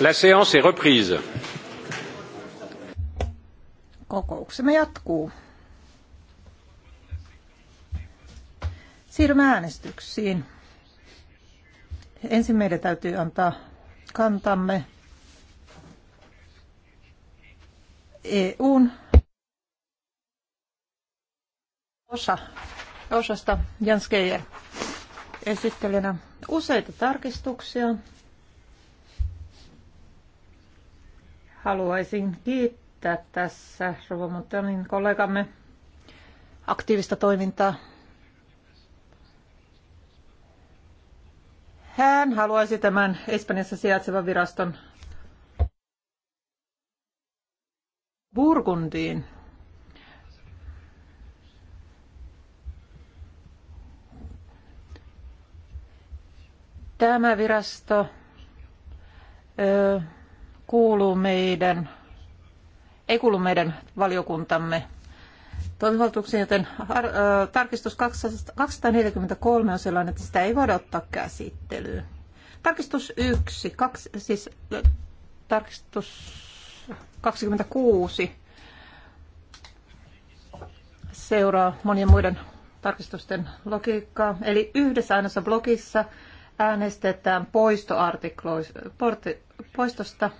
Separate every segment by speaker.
Speaker 1: La séance est reprise.
Speaker 2: Kokouksemme jatkuu. Siirrymme äänestyksiin. Ensin meidän täytyy antaa kantamme EUn osa, osasta Jans Geijer esittelijänä useita tarkistuksia. Haluaisin kiittää tässä Ruvomontanin kollegamme aktiivista toimintaa. Hän haluaisi tämän Espanjassa sijaitsevan viraston Burgundiin Tämä virasto kuuluu meidän, ei kuulu meidän valiokuntamme toimivaltuuksiin, joten tarkistus 243 on sellainen, että sitä ei voida ottaa käsittelyyn. Tarkistus 1, kaksi, siis tarkistus 26 seuraa monien muiden tarkistusten logiikkaa. Eli yhdessä ainoassa blogissa äänestetään poistosta,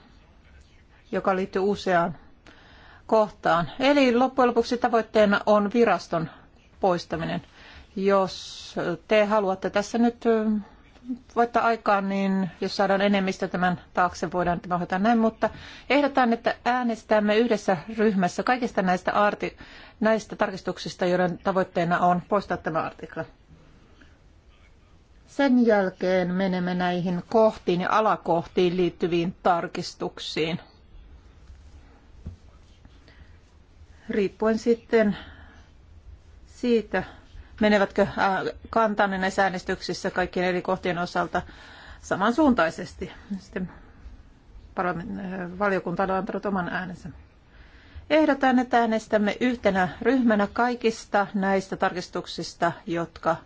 Speaker 2: joka liittyy useaan kohtaan. Eli loppujen lopuksi tavoitteena on viraston poistaminen. Jos te haluatte tässä nyt voittaa aikaan, niin jos saadaan enemmistö tämän taakse, voidaan tämä hoitaa näin, mutta ehdotan, että äänestämme yhdessä ryhmässä kaikista näistä, arti, näistä tarkistuksista, joiden tavoitteena on poistaa tämä artikla. Sen jälkeen menemme näihin kohtiin ja alakohtiin liittyviin tarkistuksiin. Riippuen sitten siitä, menevätkö äh, kantanne näissä äänestyksissä kaikkien eri kohtien osalta samansuuntaisesti. Sitten äh, valiokunta on antanut oman äänensä. Ehdotan, että äänestämme yhtenä ryhmänä kaikista näistä tarkistuksista, jotka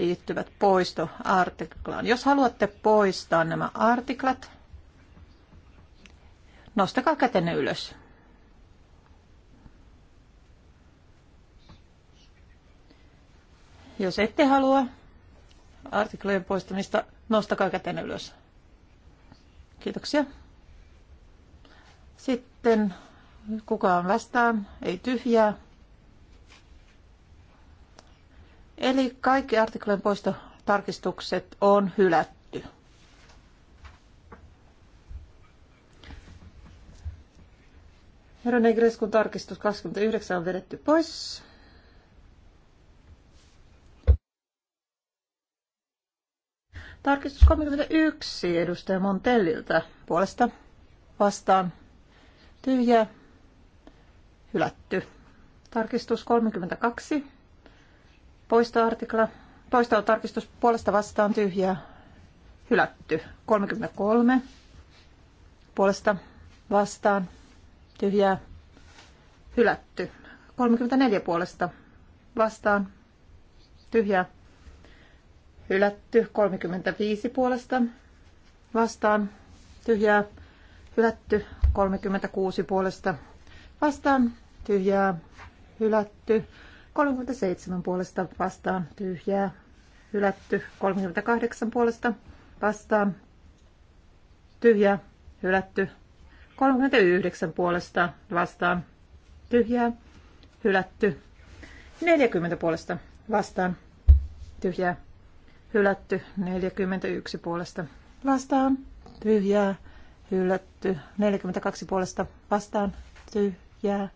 Speaker 2: liittyvät poistoartiklaan. Jos haluatte poistaa nämä artiklat, nostakaa kätenne ylös. Jos ette halua artiklojen poistamista, nostakaa kätenne ylös. Kiitoksia. Sitten kukaan vastaan, ei tyhjää. Eli kaikki artiklojen poistotarkistukset on hylätty. Herran Egreskun tarkistus 29 on vedetty pois. Tarkistus 31 edustaja Montelliltä puolesta vastaan tyhjä hylätty. Tarkistus 32 Poistoartikla, poistotarkistus puolesta vastaan tyhjää, hylätty. 33 puolesta vastaan tyhjää, hylätty. 34 puolesta vastaan tyhjää, hylätty. 35 puolesta vastaan tyhjää, hylätty. 36 puolesta vastaan tyhjää, hylätty. 37 puolesta vastaan tyhjää, hylätty. 38 puolesta vastaan tyhjää, hylätty. 39 puolesta vastaan tyhjää, hylätty. 40 puolesta vastaan tyhjää, hylätty. 41 puolesta vastaan tyhjää, hylätty. 42 puolesta vastaan tyhjää,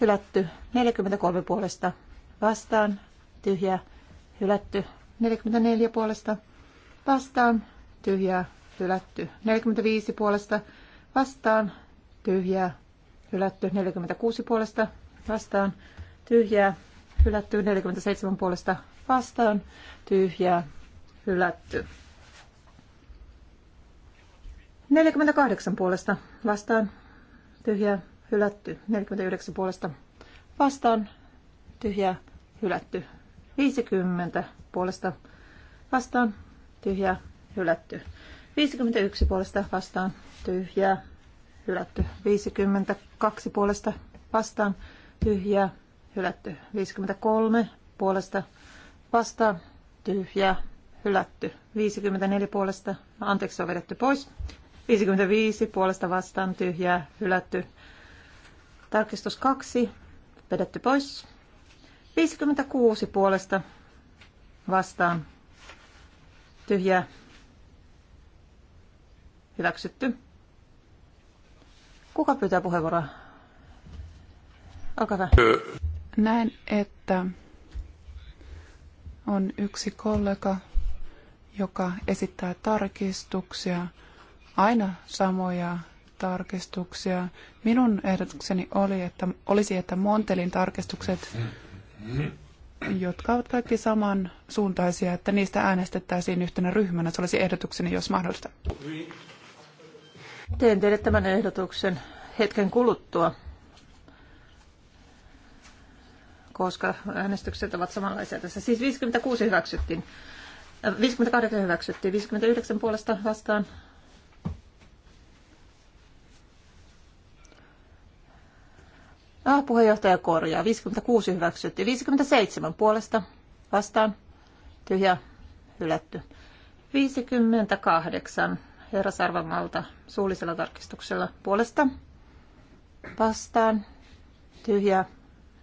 Speaker 2: hylätty 43 puolesta vastaan, tyhjä hylätty 44 puolesta vastaan, tyhjä hylätty 45 puolesta vastaan, tyhjä hylätty 46 puolesta vastaan, tyhjä hylätty 47 puolesta vastaan, tyhjä hylätty. 48 puolesta vastaan, tyhjä hylätty. 49 puolesta vastaan tyhjä hylätty. 50 puolesta vastaan tyhjä hylätty. 51 puolesta vastaan tyhjä hylätty. 52 puolesta vastaan tyhjä hylätty. 53 puolesta vastaan tyhjä hylätty. 54 puolesta, anteeksi on vedetty pois. 55 puolesta vastaan tyhjää hylätty. Tarkistus 2, vedetty pois. 56 puolesta vastaan. Tyhjä. Hyväksytty. Kuka pyytää puheenvuoroa? Olkaa hyvä.
Speaker 3: Näen, että on yksi kollega, joka esittää tarkistuksia, aina samoja tarkistuksia. Minun ehdotukseni oli, että olisi, että Montelin tarkistukset, jotka ovat kaikki samansuuntaisia, että niistä äänestettäisiin yhtenä ryhmänä. Se olisi ehdotukseni, jos mahdollista. Teen teille tämän
Speaker 2: ehdotuksen hetken kuluttua, koska äänestykset ovat samanlaisia tässä. Siis 56 hyväksyttiin. 58 äh, hyväksyttiin, 59 puolesta vastaan Ah, puheenjohtaja korjaa. 56 hyväksyttiin. 57 puolesta vastaan. Tyhjä hylätty. 58 herra Sarvamalta suullisella tarkistuksella puolesta vastaan. Tyhjä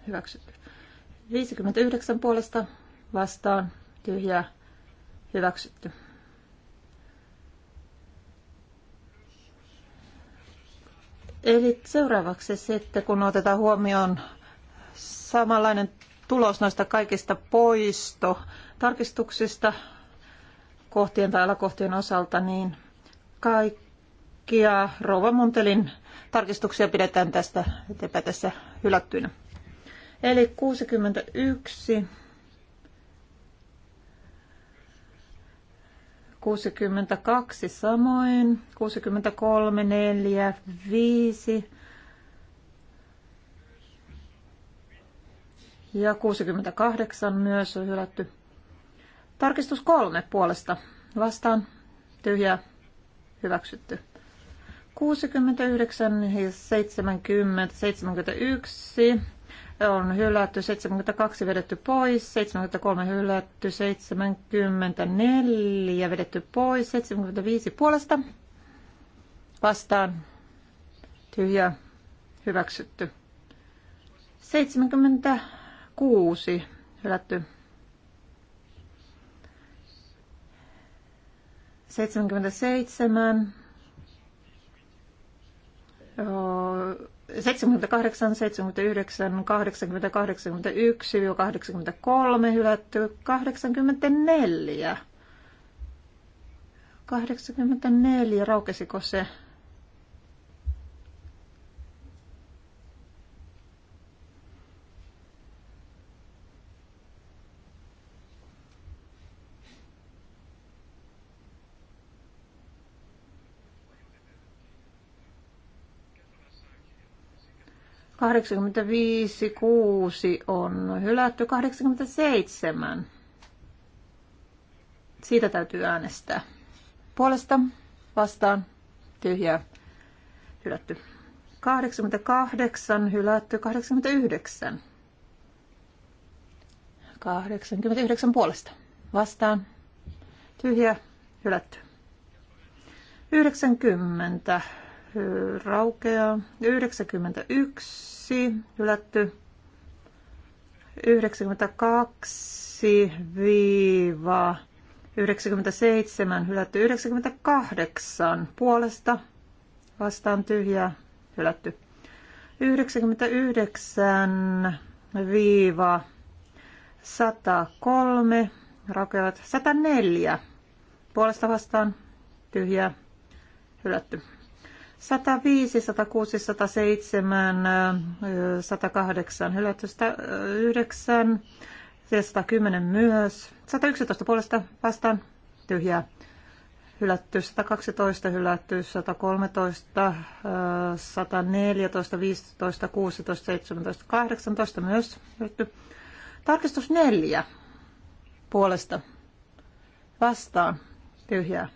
Speaker 2: hyväksytty. 59 puolesta vastaan. Tyhjä hyväksytty. Eli seuraavaksi sitten, kun otetaan huomioon samanlainen tulos noista kaikista poisto tarkistuksista kohtien tai alakohtien osalta, niin kaikkia Rova Muntelin tarkistuksia pidetään tästä eteenpäin tässä hylättyinä. Eli 61 62 samoin, 63, 4, 5 ja 68 myös on hylätty. Tarkistus kolme puolesta. Vastaan tyhjä hyväksytty. 69 ja 70, 71 on hylätty, 72 vedetty pois, 73 hylätty, 74 vedetty pois, 75 puolesta vastaan tyhjä hyväksytty. 76 hylätty. 77 78, 79, 80, 81, 83 hylätty, 84. 84, raukesiko se? 85, 6 on hylätty. 87. Siitä täytyy äänestää. Puolesta, vastaan, tyhjä, hylätty. 88, hylätty. 89. 89 puolesta. Vastaan, tyhjä, hylätty. 90 raukeaa. 91 hylätty. 92 viiva 97 hylätty. 98 puolesta vastaan tyhjä hylätty. 99 viiva 103 raukeavat 104 puolesta vastaan tyhjä hylätty. 105, 106, 107, 108 hylätystä, 9 ja 110 myös. 111 puolesta vastaan tyhjää hylätty, 112 hylätty, 113, 114, 15, 16, 17, 18 myös hylätty. Tarkistus 4 puolesta vastaan tyhjää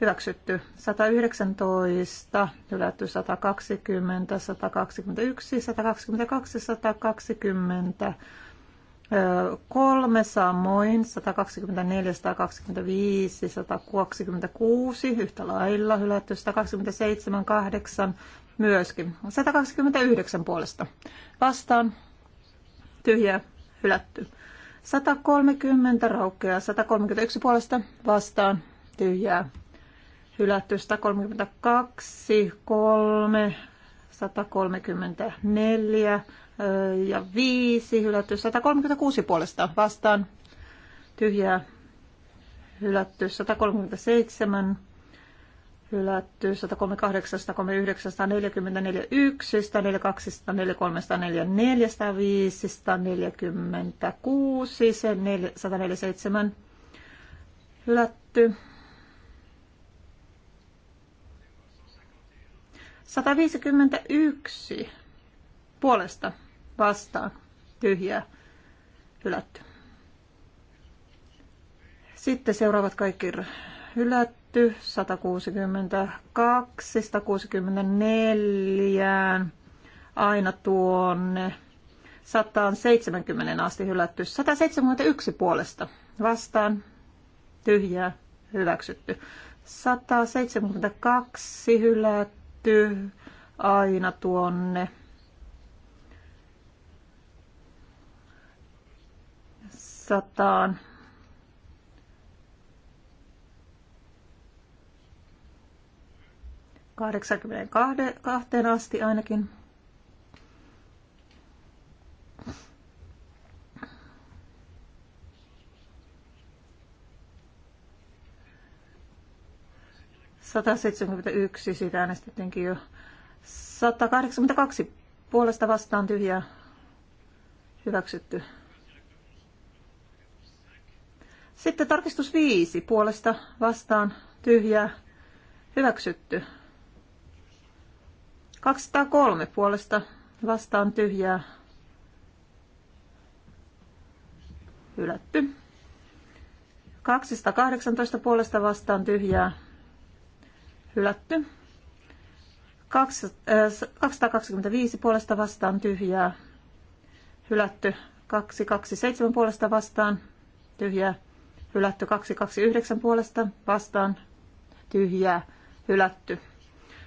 Speaker 2: hyväksytty 119, hylätty 120, 121, 122, 120, kolme samoin, 124, 125, 126, yhtä lailla hylätty, 127, 8 myöskin, 129 puolesta vastaan, tyhjä hylätty. 130 raukkeaa, 131 puolesta vastaan, tyhjää hylätty 132, 3, 134 ja 5, hylätty 136 puolesta vastaan, tyhjää hylätty 137, hylätty 138, 139, 144, 1, 142, 143, 144, 145, 146, 147, hylätty 151 puolesta vastaan tyhjää hylätty. Sitten seuraavat kaikki hylätty. 162, 164, aina tuonne 170 asti hylätty. 171 puolesta vastaan tyhjää hyväksytty. 172 hylätty liittyy aina tuonne. Sataan. kahdeksankymmentäkahteen asti ainakin. 171, siitä äänestettiinkin jo. 182 puolesta vastaan tyhjää hyväksytty. Sitten tarkistus 5 puolesta vastaan tyhjää hyväksytty. 203 puolesta vastaan tyhjää hylätty. 218 puolesta vastaan tyhjää Hylätty. 225 äh, puolesta vastaan tyhjää. Hylätty. 227 puolesta vastaan tyhjää. Hylätty 229 puolesta vastaan tyhjää. Hylätty.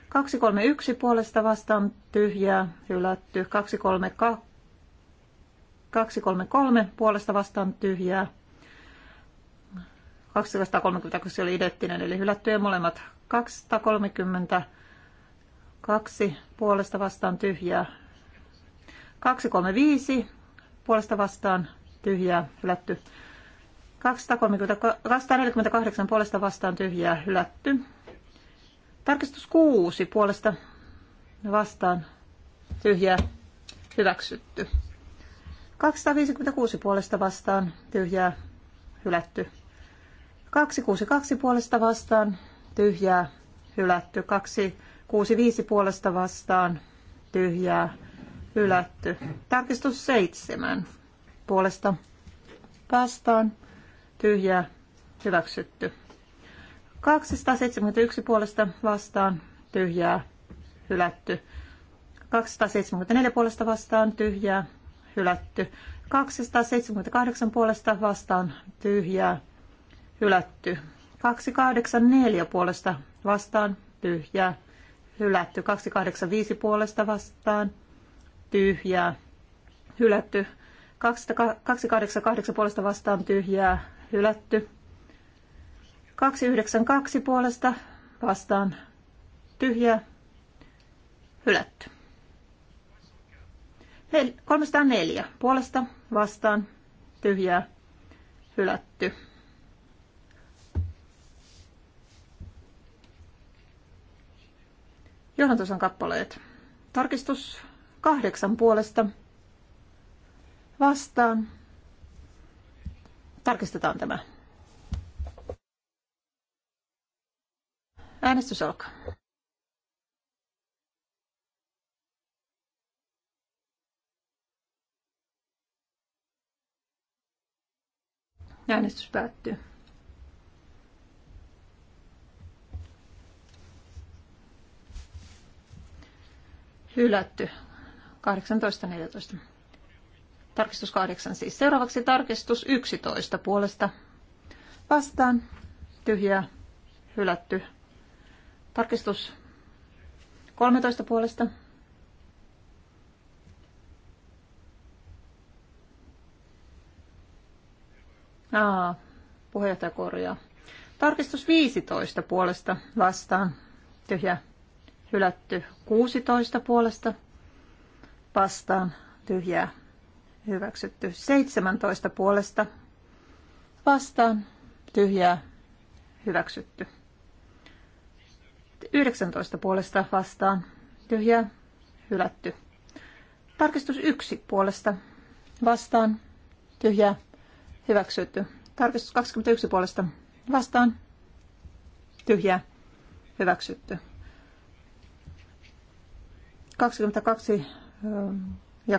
Speaker 2: 231 puolesta vastaan tyhjää. Hylätty. 233 puolesta vastaan tyhjää. 232 oli identtinen, eli hylättyjä molemmat 232 puolesta vastaan tyhjää. 235 puolesta vastaan tyhjää hylätty. 248 puolesta vastaan tyhjää hylätty. Tarkistus 6 puolesta vastaan tyhjää hyväksytty. 256 puolesta vastaan tyhjää hylätty. 262 puolesta vastaan tyhjää, hylätty. 265 puolesta vastaan, tyhjää, hylätty. Tarkistus 7 puolesta vastaan, tyhjää, hyväksytty. 271 puolesta vastaan, tyhjää, hylätty. 274 puolesta vastaan, tyhjää, hylätty. 278 puolesta vastaan, tyhjää, hylätty. 284 puolesta vastaan tyhjää. Hylätty 285 puolesta vastaan tyhjää. Hylätty 288 puolesta vastaan tyhjää. Hylätty 292 puolesta vastaan tyhjää. Hylätty. 304 puolesta vastaan tyhjää. Hylätty. Johdantosan kappaleet. Tarkistus kahdeksan puolesta vastaan. Tarkistetaan tämä. Äänestys alkaa. Äänestys päättyy. Hylätty. 18.14. Tarkistus 8 siis. Seuraavaksi tarkistus 11 puolesta. Vastaan. tyhjä Hylätty. Tarkistus 13 puolesta. Aa, puheenjohtaja korjaa. Tarkistus 15 puolesta vastaan. Tyhjä hylätty 16 puolesta vastaan tyhjää hyväksytty 17 puolesta vastaan tyhjää hyväksytty 19 puolesta vastaan tyhjää hylätty tarkistus 1 puolesta vastaan tyhjää hyväksytty tarkistus 21 puolesta vastaan tyhjää hyväksytty 22 ja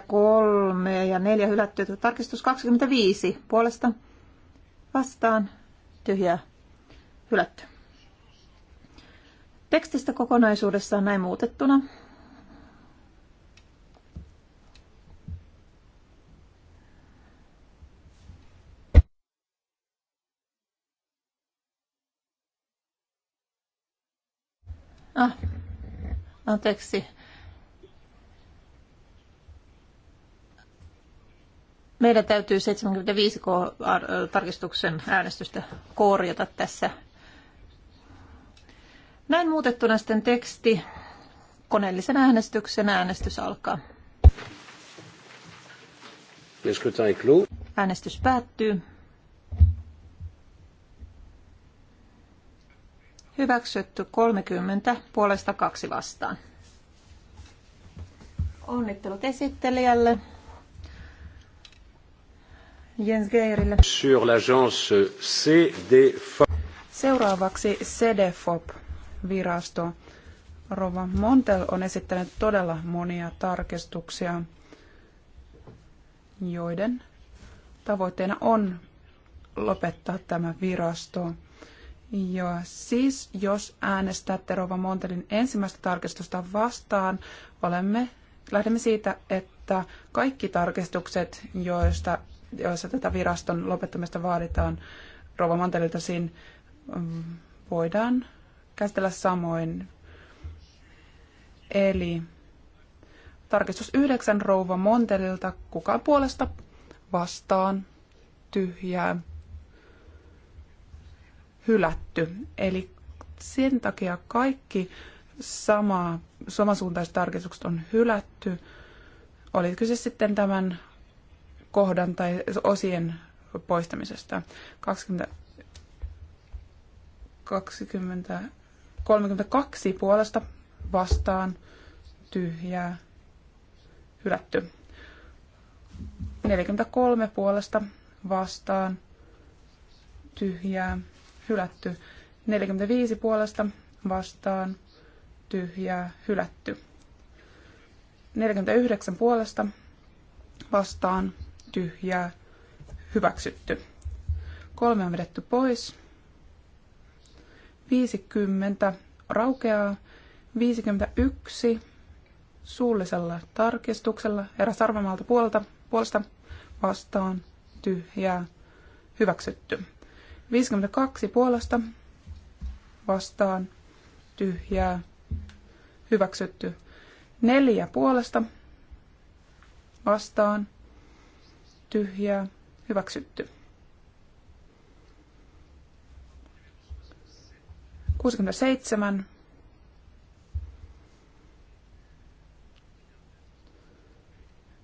Speaker 2: 3 ja 4 hylättyä. Tarkistus 25 puolesta vastaan tyhjää hylätty. Tekstistä kokonaisuudessaan näin muutettuna. Ah, anteeksi. meidän täytyy 75 tarkistuksen äänestystä korjata tässä. Näin muutettuna sitten teksti koneellisen äänestyksen äänestys alkaa. Äänestys päättyy. Hyväksytty 30, puolesta kaksi vastaan. Onnittelut esittelijälle. Jens Geirille.
Speaker 4: Sur l'agence CDFOP.
Speaker 3: Seuraavaksi CDFOP-virasto. Rova Montel on esittänyt todella monia tarkistuksia, joiden tavoitteena on lopettaa tämä virasto. Ja siis jos äänestätte Rova Montelin ensimmäistä tarkistusta vastaan, olemme, lähdemme siitä, että kaikki tarkistukset, joista joissa tätä viraston lopettamista vaaditaan Rova Manteliltasin, mm, voidaan käsitellä samoin. Eli tarkistus yhdeksän Rouva Montelilta, kuka puolesta vastaan, tyhjää, hylätty. Eli sen takia kaikki sama, samansuuntaiset tarkistukset on hylätty. Oli kyse sitten tämän kohdan tai osien poistamisesta. 20, 20, 32 puolesta vastaan tyhjää hylätty. 43 puolesta vastaan tyhjää hylätty. 45 puolesta vastaan tyhjää hylätty. 49 puolesta vastaan tyhjää hyväksytty. Kolme on vedetty pois. 50 raukeaa. 51 suullisella tarkistuksella eräs arvomaalta puolta, puolesta vastaan tyhjää hyväksytty. 52 puolesta vastaan tyhjää hyväksytty. Neljä puolesta vastaan tyhjää, hyväksytty. 67.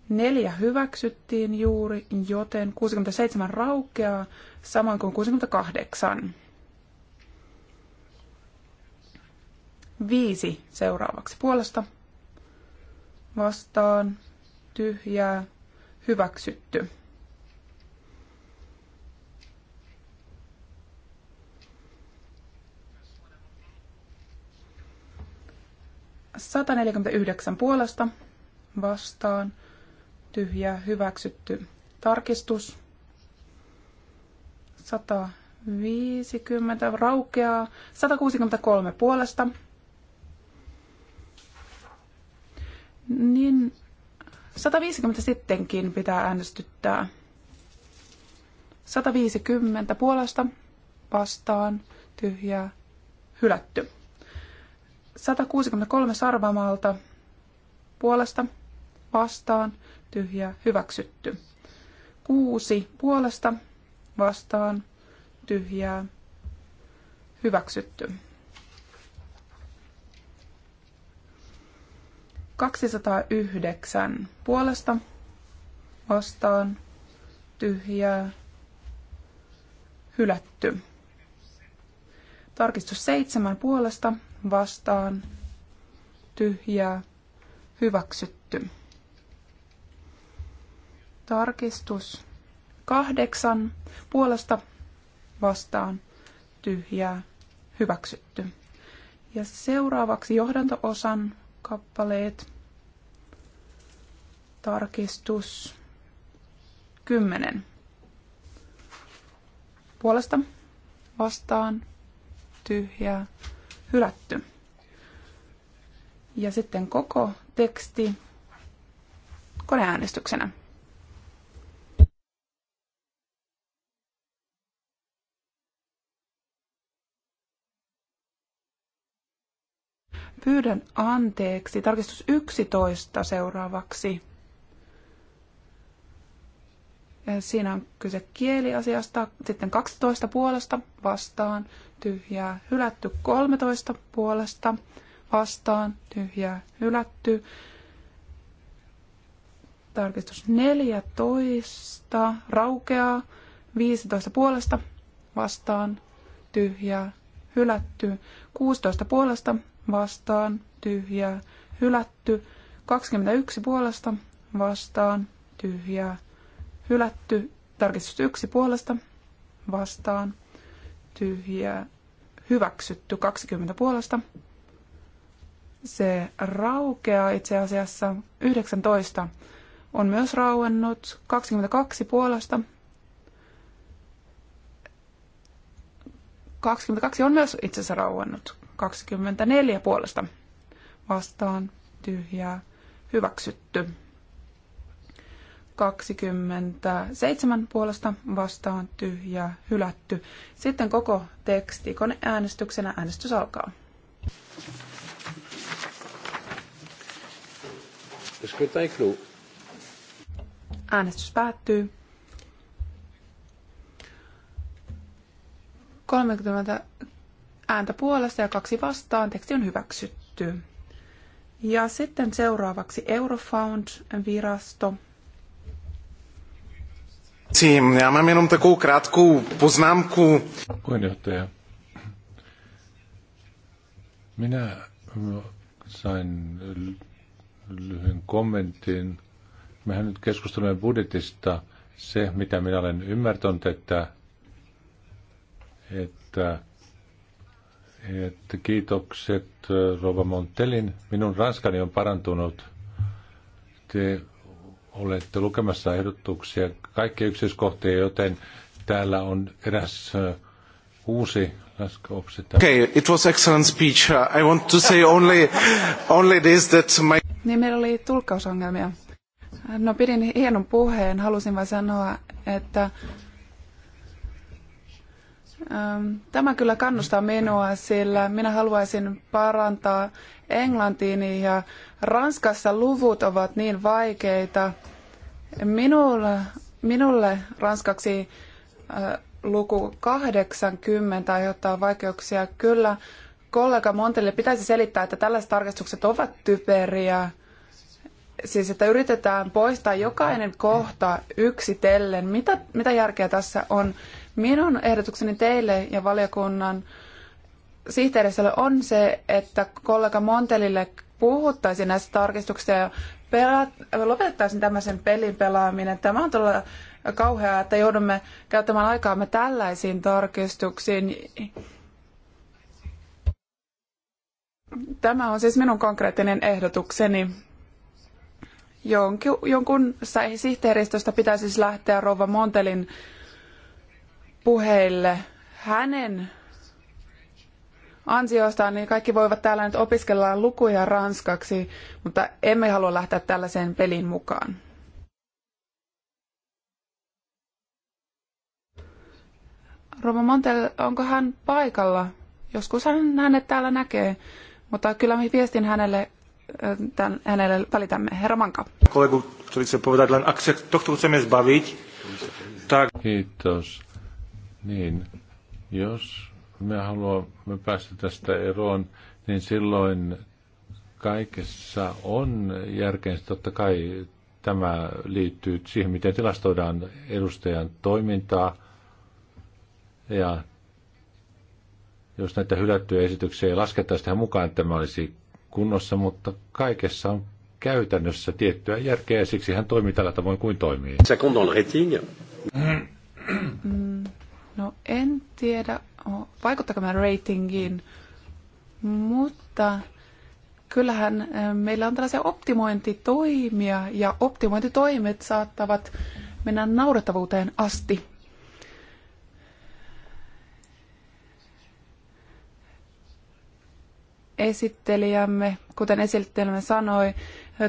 Speaker 3: Neljä hyväksyttiin juuri, joten 67 raukeaa, samoin kuin 68. Viisi seuraavaksi puolesta. Vastaan, tyhjää, hyväksytty. Sataneljäkymmentäyhdeksän puolesta vastaan tyhjä hyväksytty tarkistus. 150 raukeaa. 163 puolesta. Niin 150 sittenkin pitää äänestyttää. 150 puolesta vastaan tyhjää hylätty. 163 sarvamaalta puolesta vastaan tyhjää hyväksytty. 6 puolesta vastaan tyhjää hyväksytty. 209 puolesta vastaan tyhjää hylätty. Tarkistus 7 puolesta vastaan tyhjää hyväksytty. Tarkistus 8 puolesta vastaan tyhjää hyväksytty. Ja seuraavaksi johdantoosan kappaleet 1-4. Tarkistus 10. Puolesta vastaan tyhjää hylätty. Ja sitten koko teksti koneäänestyksenä. Pyydän anteeksi. Tarkistus 11 seuraavaksi. Siinä on kyse kieliasiasta. Sitten 12 puolesta vastaan tyhjää hylätty. 13 puolesta vastaan tyhjää hylätty. Tarkistus 14 raukeaa. 15 puolesta vastaan tyhjää hylätty. 16 puolesta vastaan tyhjää hylätty. 21 puolesta vastaan tyhjää hylätty. Tarkistus yksi puolesta vastaan tyhjä hyväksytty 20 puolesta. Se raukeaa itse asiassa 19 on myös rauennut 22 puolesta. 22 on myös itse asiassa rauennut 24 puolesta vastaan tyhjää hyväksytty. 27 puolesta vastaan tyhjä hylätty. Sitten koko teksti koneäänestyksenä äänestys alkaa. Äänestys päättyy. 30 ääntä puolesta ja kaksi vastaan. Teksti on hyväksytty. Ja sitten seuraavaksi Eurofound-virasto
Speaker 2: Tím, já mám jenom takovou krátkou poznámku.
Speaker 1: Puheenjohtaja. Minä sain lyhyen kommentin. Mehän nyt keskustelemme budjetista. Se, mitä minä olen ymmärtänyt, että, että, että kiitokset Rova Montelin. Minun ranskani on parantunut. Te olette lukemassa ehdotuksia, Kaikki yksityiskohtia, joten täällä on eräs uusi
Speaker 4: Okay, it was excellent speech. I want to say only, only this that my...
Speaker 3: Niin meillä oli tulkkausongelmia. No pidin hienon puheen. Halusin vain sanoa, että Tämä kyllä kannustaa minua, sillä minä haluaisin parantaa englantiini ja Ranskassa luvut ovat niin vaikeita. Minulle, minulle ranskaksi luku 80 aiheuttaa vaikeuksia. Kyllä kollega Montelle pitäisi selittää, että tällaiset tarkistukset ovat typeriä siis että yritetään poistaa jokainen kohta yksitellen. Mitä, mitä järkeä tässä on? Minun ehdotukseni teille ja valiokunnan sihteeristölle on se, että kollega Montelille puhuttaisiin näistä tarkistuksista ja pelaat, lopetettaisiin tämmöisen pelin pelaaminen. Tämä on todella kauheaa, että joudumme käyttämään aikaamme tällaisiin tarkistuksiin. Tämä on siis minun konkreettinen ehdotukseni. Jonkin, jonkun sihteeristöstä pitäisi siis lähteä Rova Montelin puheille. Hänen ansiostaan, niin kaikki voivat täällä nyt opiskella lukuja ranskaksi, mutta emme halua lähteä tällaiseen peliin mukaan. Rova Montel, onko hän paikalla? Joskus hän hänet täällä näkee, mutta kyllä minä viestin hänelle tämän hänelle välitämme. Herra Manka.
Speaker 1: Kollegu, ktorý tak... Kiitos. Niin, jos me haluamme päästä tästä eroon, niin silloin kaikessa on järkeä. Totta kai tämä liittyy siihen, miten tilastoidaan edustajan toimintaa. Ja jos näitä hylättyjä esityksiä ei laskettaisi tähän mukaan, tämä olisi kunnossa, mutta kaikessa on käytännössä tiettyä järkeä ja siksi hän toimii tällä tavoin kuin toimii. Se
Speaker 3: mm, No en tiedä, vaikuttaako mä ratingiin, mutta kyllähän meillä on tällaisia optimointitoimia ja optimointitoimet saattavat mennä naurettavuuteen asti. esittelijämme, kuten esittelijämme sanoi,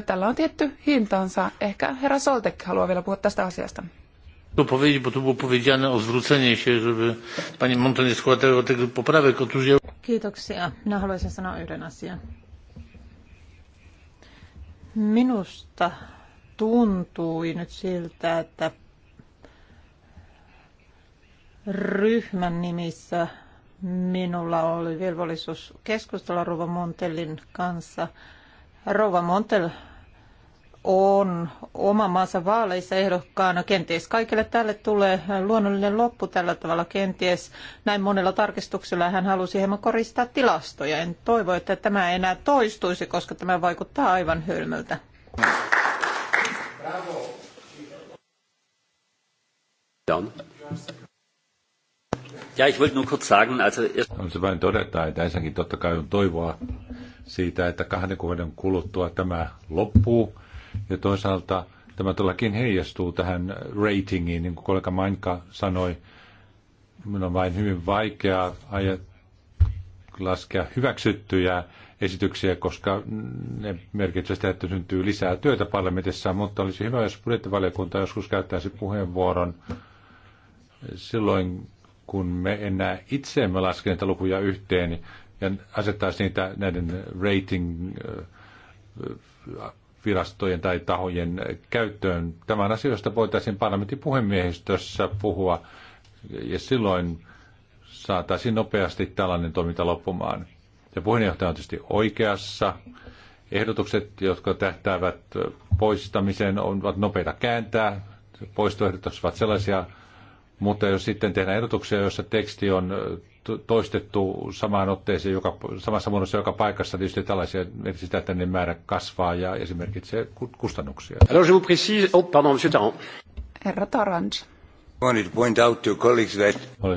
Speaker 3: tällä on tietty hintansa. Ehkä herra Soltek haluaa vielä puhua tästä asiasta.
Speaker 2: Kiitoksia. Minä no, haluaisin sanoa yhden asian. Minusta tuntui nyt siltä, että ryhmän nimissä minulla oli velvollisuus keskustella Rova Montellin kanssa. Rova Montel on oma maansa vaaleissa ehdokkaana. Kenties kaikille tälle tulee luonnollinen loppu tällä tavalla. Kenties näin monella tarkistuksella hän halusi hieman koristaa tilastoja. En toivo, että tämä ei enää toistuisi, koska tämä vaikuttaa aivan hölmöltä. Bravo.
Speaker 1: Done. Ja, ich wollte nur kurz sagen, also... vain todeta, että ensinnäkin totta kai on toivoa siitä, että kahden vuoden kuluttua tämä loppuu. Ja toisaalta tämä todellakin heijastuu tähän ratingiin, niin kuin kollega Mainka sanoi. Minun on vain hyvin vaikea ajat laskea hyväksyttyjä esityksiä, koska ne merkitsevät sitä, että syntyy lisää työtä parlamentissa, mutta olisi hyvä, jos budjettivaliokunta joskus käyttäisi puheenvuoron silloin, kun me enää itse emme laske näitä lukuja yhteen ja asettaisi niitä näiden rating äh, virastojen tai tahojen käyttöön. Tämän asioista voitaisiin parlamentin puhemiehistössä puhua ja silloin saataisiin nopeasti tällainen toiminta loppumaan. Ja puheenjohtaja on tietysti oikeassa. Ehdotukset, jotka tähtäävät poistamiseen, ovat nopeita kääntää. Poistoehdotukset ovat sellaisia, mutta jos sitten tehdään ehdotuksia, joissa teksti on toistettu samaan otteeseen, joka, samassa muodossa joka paikassa, tietysti tällaisia merkitsee sitä, että ne määrä kasvaa ja, esimerkiksi se kustannuksia. Alors je vous
Speaker 4: précise... Oh, pardon, monsieur Tarant.
Speaker 3: Herra Tarant.
Speaker 1: Haluaisin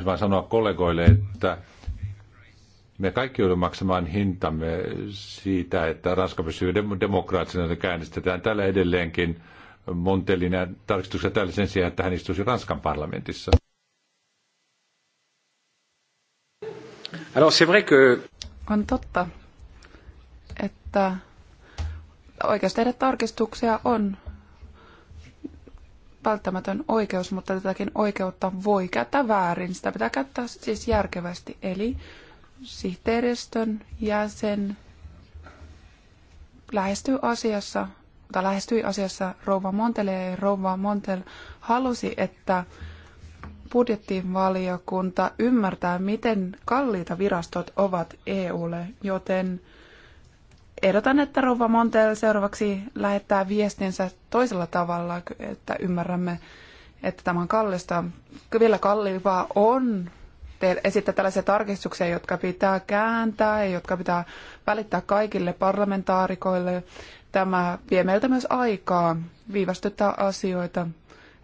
Speaker 1: vain sanoa kollegoille, että me kaikki joudumme maksamaan hintamme siitä, että Ranska pysyy demokraattisena, että käännistetään täällä edelleenkin – ja tarkistuksia täällä sen sijaan, että hän istuisi Ranskan parlamentissa. Alors, vrai que...
Speaker 3: On totta, että oikeus tehdä tarkistuksia on välttämätön oikeus, mutta tätäkin oikeutta voi käyttää väärin. Sitä pitää käyttää siis järkevästi. Eli sihteeristön jäsen lähestyy asiassa mutta lähestyi asiassa rouva Montele ja rouva Montel halusi, että budjettivaliokunta ymmärtää, miten kalliita virastot ovat EUlle, joten ehdotan, että rouva Montel seuraavaksi lähettää viestinsä toisella tavalla, että ymmärrämme, että tämä on kallista. Vielä kalliimpaa on esittää tällaisia tarkistuksia, jotka pitää kääntää ja jotka pitää välittää kaikille parlamentaarikoille Tämä vie meiltä myös aikaa viivästyttää asioita.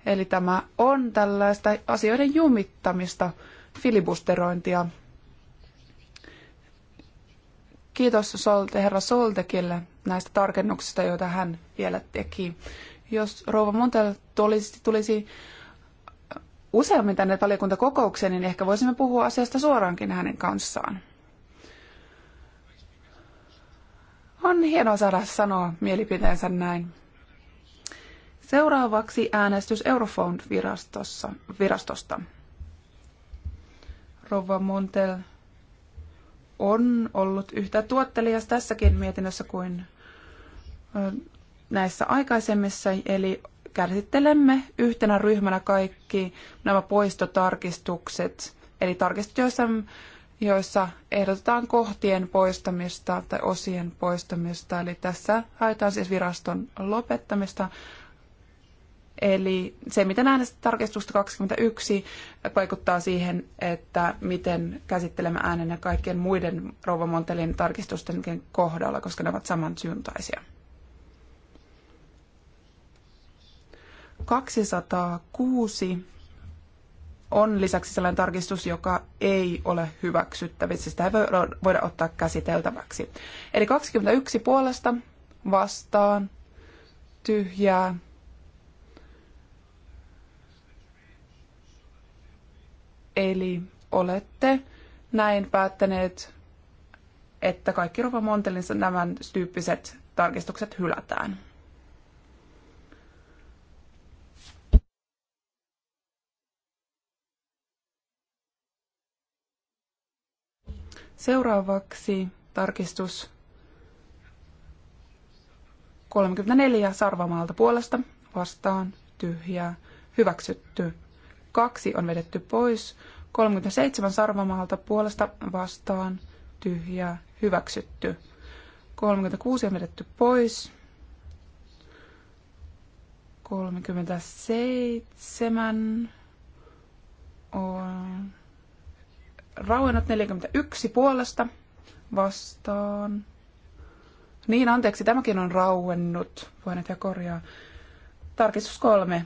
Speaker 3: Eli tämä on tällaista asioiden jumittamista, filibusterointia. Kiitos Solte, herra Soltekille näistä tarkennuksista, joita hän vielä teki. Jos rouva Montel tulisi, tulisi useammin tänne valiokuntakokoukseen, niin ehkä voisimme puhua asiasta suoraankin hänen kanssaan. On hienoa saada sanoa mielipiteensä näin. Seuraavaksi äänestys Eurofound virastosta Virastosta. Rova Montel on ollut yhtä tuottelias tässäkin mietinnössä kuin näissä aikaisemmissa, eli käsittelemme yhtenä ryhmänä kaikki nämä poistotarkistukset, eli tarkistut, joissa joissa ehdotetaan kohtien poistamista tai osien poistamista. Eli tässä haetaan siis viraston lopettamista. Eli se, miten äänestä tarkistusta 21, vaikuttaa siihen, että miten käsittelemme ja kaikkien muiden Rouva Montelin tarkistusten kohdalla, koska ne ovat samansyntaisia. 206 on lisäksi sellainen tarkistus, joka ei ole hyväksyttävissä. Sitä ei voida ottaa käsiteltäväksi. Eli 21 puolesta vastaan tyhjää. Eli olette näin päättäneet, että kaikki Rova Montelin nämä tyyppiset tarkistukset hylätään. Seuraavaksi tarkistus 34 Sarvamaalta puolesta vastaan tyhjää hyväksytty. Kaksi on vedetty pois. 37 Sarvamaalta puolesta vastaan tyhjää hyväksytty. 36 on vedetty pois. 37 on Rauenot 41 puolesta vastaan. Niin, anteeksi, tämäkin on rauennut. nyt korjaa. Tarkistus kolme.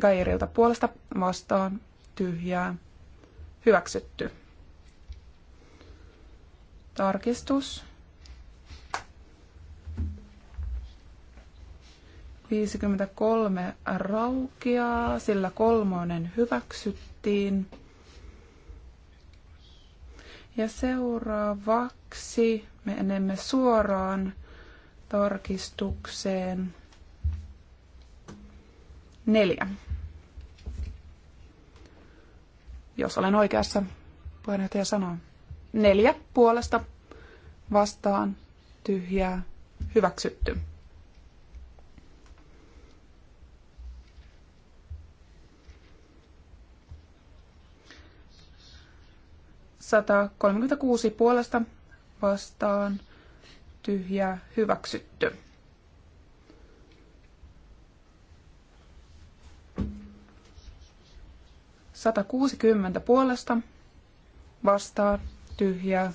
Speaker 3: Gairilta puolesta vastaan. Tyhjää. Hyväksytty. Tarkistus. 53 raukeaa, sillä kolmonen hyväksyttiin. Ja seuraavaksi menemme suoraan tarkistukseen neljä. Jos olen oikeassa, puheenjohtaja sanoo. Neljä puolesta vastaan tyhjää hyväksytty. 136 puolesta vastaan tyhjää hyväksytty. Sata kuusikymmentä puolesta vastaan tyhjää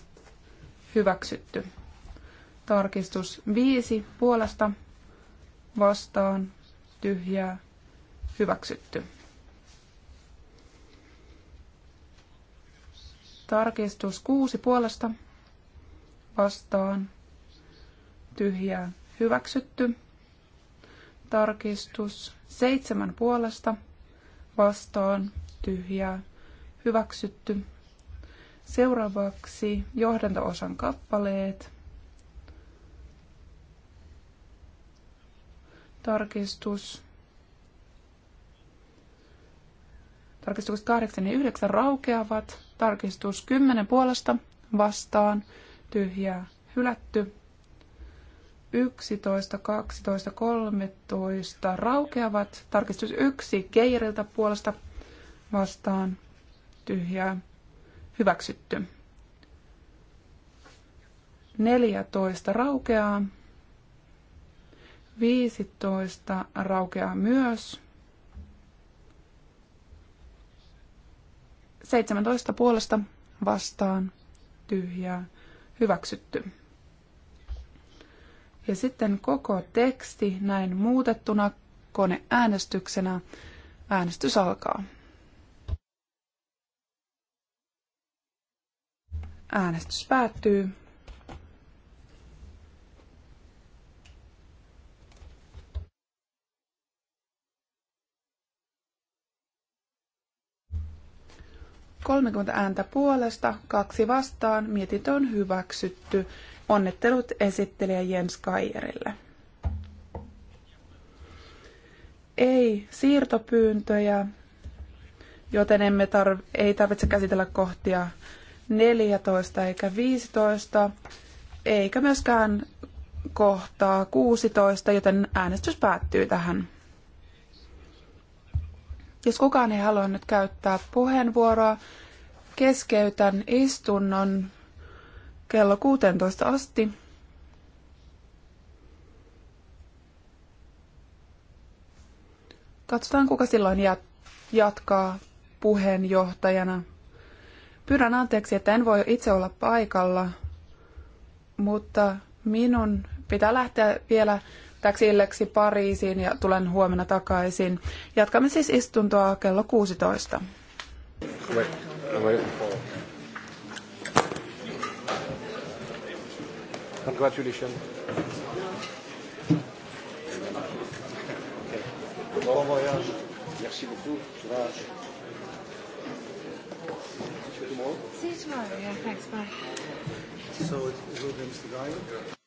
Speaker 3: hyväksytty. Tarkistus viisi puolesta vastaan tyhjää hyväksytty. Tarkistus kuusi puolesta vastaan. Tyhjää hyväksytty. Tarkistus seitsemän puolesta vastaan. Tyhjää hyväksytty. Seuraavaksi johdantoosan kappaleet. Tarkistus Tarkistukset 8 ja 9 raukeavat. Tarkistus 10 puolesta vastaan. Tyhjää hylätty. 11, 12, 13 raukeavat. Tarkistus 1 Keiriltä puolesta vastaan. Tyhjää hyväksytty. 14 raukeaa. 15 raukeaa myös. 17 puolesta vastaan tyhjää hyväksytty. Ja sitten koko teksti näin muutettuna koneäänestyksenä. Äänestys alkaa. Äänestys päättyy. 30 ääntä puolesta, kaksi vastaan, mietintö on hyväksytty. Onnittelut esittelijä Jens Kajerille. Ei siirtopyyntöjä, joten emme tarv- ei tarvitse käsitellä kohtia 14 eikä 15, eikä myöskään kohtaa 16, joten äänestys päättyy tähän. Jos kukaan ei halua nyt käyttää puheenvuoroa, keskeytän istunnon kello 16 asti. Katsotaan, kuka silloin jatkaa puheenjohtajana. Pyydän anteeksi, että en voi itse olla paikalla, mutta minun pitää lähteä vielä täksi illaksi Pariisiin ja tulen huomenna takaisin. Jatkamme siis istuntoa kello 16.
Speaker 1: Congratulations. Bon voyage. Merci beaucoup. Courage.
Speaker 4: See you tomorrow.
Speaker 3: See you tomorrow. Yeah, thanks.
Speaker 4: Bye. So, it's Ruben's Mr. guy.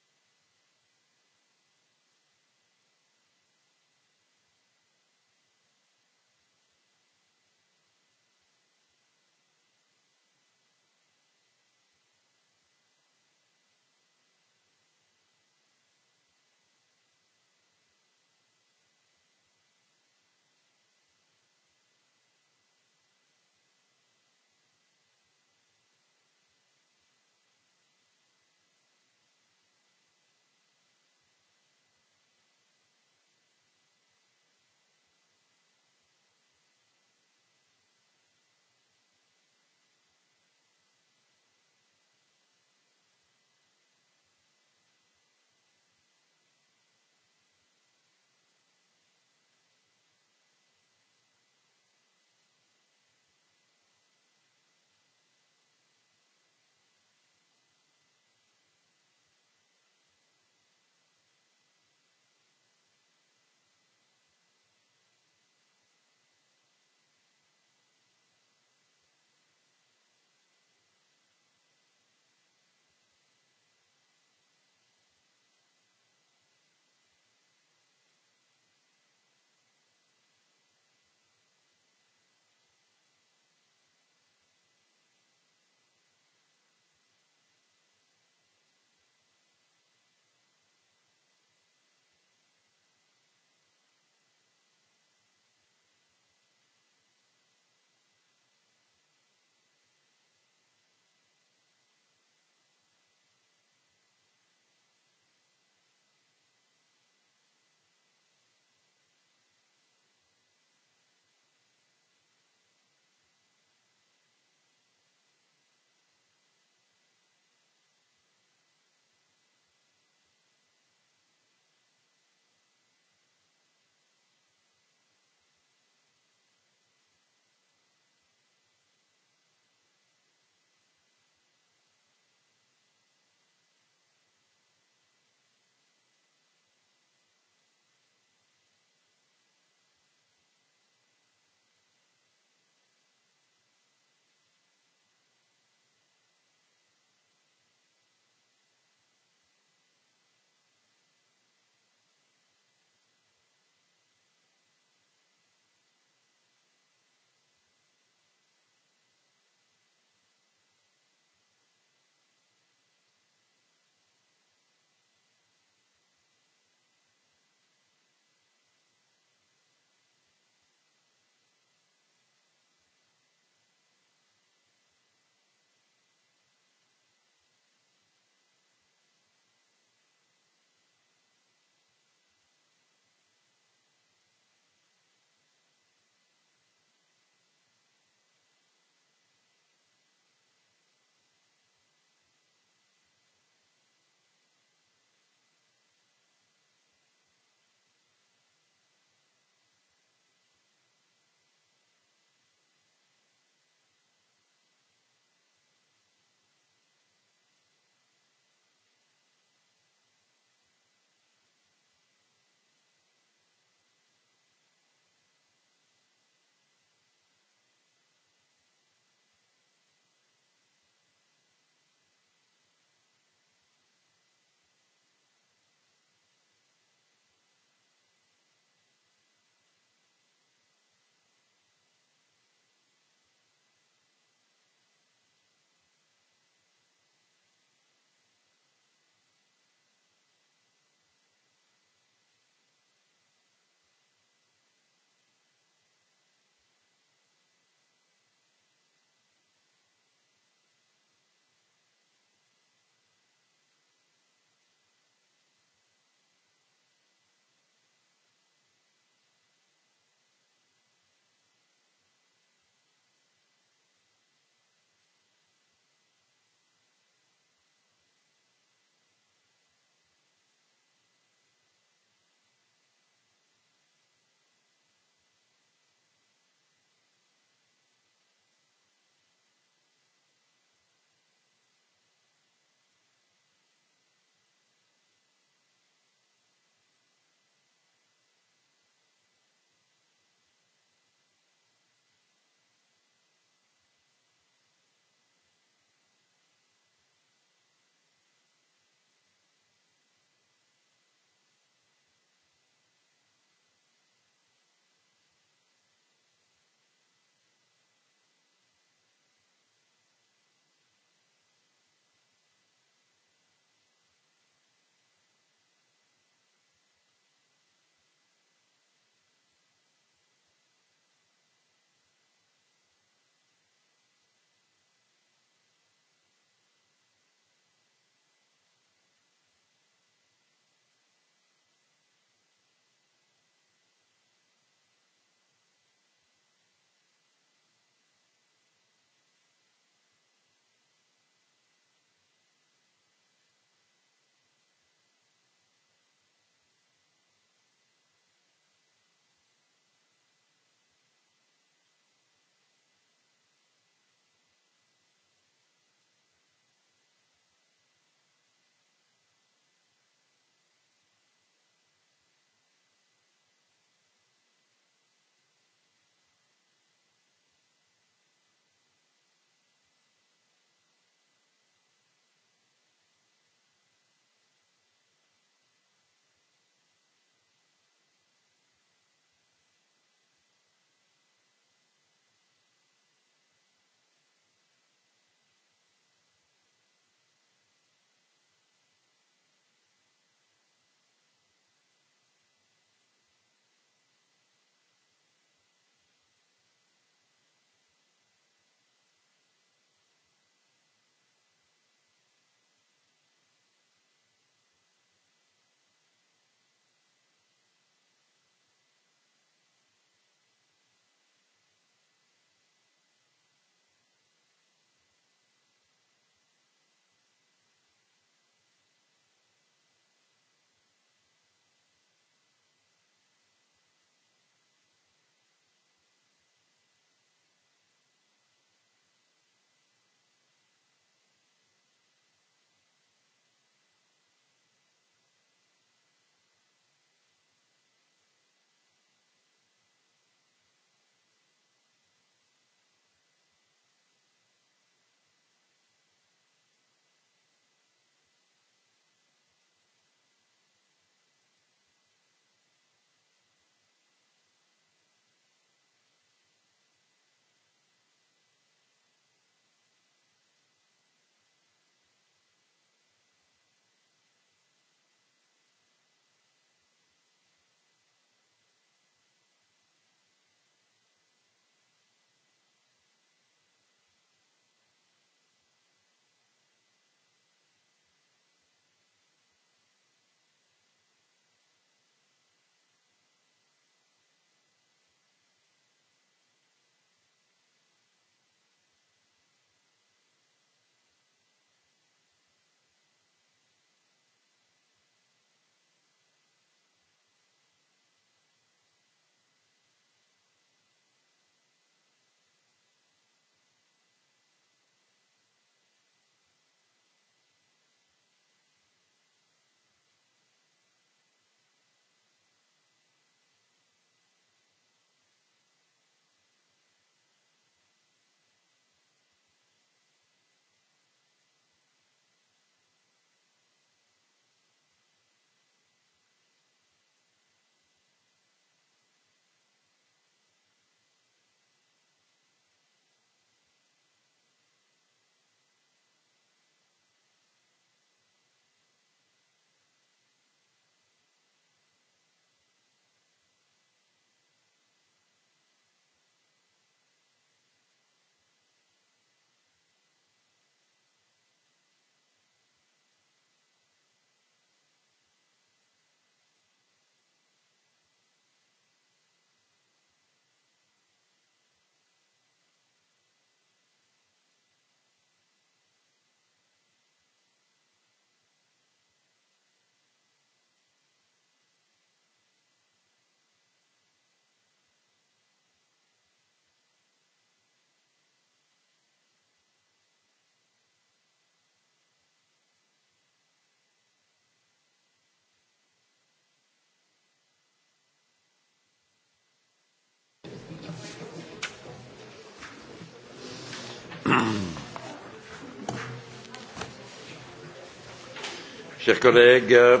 Speaker 4: Chers collègues,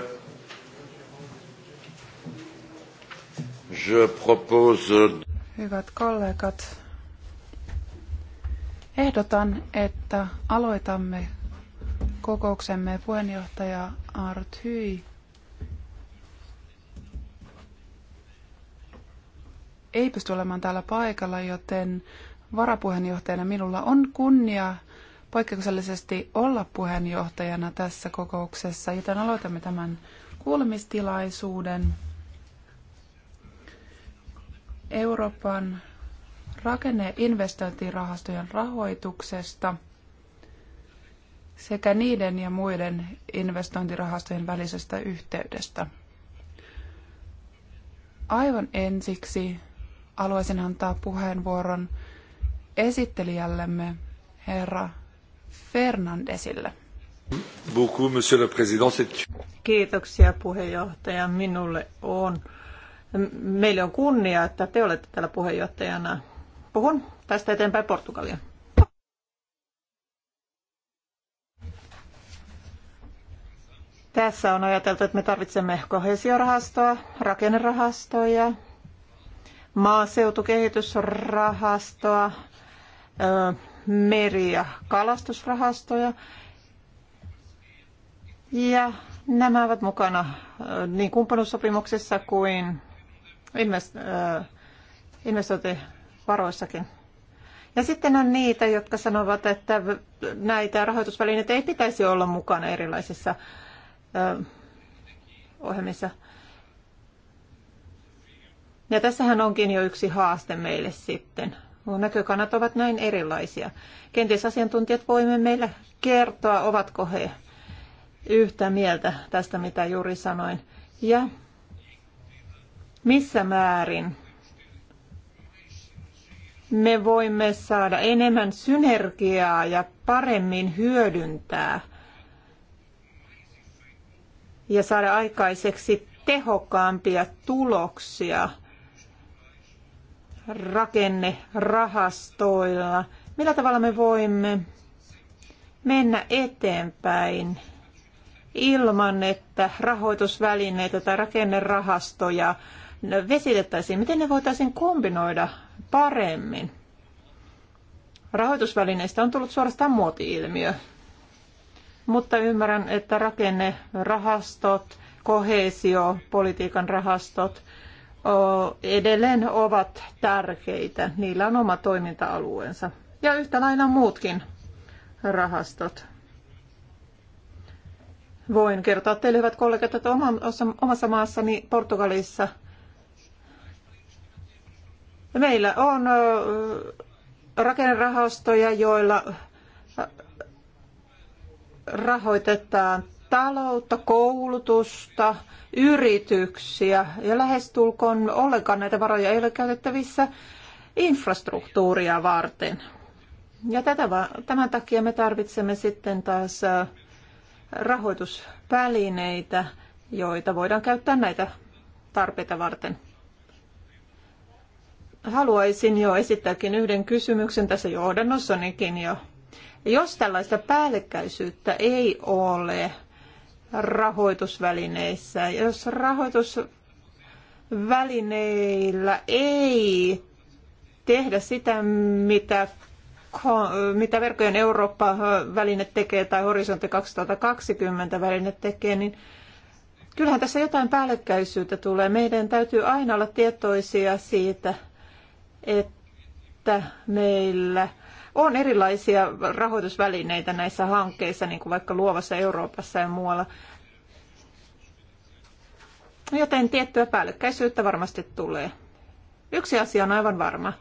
Speaker 4: je propose...
Speaker 3: Hyvät kollegat, ehdotan, että aloitamme kokouksemme puheenjohtaja Art Hyi ei pysty olemaan täällä paikalla, joten varapuheenjohtajana minulla on kunnia poikkeuksellisesti olla puheenjohtajana tässä kokouksessa, joten aloitamme tämän kuulemistilaisuuden. Euroopan rakenne- investointirahastojen rahoituksesta sekä niiden ja muiden investointirahastojen välisestä yhteydestä. Aivan ensiksi haluaisin antaa puheenvuoron esittelijällemme, herra
Speaker 2: Fernandesille. Kiitoksia puheenjohtaja. Minulle on, meille on kunnia, että te olette täällä puheenjohtajana. Puhun tästä eteenpäin Portugalia. Tässä on ajateltu, että me tarvitsemme kohesiorahastoa, rakennerahastoja, maaseutukehitysrahastoa, meri- ja kalastusrahastoja. Ja nämä ovat mukana äh, niin kumppanuussopimuksessa kuin äh, investointivaroissakin. Ja sitten on niitä, jotka sanovat, että näitä rahoitusvälineitä ei pitäisi olla mukana erilaisissa äh, ohjelmissa. Ja tässähän onkin jo yksi haaste meille sitten – näkökannat ovat näin erilaisia. Kenties asiantuntijat voimme meille kertoa, ovatko he yhtä mieltä tästä, mitä juuri sanoin. Ja missä määrin me voimme saada enemmän synergiaa ja paremmin hyödyntää ja saada aikaiseksi tehokkaampia tuloksia – rakennerahastoilla, millä tavalla me voimme mennä eteenpäin ilman, että rahoitusvälineitä tai rakennerahastoja vesitettäisiin? Miten ne voitaisiin kombinoida paremmin? Rahoitusvälineistä on tullut suorastaan muoti-ilmiö, mutta ymmärrän, että rakennerahastot, koheesiopolitiikan rahastot – edelleen ovat tärkeitä. Niillä on oma toiminta-alueensa. Ja yhtä lailla muutkin rahastot. Voin kertoa teille, hyvät kollegat, että omassa maassani Portugalissa meillä on rakennerahastoja, joilla rahoitetaan taloutta, koulutusta, yrityksiä ja lähestulkoon ollenkaan näitä varoja ei ole käytettävissä infrastruktuuria varten. Ja tätä, tämän takia me tarvitsemme sitten taas rahoitusvälineitä, joita voidaan käyttää näitä tarpeita varten. Haluaisin jo esittääkin yhden kysymyksen tässä johdannossanikin jo. Jos tällaista päällekkäisyyttä ei ole rahoitusvälineissä. Jos rahoitusvälineillä ei tehdä sitä, mitä, mitä verkojen Eurooppa-väline tekee tai Horisontti 2020-väline tekee, niin kyllähän tässä jotain päällekkäisyyttä tulee. Meidän täytyy aina olla tietoisia siitä, että meillä – on erilaisia rahoitusvälineitä näissä hankkeissa, niin kuin vaikka luovassa Euroopassa ja muualla. Joten tiettyä päällekkäisyyttä varmasti tulee. Yksi asia on aivan varma.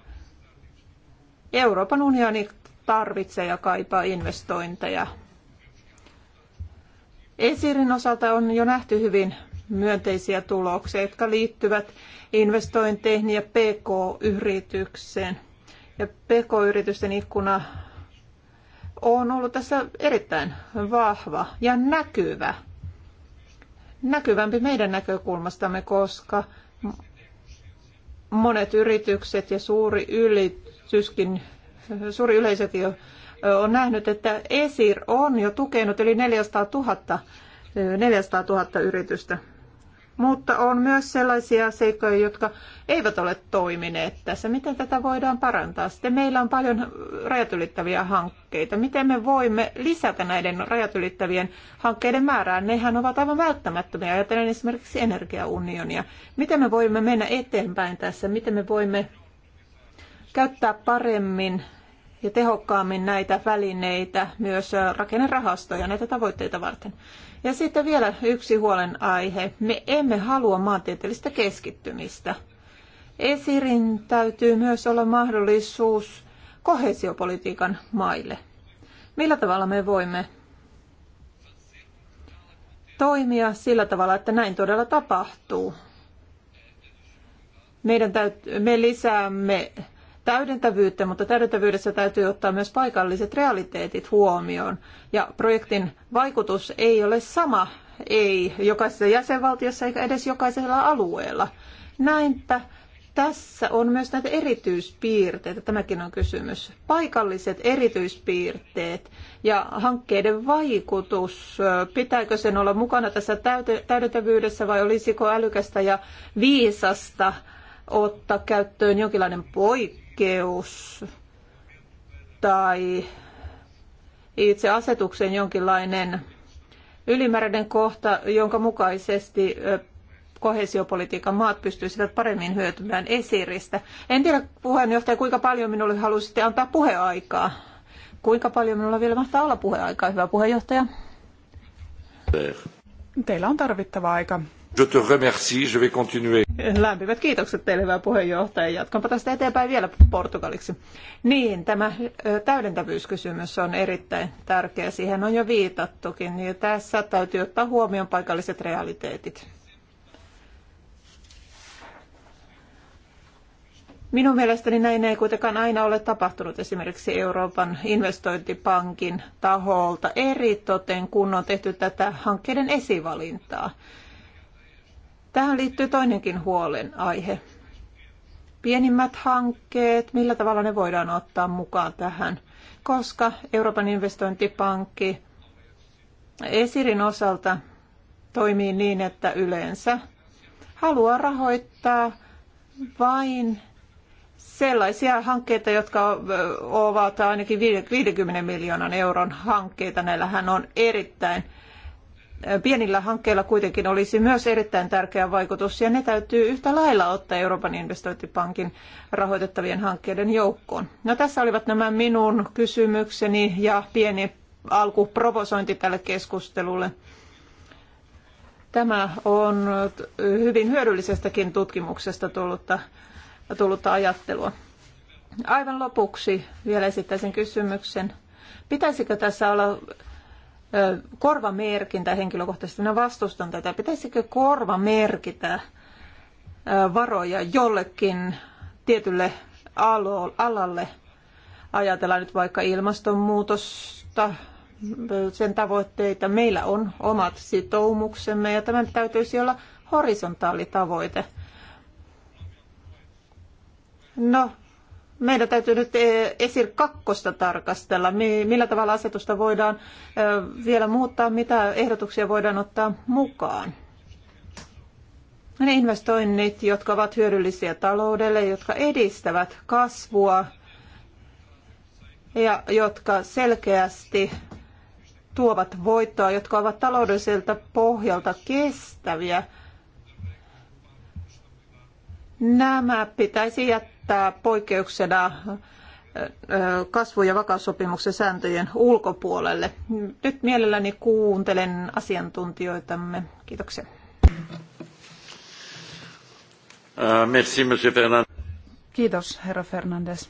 Speaker 2: Euroopan unioni tarvitsee ja kaipaa investointeja. Esirin osalta on jo nähty hyvin myönteisiä tuloksia, jotka liittyvät investointeihin ja PK-yritykseen ja PK-yritysten ikkuna on ollut tässä erittäin vahva ja näkyvä. Näkyvämpi meidän näkökulmastamme, koska monet yritykset ja suuri ylityskin, suuri yleisökin jo on nähnyt, että ESIR on jo tukenut yli 400 000, 400 000 yritystä mutta on myös sellaisia seikkoja, jotka eivät ole toimineet tässä. Miten tätä voidaan parantaa? Sitten meillä on paljon rajat ylittäviä hankkeita. Miten me voimme lisätä näiden rajat ylittävien hankkeiden määrää? Nehän ovat aivan välttämättömiä. Ajatellen esimerkiksi energiaunionia. Miten me voimme mennä eteenpäin tässä? Miten me voimme käyttää paremmin ja tehokkaammin näitä välineitä, myös rakennerahastoja näitä tavoitteita varten. Ja sitten vielä yksi huolenaihe. Me emme halua maantieteellistä keskittymistä. Esirin täytyy myös olla mahdollisuus kohesiopolitiikan maille. Millä tavalla me voimme toimia sillä tavalla, että näin todella tapahtuu? Meidän täytyy, me lisäämme täydentävyyttä, mutta täydentävyydessä täytyy ottaa myös paikalliset realiteetit huomioon. Ja projektin vaikutus ei ole sama, ei jokaisessa jäsenvaltiossa eikä edes jokaisella alueella. Näinpä tässä on myös näitä erityispiirteitä, tämäkin on kysymys. Paikalliset erityispiirteet ja hankkeiden vaikutus, pitääkö sen olla mukana tässä täydentävyydessä vai olisiko älykästä ja viisasta ottaa käyttöön jonkinlainen poikkeus? oikeus tai itse asetuksen jonkinlainen ylimääräinen kohta, jonka mukaisesti kohesiopolitiikan maat pystyisivät paremmin hyötymään esiristä. En tiedä puheenjohtaja, kuinka paljon minulle halusitte antaa puheaikaa. Kuinka paljon minulla vielä mahtaa olla puheaikaa, hyvä puheenjohtaja? Teillä on tarvittava aika.
Speaker 4: Je te remercie, je vais continuer.
Speaker 2: Lämpimät kiitokset teille, hyvä puheenjohtaja. Jatkanpa tästä eteenpäin vielä portugaliksi. Niin, tämä täydentävyyskysymys on erittäin tärkeä. Siihen on jo viitattukin. Ja tässä täytyy ottaa huomioon paikalliset realiteetit. Minun mielestäni näin ei kuitenkaan aina ole tapahtunut esimerkiksi Euroopan investointipankin taholta eritoten, kun on tehty tätä hankkeiden esivalintaa. Tähän liittyy toinenkin huolenaihe. Pienimmät hankkeet, millä tavalla ne voidaan ottaa mukaan tähän, koska Euroopan investointipankki Esirin osalta toimii niin, että yleensä haluaa rahoittaa vain sellaisia hankkeita, jotka ovat ainakin 50 miljoonan euron hankkeita. Näillähän on erittäin pienillä hankkeilla kuitenkin olisi myös erittäin tärkeä vaikutus, ja ne täytyy yhtä lailla ottaa Euroopan investointipankin rahoitettavien hankkeiden joukkoon. No tässä olivat nämä minun kysymykseni ja pieni alkuprovosointi tälle keskustelulle. Tämä on hyvin hyödyllisestäkin tutkimuksesta tullutta, tullutta ajattelua. Aivan lopuksi vielä esittäisin kysymyksen. Pitäisikö tässä olla korvamerkintä henkilökohtaisesti. Minä vastustan tätä. Pitäisikö korvamerkitä varoja jollekin tietylle alalle? Ajatellaan nyt vaikka ilmastonmuutosta, sen tavoitteita. Meillä on omat sitoumuksemme ja tämän täytyisi olla horisontaalitavoite. No, meidän täytyy nyt eh, ESIR kakkosta tarkastella, millä tavalla asetusta voidaan eh, vielä muuttaa, mitä ehdotuksia voidaan ottaa mukaan. No ne investoinnit, jotka ovat hyödyllisiä taloudelle, jotka edistävät kasvua ja jotka selkeästi tuovat voittoa, jotka ovat taloudelliselta pohjalta kestäviä, nämä pitäisi jättää jättää poikkeuksena kasvu- ja vakaussopimuksen sääntöjen ulkopuolelle. Nyt mielelläni kuuntelen asiantuntijoitamme. Kiitoksia.
Speaker 4: Ah, merci, monsieur
Speaker 3: Kiitos, herra Fernandes,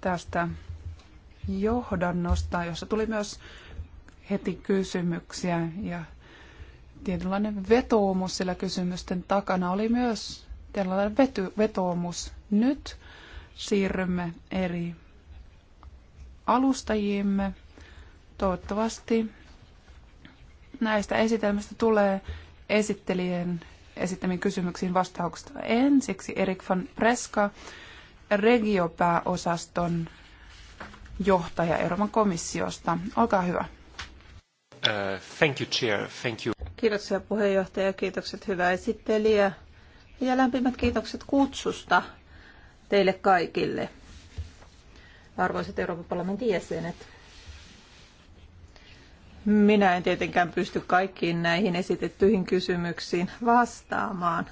Speaker 3: tästä johdannosta, jossa tuli myös heti kysymyksiä ja tietynlainen vetoomus sillä kysymysten takana oli myös tällainen vety, vetoomus. Nyt siirrymme eri alustajiimme. Toivottavasti näistä esitelmistä tulee esittelijän esittämiin kysymyksiin vastauksista. Ensiksi Erik van Preska, regiopääosaston
Speaker 2: johtaja Euroopan komissiosta. Olkaa hyvä.
Speaker 1: Uh, thank you, chair. Thank you.
Speaker 2: Kiitoksia puheenjohtaja, kiitokset hyvä esittelijä ja lämpimät kiitokset kutsusta teille kaikille, arvoisat Euroopan parlamentin jäsenet. Minä en tietenkään pysty kaikkiin näihin esitettyihin kysymyksiin vastaamaan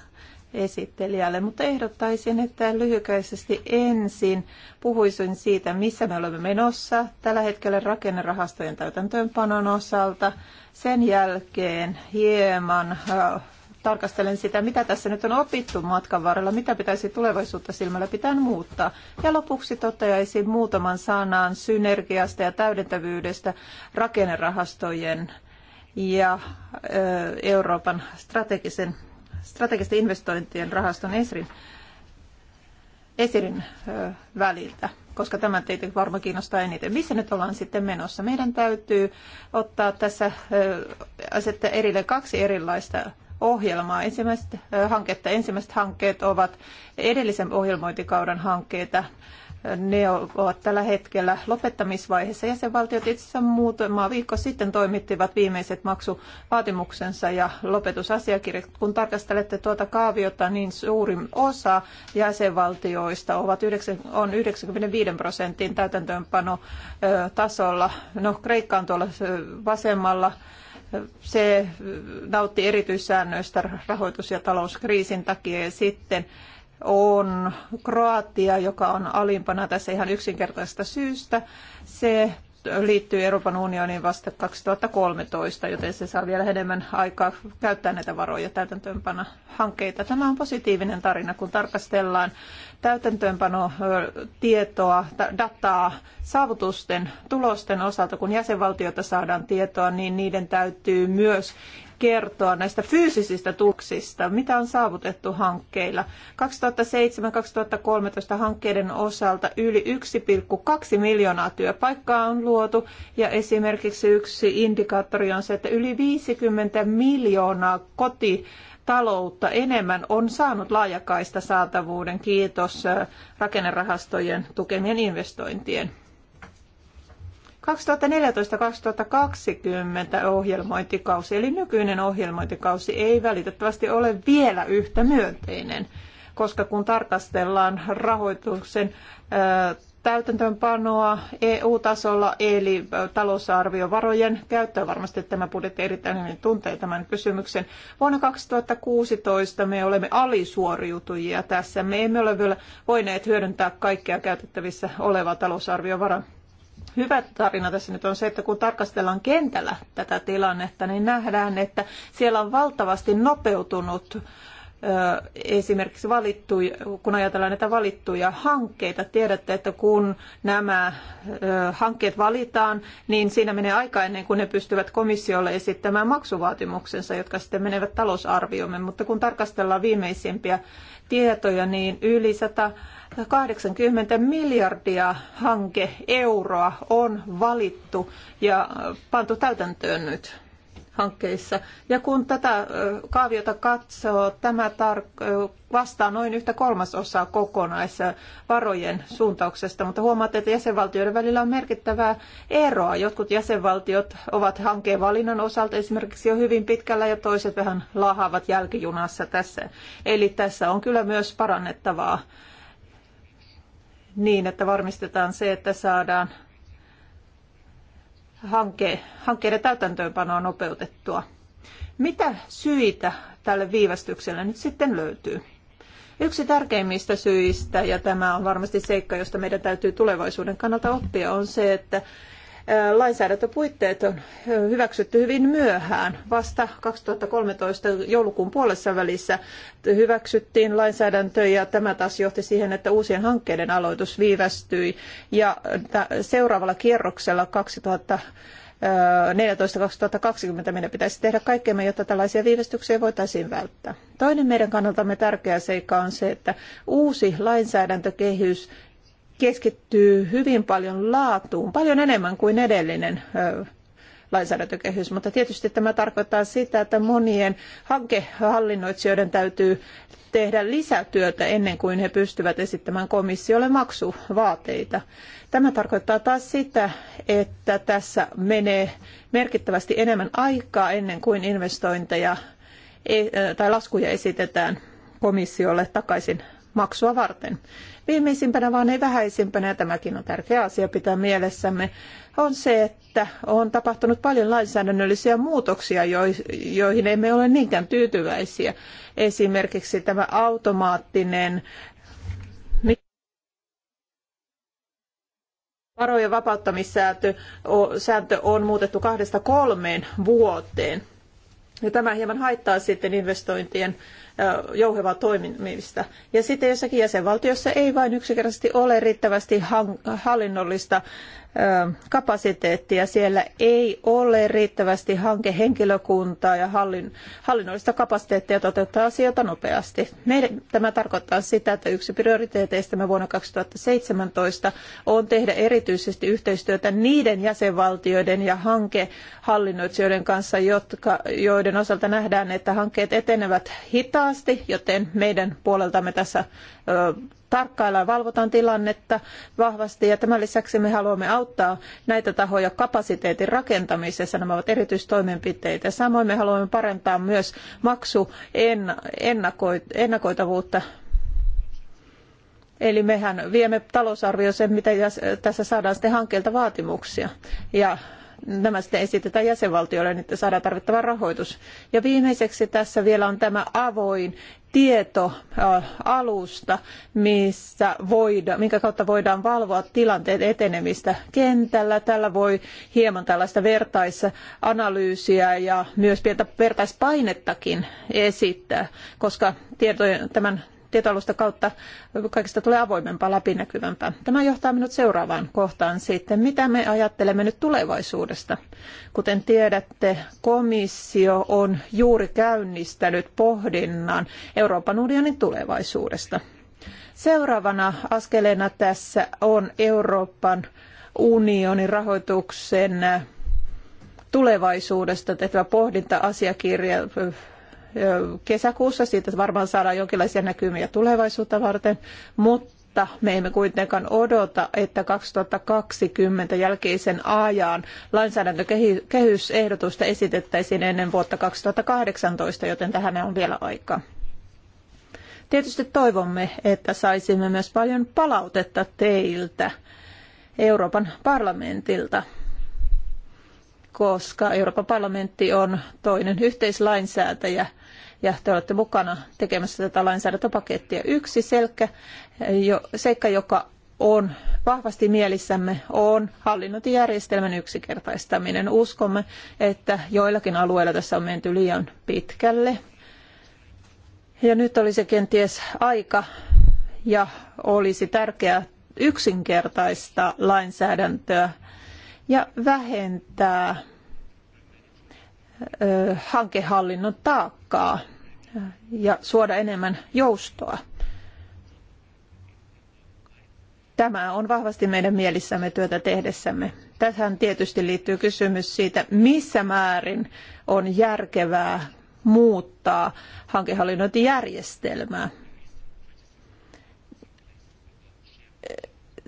Speaker 2: esittelijälle, mutta ehdottaisin, että lyhykäisesti ensin puhuisin siitä, missä me olemme menossa tällä hetkellä rakennerahastojen täytäntöönpanon osalta. Sen jälkeen hieman äh, tarkastelen sitä, mitä tässä nyt on opittu matkan varrella, mitä pitäisi tulevaisuutta silmällä pitää muuttaa. Ja lopuksi toteaisin muutaman sanan synergiasta ja täydentävyydestä rakennerahastojen ja Euroopan strategisen, strategisten investointien rahaston ESRin, ESRin väliltä koska tämä teitä varmaan kiinnostaa eniten. Missä nyt ollaan sitten menossa? Meidän täytyy ottaa tässä, asettaa erille kaksi erilaista ohjelmaa. Ensimmäiset hanketta, ensimmäiset hankkeet ovat edellisen ohjelmointikauden hankkeita. Ne ovat tällä hetkellä lopettamisvaiheessa. Jäsenvaltiot itse asiassa muutama viikko sitten toimittivat viimeiset maksuvaatimuksensa ja lopetusasiakirjat. Kun tarkastelette tuota kaaviota, niin suurin osa jäsenvaltioista ovat 9, on 95 prosentin täytäntöönpano tasolla. No, Kreikka on tuolla vasemmalla se nautti erityissäännöistä rahoitus- ja talouskriisin takia ja sitten on Kroatia, joka on alimpana tässä ihan yksinkertaisesta syystä. Se liittyi Euroopan unioniin vasta 2013, joten se saa vielä enemmän aikaa käyttää näitä varoja täytäntöönpana hankkeita. Tämä on positiivinen tarina, kun tarkastellaan täytäntöönpanotietoa, tietoa, dataa saavutusten, tulosten osalta, kun jäsenvaltiota saadaan tietoa, niin niiden täytyy myös kertoa näistä fyysisistä tuloksista, mitä on saavutettu hankkeilla. 2007-2013 hankkeiden osalta yli 1,2 miljoonaa työpaikkaa on luotu ja esimerkiksi yksi indikaattori on se, että yli 50 miljoonaa koti taloutta enemmän on saanut laajakaista saatavuuden kiitos rakennerahastojen tukemien investointien. 2014-2020 ohjelmointikausi, eli nykyinen ohjelmointikausi, ei välitettävästi ole vielä yhtä myönteinen, koska kun tarkastellaan rahoituksen täytäntöönpanoa EU-tasolla, eli talousarviovarojen käyttöä. Varmasti tämä budjetti erittäin hyvin tuntee tämän kysymyksen. Vuonna 2016 me olemme alisuoriutujia tässä. Me emme ole vielä voineet hyödyntää kaikkea käytettävissä olevaa talousarviovaraa hyvä tarina tässä nyt on se, että kun tarkastellaan kentällä tätä tilannetta, niin nähdään, että siellä on valtavasti nopeutunut esimerkiksi valittuja, kun ajatellaan näitä valittuja hankkeita, tiedätte, että kun nämä hankkeet valitaan, niin siinä menee aika ennen kuin ne pystyvät komissiolle esittämään maksuvaatimuksensa, jotka sitten menevät talousarviomme. Mutta kun tarkastellaan viimeisimpiä tietoja, niin yli 100 80 miljardia hanke euroa on valittu ja pantu täytäntöön nyt hankkeissa. Ja kun tätä kaaviota katsoo, tämä tar- vastaa noin yhtä kolmasosaa kokonaisvarojen suuntauksesta, mutta huomaatte, että jäsenvaltioiden välillä on merkittävää eroa. Jotkut jäsenvaltiot ovat hankkeen valinnan osalta esimerkiksi jo hyvin pitkällä ja toiset vähän lahavat jälkijunassa tässä. Eli tässä on kyllä myös parannettavaa niin, että varmistetaan se, että saadaan hanke, hankkeiden täytäntöönpanoa nopeutettua. Mitä syitä tälle viivästykselle nyt sitten löytyy? Yksi tärkeimmistä syistä, ja tämä on varmasti seikka, josta meidän täytyy tulevaisuuden kannalta oppia, on se, että lainsäädäntöpuitteet on hyväksytty hyvin myöhään. Vasta 2013 joulukuun puolessa välissä hyväksyttiin lainsäädäntö ja tämä taas johti siihen, että uusien hankkeiden aloitus viivästyi ja seuraavalla kierroksella 2014-2020 meidän pitäisi tehdä kaikkemme, jotta tällaisia viivästyksiä voitaisiin välttää. Toinen meidän kannaltamme tärkeä seikka on se, että uusi lainsäädäntökehys keskittyy hyvin paljon laatuun, paljon enemmän kuin edellinen lainsäädäntökehys, mutta tietysti tämä tarkoittaa sitä, että monien hankehallinnoitsijoiden täytyy tehdä lisätyötä ennen kuin he pystyvät esittämään komissiolle maksuvaateita. Tämä tarkoittaa taas sitä, että tässä menee merkittävästi enemmän aikaa ennen kuin investointeja e, tai laskuja esitetään komissiolle takaisin maksua varten. Viimeisimpänä, vaan ei vähäisimpänä, ja tämäkin on tärkeä asia pitää mielessämme, on se, että on tapahtunut paljon lainsäädännöllisiä muutoksia, joihin emme ole niinkään tyytyväisiä. Esimerkiksi tämä automaattinen varojen vapauttamissääntö on muutettu kahdesta kolmeen vuoteen. Ja tämä hieman haittaa sitten investointien jouhevaa toimimista. Ja sitten jossakin jäsenvaltiossa ei vain yksinkertaisesti ole riittävästi hallinnollista kapasiteettia. Siellä ei ole riittävästi hankehenkilökuntaa ja hallin, hallinnollista kapasiteettia toteuttaa asioita nopeasti. Meidän, tämä tarkoittaa sitä, että yksi prioriteeteistämme vuonna 2017 on tehdä erityisesti yhteistyötä niiden jäsenvaltioiden ja hankehallinnoitsijoiden kanssa, jotka, joiden osalta nähdään, että hankkeet etenevät hitaasti hitaasti, joten meidän puoleltamme tässä tarkkaillaan ja valvotaan tilannetta vahvasti ja tämän lisäksi me haluamme auttaa näitä tahoja kapasiteetin rakentamisessa. Nämä ovat erityistoimenpiteitä. Samoin me haluamme parantaa myös maksuennakoitavuutta Eli mehän viemme talousarvioon sen, mitä tässä saadaan sitten hankkeilta vaatimuksia. Ja nämä sitten esitetään jäsenvaltioille, niin saadaan tarvittava rahoitus. Ja viimeiseksi tässä vielä on tämä avoin tietoalusta, missä voida, minkä kautta voidaan valvoa tilanteen etenemistä kentällä. Tällä voi hieman tällaista vertaisanalyysiä ja myös pientä vertaispainettakin esittää, koska tietojen, tämän tietoalusta kautta kaikista tulee avoimempaa, läpinäkyvämpää. Tämä johtaa minut seuraavaan kohtaan sitten. Mitä me ajattelemme nyt tulevaisuudesta? Kuten tiedätte, komissio on juuri käynnistänyt pohdinnan Euroopan unionin tulevaisuudesta. Seuraavana askeleena tässä on Euroopan unionin rahoituksen tulevaisuudesta tehtävä pohdinta asiakirja kesäkuussa. Siitä varmaan saadaan jonkinlaisia näkymiä tulevaisuutta varten, mutta me emme kuitenkaan odota, että 2020 jälkeisen ajan lainsäädäntökehysehdotusta esitettäisiin ennen vuotta 2018, joten tähän on vielä aikaa. Tietysti toivomme, että saisimme myös paljon palautetta teiltä Euroopan parlamentilta koska Euroopan parlamentti on toinen yhteislainsäätäjä ja te olette mukana tekemässä tätä lainsäädäntöpakettia. Yksi selkä, jo, seikka, joka on vahvasti mielissämme, on hallinnointijärjestelmän yksinkertaistaminen. Uskomme, että joillakin alueilla tässä on menty liian pitkälle. Ja nyt olisi kenties aika ja olisi tärkeää yksinkertaistaa lainsäädäntöä ja vähentää hankehallinnon taakkaa ja suoda enemmän joustoa. Tämä on vahvasti meidän mielissämme työtä tehdessämme. Tähän tietysti liittyy kysymys siitä, missä määrin on järkevää muuttaa hankehallinnointijärjestelmää.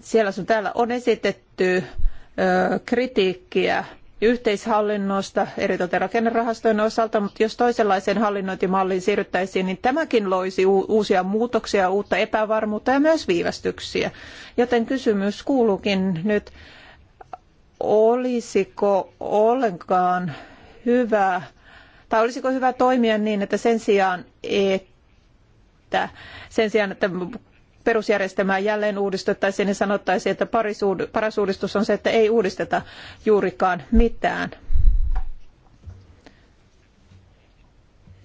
Speaker 2: Siellä sun täällä on esitetty kritiikkiä yhteishallinnosta, eritoten rakennerahastojen osalta, mutta jos toisenlaiseen hallinnointimalliin siirryttäisiin, niin tämäkin loisi uusia muutoksia, uutta epävarmuutta ja myös viivästyksiä. Joten kysymys kuuluukin nyt, olisiko ollenkaan hyvä, tai olisiko hyvä toimia niin, että sen sijaan, että sen sijaan, että perusjärjestelmää jälleen uudistettaisiin, niin sanottaisiin, että paras uudistus on se, että ei uudisteta juurikaan mitään.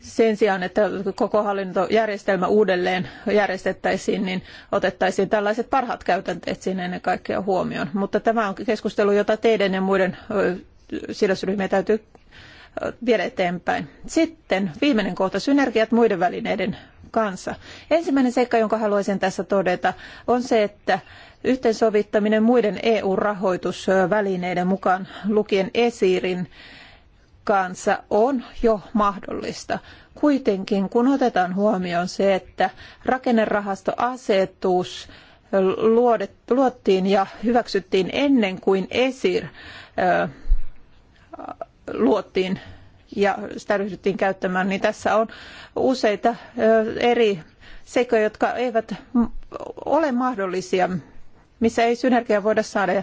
Speaker 2: sen sijaan, että koko hallintojärjestelmä uudelleen järjestettäisiin, niin otettaisiin tällaiset parhaat käytänteet siinä ennen kaikkea huomioon. Mutta tämä on keskustelu, jota teidän ja muiden sidosryhmien täytyy viedä eteenpäin. Sitten viimeinen kohta, synergiat muiden välineiden kanssa. Ensimmäinen seikka, jonka haluaisin tässä todeta, on se, että yhteensovittaminen muiden EU-rahoitusvälineiden mukaan lukien esirin kanssa on jo mahdollista. Kuitenkin kun otetaan huomioon se, että rakennerahastoasetus luodet, luottiin ja hyväksyttiin ennen kuin ESIR luotiin ja sitä ryhdyttiin käyttämään, niin tässä on useita eri seikkoja, jotka eivät ole mahdollisia, missä ei synergiaa voida saada.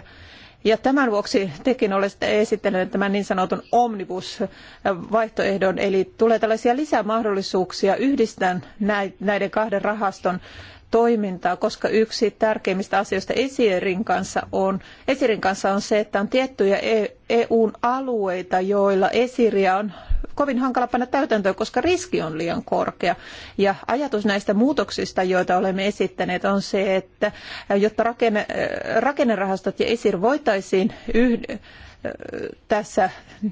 Speaker 2: Ja tämän vuoksi tekin olette esittäneet tämän niin sanotun omnibus-vaihtoehdon, eli tulee tällaisia lisämahdollisuuksia yhdistää näiden kahden rahaston toimintaa, koska yksi tärkeimmistä asioista Esirin kanssa on, Esirin kanssa on se, että on tiettyjä EUn e alueita, joilla Esiriä on kovin hankala panna täytäntöön, koska riski on liian korkea. Ja ajatus näistä muutoksista, joita olemme esittäneet, on se, että jotta rakenne, äh, ja ESIR voitaisiin yhdessä tässä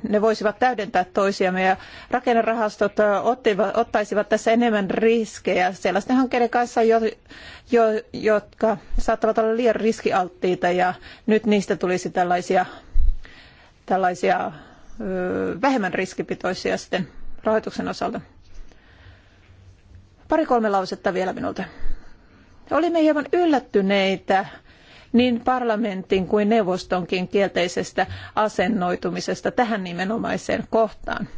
Speaker 2: ne voisivat täydentää toisiamme ja rakennerahastot ottivat, ottaisivat tässä enemmän riskejä sellaisten hankkeiden kanssa, jo, jo, jotka saattavat olla liian riskialttiita ja nyt niistä tulisi tällaisia, tällaisia ö, vähemmän riskipitoisia sitten rahoituksen osalta. Pari kolme lausetta vielä minulta. Olimme hieman yllättyneitä niin parlamentin kuin neuvostonkin kielteisestä asennoitumisesta tähän nimenomaiseen kohtaan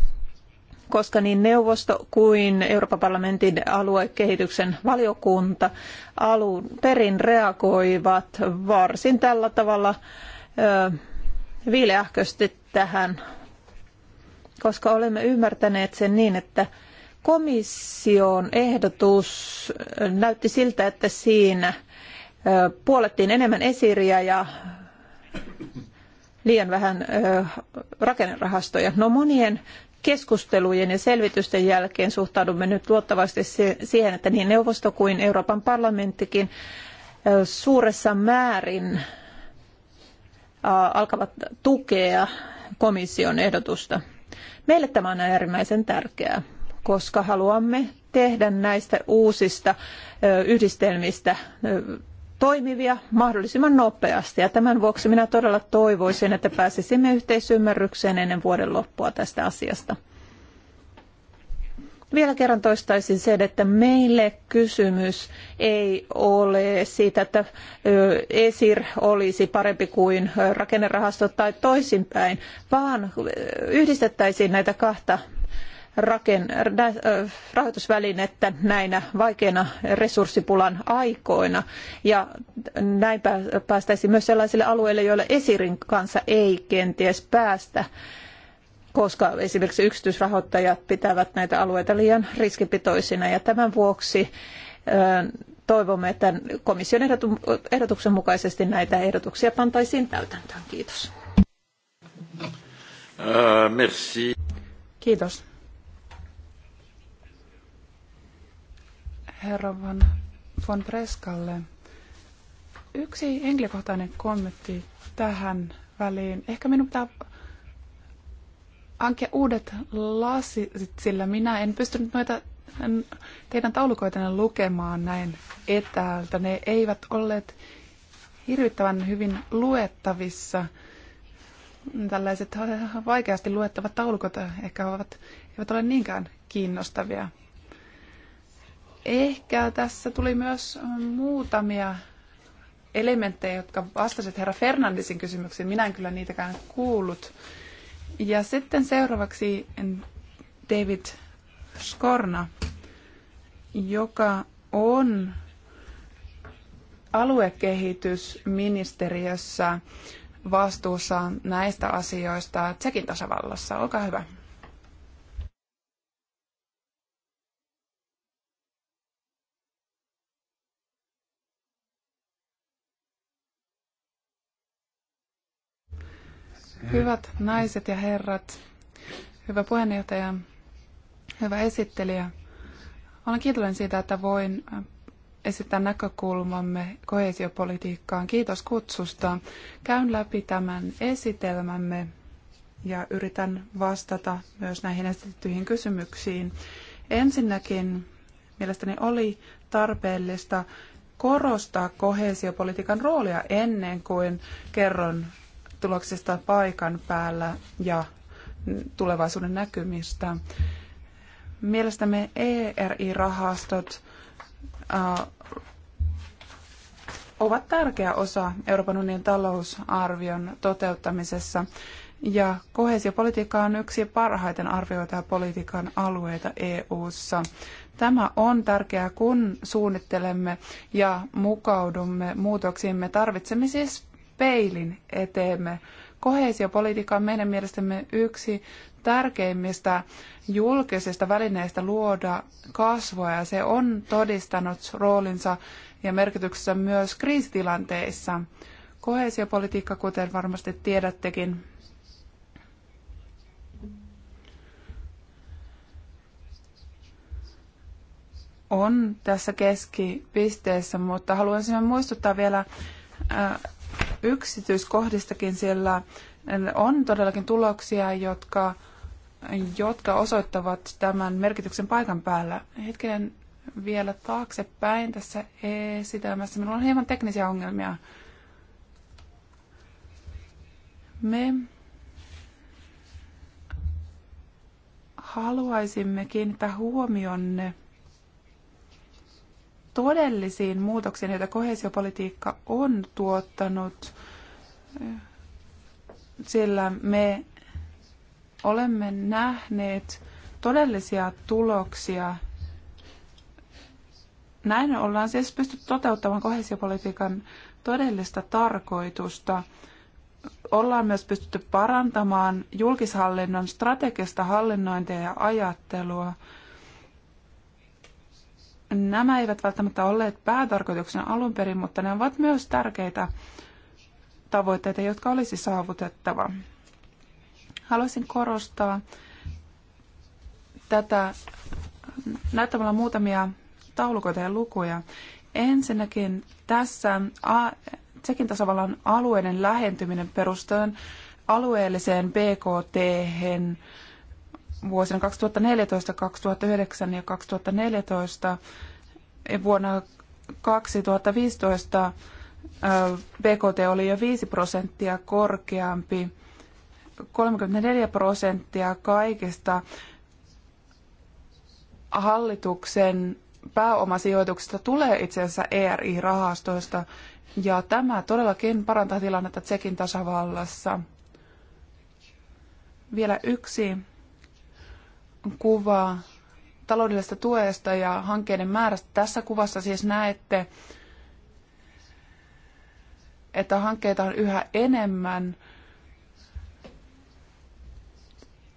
Speaker 2: koska niin neuvosto kuin Euroopan parlamentin aluekehityksen valiokunta alun perin reagoivat varsin tällä tavalla ö, viileähkösti tähän, koska olemme ymmärtäneet sen niin, että komission ehdotus näytti siltä, että siinä – puolettiin enemmän esiriä ja liian vähän rakennerahastoja. No monien keskustelujen ja selvitysten jälkeen suhtaudumme nyt luottavasti siihen, että niin neuvosto kuin Euroopan parlamenttikin suuressa määrin alkavat tukea komission ehdotusta. Meille tämä on äärimmäisen tärkeää, koska haluamme tehdä näistä uusista yhdistelmistä toimivia mahdollisimman nopeasti. Ja tämän vuoksi minä todella toivoisin, että pääsisimme yhteisymmärrykseen ennen vuoden loppua tästä asiasta. Vielä kerran toistaisin sen, että meille kysymys ei ole siitä, että ESIR olisi parempi kuin rakennerahasto tai toisinpäin, vaan yhdistettäisiin näitä kahta raken, äh, rahoitusvälinettä näinä vaikeina resurssipulan aikoina. Ja näin päästäisiin myös sellaisille alueille, joilla esirin kanssa ei kenties päästä koska esimerkiksi yksityisrahoittajat pitävät näitä alueita liian riskipitoisina ja tämän vuoksi toivomme, että komission ehdotuksen mukaisesti näitä ehdotuksia pantaisiin täytäntöön. Kiitos.
Speaker 4: Äh,
Speaker 2: Kiitos.
Speaker 3: herra Van, von Preskalle. Yksi henkilökohtainen kommentti tähän väliin. Ehkä minun pitää hankkia uudet lasit, sillä minä en pystynyt noita teidän taulukoitanne lukemaan näin etäältä. Ne eivät olleet hirvittävän hyvin luettavissa. Tällaiset vaikeasti luettavat taulukot ehkä ovat, eivät ole niinkään kiinnostavia Ehkä tässä tuli myös muutamia elementtejä, jotka vastasivat herra Fernandisin kysymyksiin. Minä en kyllä niitäkään kuullut. Ja sitten seuraavaksi David Skorna, joka on aluekehitysministeriössä vastuussa näistä asioista Tsekin tasavallassa. Olkaa hyvä. Hyvät naiset ja herrat, hyvä puheenjohtaja, hyvä esittelijä. Olen kiitollinen siitä, että voin esittää näkökulmamme kohesiopolitiikkaan. Kiitos kutsusta. Käyn läpi tämän esitelmämme ja yritän vastata myös näihin esitettyihin kysymyksiin. Ensinnäkin mielestäni oli tarpeellista korostaa kohesiopolitiikan roolia ennen kuin kerron tuloksista paikan päällä ja tulevaisuuden näkymistä. Mielestämme ERI-rahastot äh, ovat tärkeä osa Euroopan unionin talousarvion toteuttamisessa. Ja kohesiopolitiikka on yksi parhaiten arvioita politiikan alueita EU:ssa. Tämä on tärkeää, kun suunnittelemme ja mukaudumme muutoksiin. Me tarvitsemme siis peilin eteemme. Kohesiopolitiikka on meidän mielestämme yksi tärkeimmistä julkisista välineistä luoda kasvua ja se on todistanut roolinsa ja merkityksensä myös kriisitilanteissa. Kohesiopolitiikka, kuten varmasti tiedättekin, on tässä keskipisteessä, mutta haluaisin muistuttaa vielä äh, yksityiskohdistakin, sillä on todellakin tuloksia, jotka, jotka osoittavat tämän merkityksen paikan päällä. Hetkinen vielä taaksepäin tässä esitelmässä. Minulla on hieman teknisiä ongelmia. Me haluaisimme kiinnittää huomionne todellisiin muutoksiin, joita kohesiopolitiikka on tuottanut sillä me olemme nähneet todellisia tuloksia. Näin ollaan siis pystytty toteuttamaan kohesiopolitiikan todellista tarkoitusta. Ollaan myös pystytty parantamaan julkishallinnon strategista hallinnointia ja ajattelua. Nämä eivät välttämättä olleet päätarkoituksena alun perin, mutta ne ovat myös tärkeitä tavoitteita, jotka olisi saavutettava. Haluaisin korostaa tätä näyttämällä muutamia taulukoita ja lukuja. Ensinnäkin tässä Tsekin tasavallan alueiden lähentyminen perustuen alueelliseen BKT vuosina 2014, 2009 ja 2014 ja vuonna 2015 BKT oli jo 5 prosenttia korkeampi. 34 prosenttia kaikista hallituksen pääomasijoituksista tulee itse asiassa ERI-rahastoista, ja tämä todellakin parantaa tilannetta Tsekin tasavallassa. Vielä yksi kuva taloudellisesta tuesta ja hankkeiden määrästä. Tässä kuvassa siis näette että hankkeita on yhä enemmän.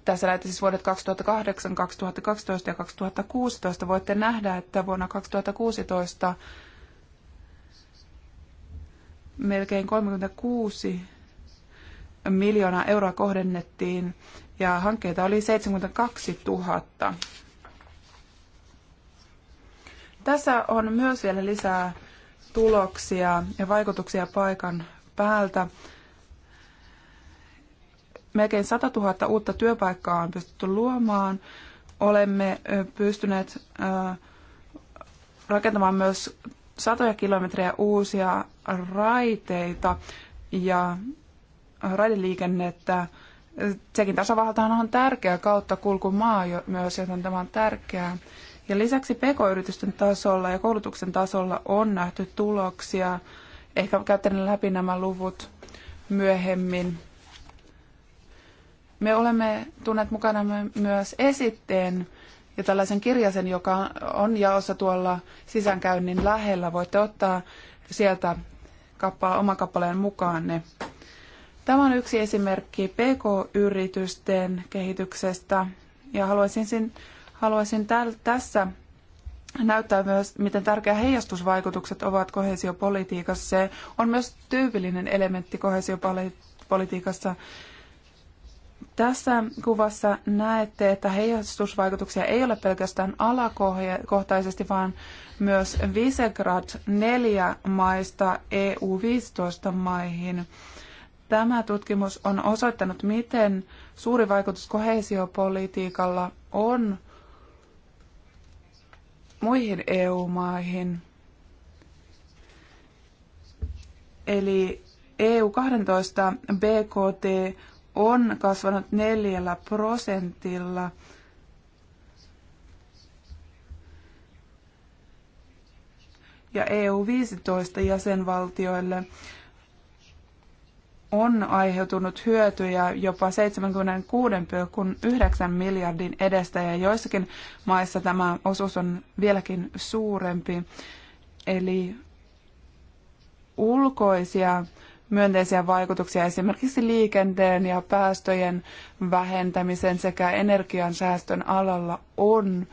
Speaker 3: Tässä näitä siis vuodet 2008, 2012 ja 2016. Voitte nähdä, että vuonna 2016 melkein 36 miljoonaa euroa kohdennettiin ja hankkeita oli 72 000. Tässä on myös vielä lisää tuloksia ja vaikutuksia paikan päältä. Melkein 100 000 uutta työpaikkaa on pystytty luomaan. Olemme pystyneet rakentamaan myös satoja kilometrejä uusia raiteita ja raideliikennettä. Sekin tasavaltahan on tärkeä kautta kulkumaa myös, joten tämä on tärkeää. Ja lisäksi pk-yritysten tasolla ja koulutuksen tasolla on nähty tuloksia. Ehkä käytän läpi nämä luvut myöhemmin. Me olemme tunneet mukana myös esitteen ja tällaisen kirjasen, joka on jaossa tuolla sisäänkäynnin lähellä. Voitte ottaa sieltä kappale, oma kappaleen mukaanne. Tämä on yksi esimerkki PK-yritysten kehityksestä ja haluaisin sen Haluaisin täl- tässä näyttää myös, miten tärkeä heijastusvaikutukset ovat kohesiopolitiikassa. Se on myös tyypillinen elementti kohesiopolitiikassa. Tässä kuvassa näette, että heijastusvaikutuksia ei ole pelkästään alakohtaisesti, vaan myös Visegrad 4 maista EU-15 maihin. Tämä tutkimus on osoittanut, miten suuri vaikutus kohesiopolitiikalla on muihin EU-maihin. Eli EU-12 BKT on kasvanut neljällä prosentilla. ja EU-15 jäsenvaltioille on aiheutunut hyötyjä jopa 76,9 miljardin edestä ja joissakin maissa tämä osuus on vieläkin suurempi. Eli ulkoisia myönteisiä vaikutuksia esimerkiksi liikenteen ja päästöjen vähentämisen sekä energiansäästön alalla on.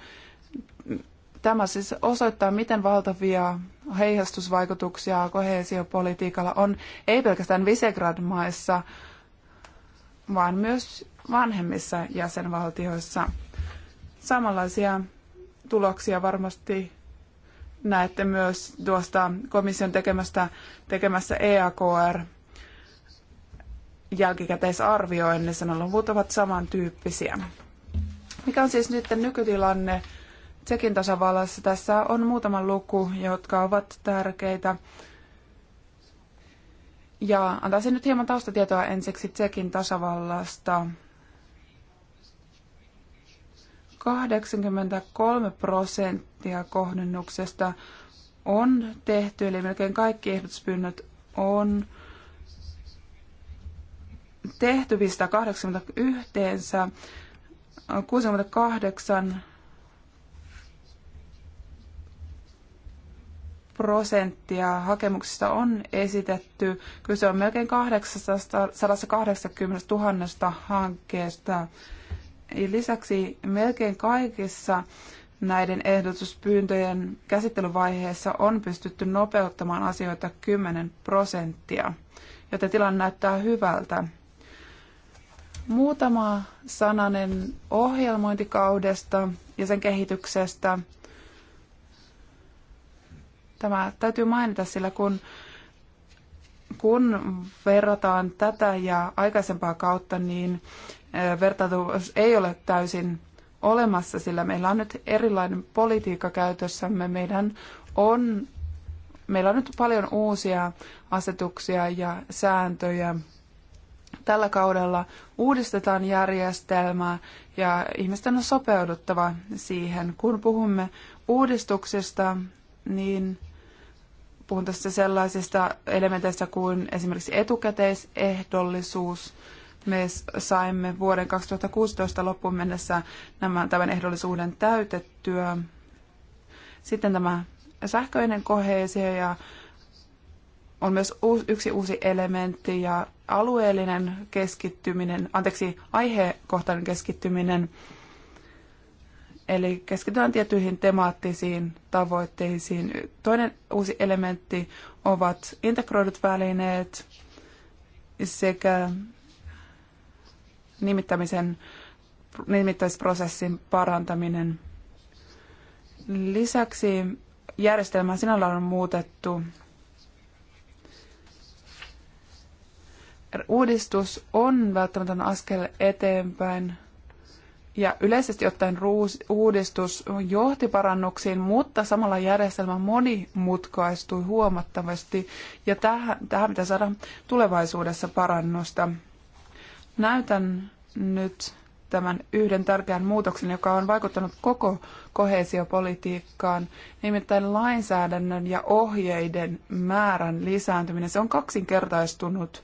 Speaker 3: Tämä siis osoittaa, miten valtavia heijastusvaikutuksia koheesiopolitiikalla on ei pelkästään Visegrad-maissa, vaan myös vanhemmissa jäsenvaltioissa. Samanlaisia tuloksia varmasti näette myös tuosta komission tekemästä, tekemässä EAKR jälkikäteisarvioinnissa. Ne luvut ovat samantyyppisiä. Mikä on siis nyt nykytilanne Tsekin tasavallassa tässä on muutama luku, jotka ovat tärkeitä. Ja antaisin nyt hieman taustatietoa ensiksi Tsekin tasavallasta. 83 prosenttia kohdennuksesta on tehty, eli melkein kaikki ehdotuspyynnöt on tehty 580 yhteensä. 68 prosenttia hakemuksista on esitetty. Kyse on melkein 880 000 hankkeesta. Lisäksi melkein kaikissa näiden ehdotuspyyntöjen käsittelyvaiheessa on pystytty nopeuttamaan asioita 10 prosenttia, joten tilanne näyttää hyvältä. Muutama sananen ohjelmointikaudesta ja sen kehityksestä. Tämä täytyy mainita, sillä kun, kun verrataan tätä ja aikaisempaa kautta, niin vertailtavuus ei ole täysin olemassa, sillä meillä on nyt erilainen politiikka käytössämme. Meidän on, meillä on nyt paljon uusia asetuksia ja sääntöjä. Tällä kaudella uudistetaan järjestelmää ja ihmisten on sopeuduttava siihen. Kun puhumme uudistuksista, niin puhun tässä sellaisista elementeistä kuin esimerkiksi etukäteisehdollisuus. Me saimme vuoden 2016 loppuun mennessä nämä, tämän ehdollisuuden täytettyä. Sitten tämä sähköinen koheesio ja on myös yksi uusi elementti ja alueellinen keskittyminen, anteeksi, aihekohtainen keskittyminen – Eli keskitytään tiettyihin temaattisiin tavoitteisiin. Toinen uusi elementti ovat integroidut välineet sekä nimittämisen, nimittäisprosessin parantaminen. Lisäksi järjestelmä sinällään on muutettu. Uudistus on välttämätön askel eteenpäin ja yleisesti ottaen uudistus johti parannuksiin, mutta samalla järjestelmä monimutkaistui huomattavasti ja tähän, tähän pitää saada tulevaisuudessa parannusta. Näytän nyt tämän yhden tärkeän muutoksen, joka on vaikuttanut koko kohesiopolitiikkaan, nimittäin lainsäädännön ja ohjeiden määrän lisääntyminen. Se on kaksinkertaistunut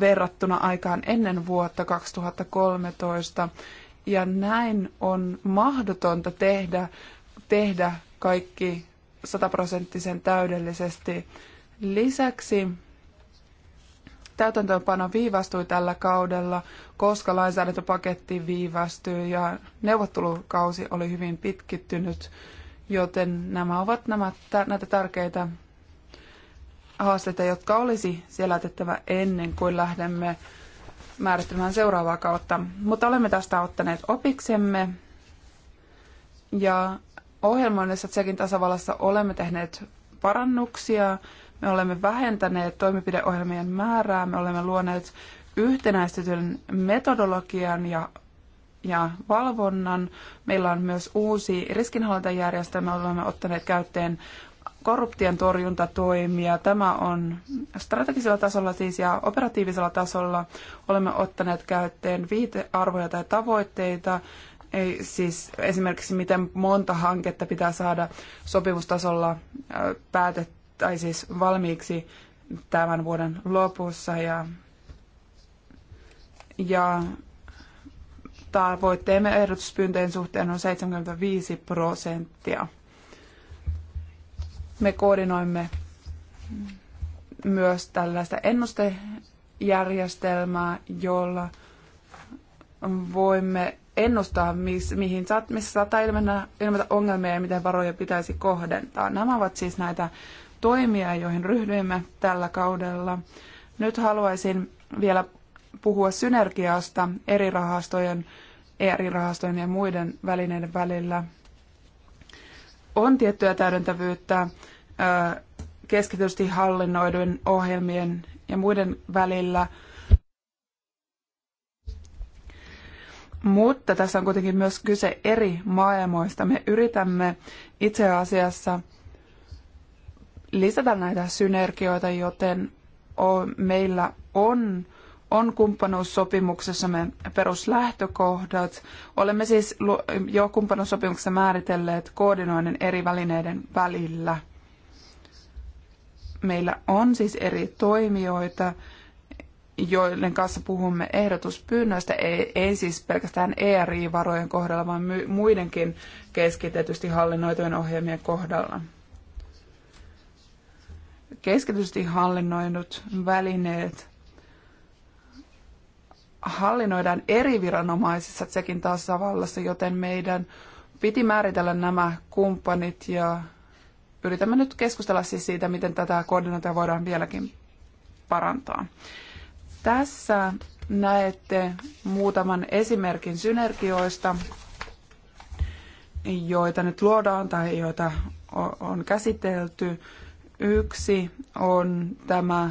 Speaker 3: verrattuna aikaan ennen vuotta 2013. Ja näin on mahdotonta tehdä, tehdä kaikki sataprosenttisen täydellisesti. Lisäksi täytäntöönpano viivästyi tällä kaudella, koska lainsäädäntöpaketti viivästyi ja neuvottelukausi oli hyvin pitkittynyt, joten nämä ovat nämä, näitä tärkeitä haasteita, jotka olisi selätettävä ennen kuin lähdemme määrittämään seuraavaa kautta. Mutta olemme tästä ottaneet opiksemme ja ohjelmoinnissa Tsekin tasavallassa olemme tehneet parannuksia. Me olemme vähentäneet toimenpideohjelmien määrää, me olemme luoneet yhtenäistetyn metodologian ja, ja valvonnan. Meillä on myös uusi riskinhallintajärjestelmä, olemme ottaneet käyttöön korruption torjuntatoimia. Tämä on strategisella tasolla siis ja operatiivisella tasolla olemme ottaneet käyttöön viitearvoja tai tavoitteita, ei, siis esimerkiksi miten monta hanketta pitää saada sopimustasolla päätet, tai siis valmiiksi tämän vuoden lopussa ja, ja tavoitteemme ehdotuspyyntöjen suhteen on 75 prosenttia. Me koordinoimme myös tällaista ennustejärjestelmää, jolla voimme ennustaa, mihin, missä saattaa ilmetä, ilmetä ongelmia ja miten varoja pitäisi kohdentaa. Nämä ovat siis näitä toimia, joihin ryhdyimme tällä kaudella. Nyt haluaisin vielä puhua synergiasta eri rahastojen, eri rahastojen ja muiden välineiden välillä on tiettyä täydentävyyttä keskitysti hallinnoidun ohjelmien ja muiden välillä. Mutta tässä on kuitenkin myös kyse eri maailmoista. Me yritämme itse asiassa lisätä näitä synergioita, joten meillä on on kumppanuussopimuksessamme peruslähtökohdat. Olemme siis jo kumppanuussopimuksessa määritelleet koordinoinnin eri välineiden välillä. Meillä on siis eri toimijoita, joiden kanssa puhumme ehdotuspyynnöistä, ei, ei siis pelkästään ERI-varojen kohdalla, vaan muidenkin keskitetysti hallinnoitujen ohjelmien kohdalla. Keskitysti hallinnoidut välineet hallinnoidaan eri viranomaisissa Tsekin tasavallassa, joten meidän piti määritellä nämä kumppanit ja yritämme nyt keskustella siis siitä, miten tätä koordinointia voidaan vieläkin parantaa. Tässä näette muutaman esimerkin synergioista, joita nyt luodaan tai joita on käsitelty. Yksi on tämä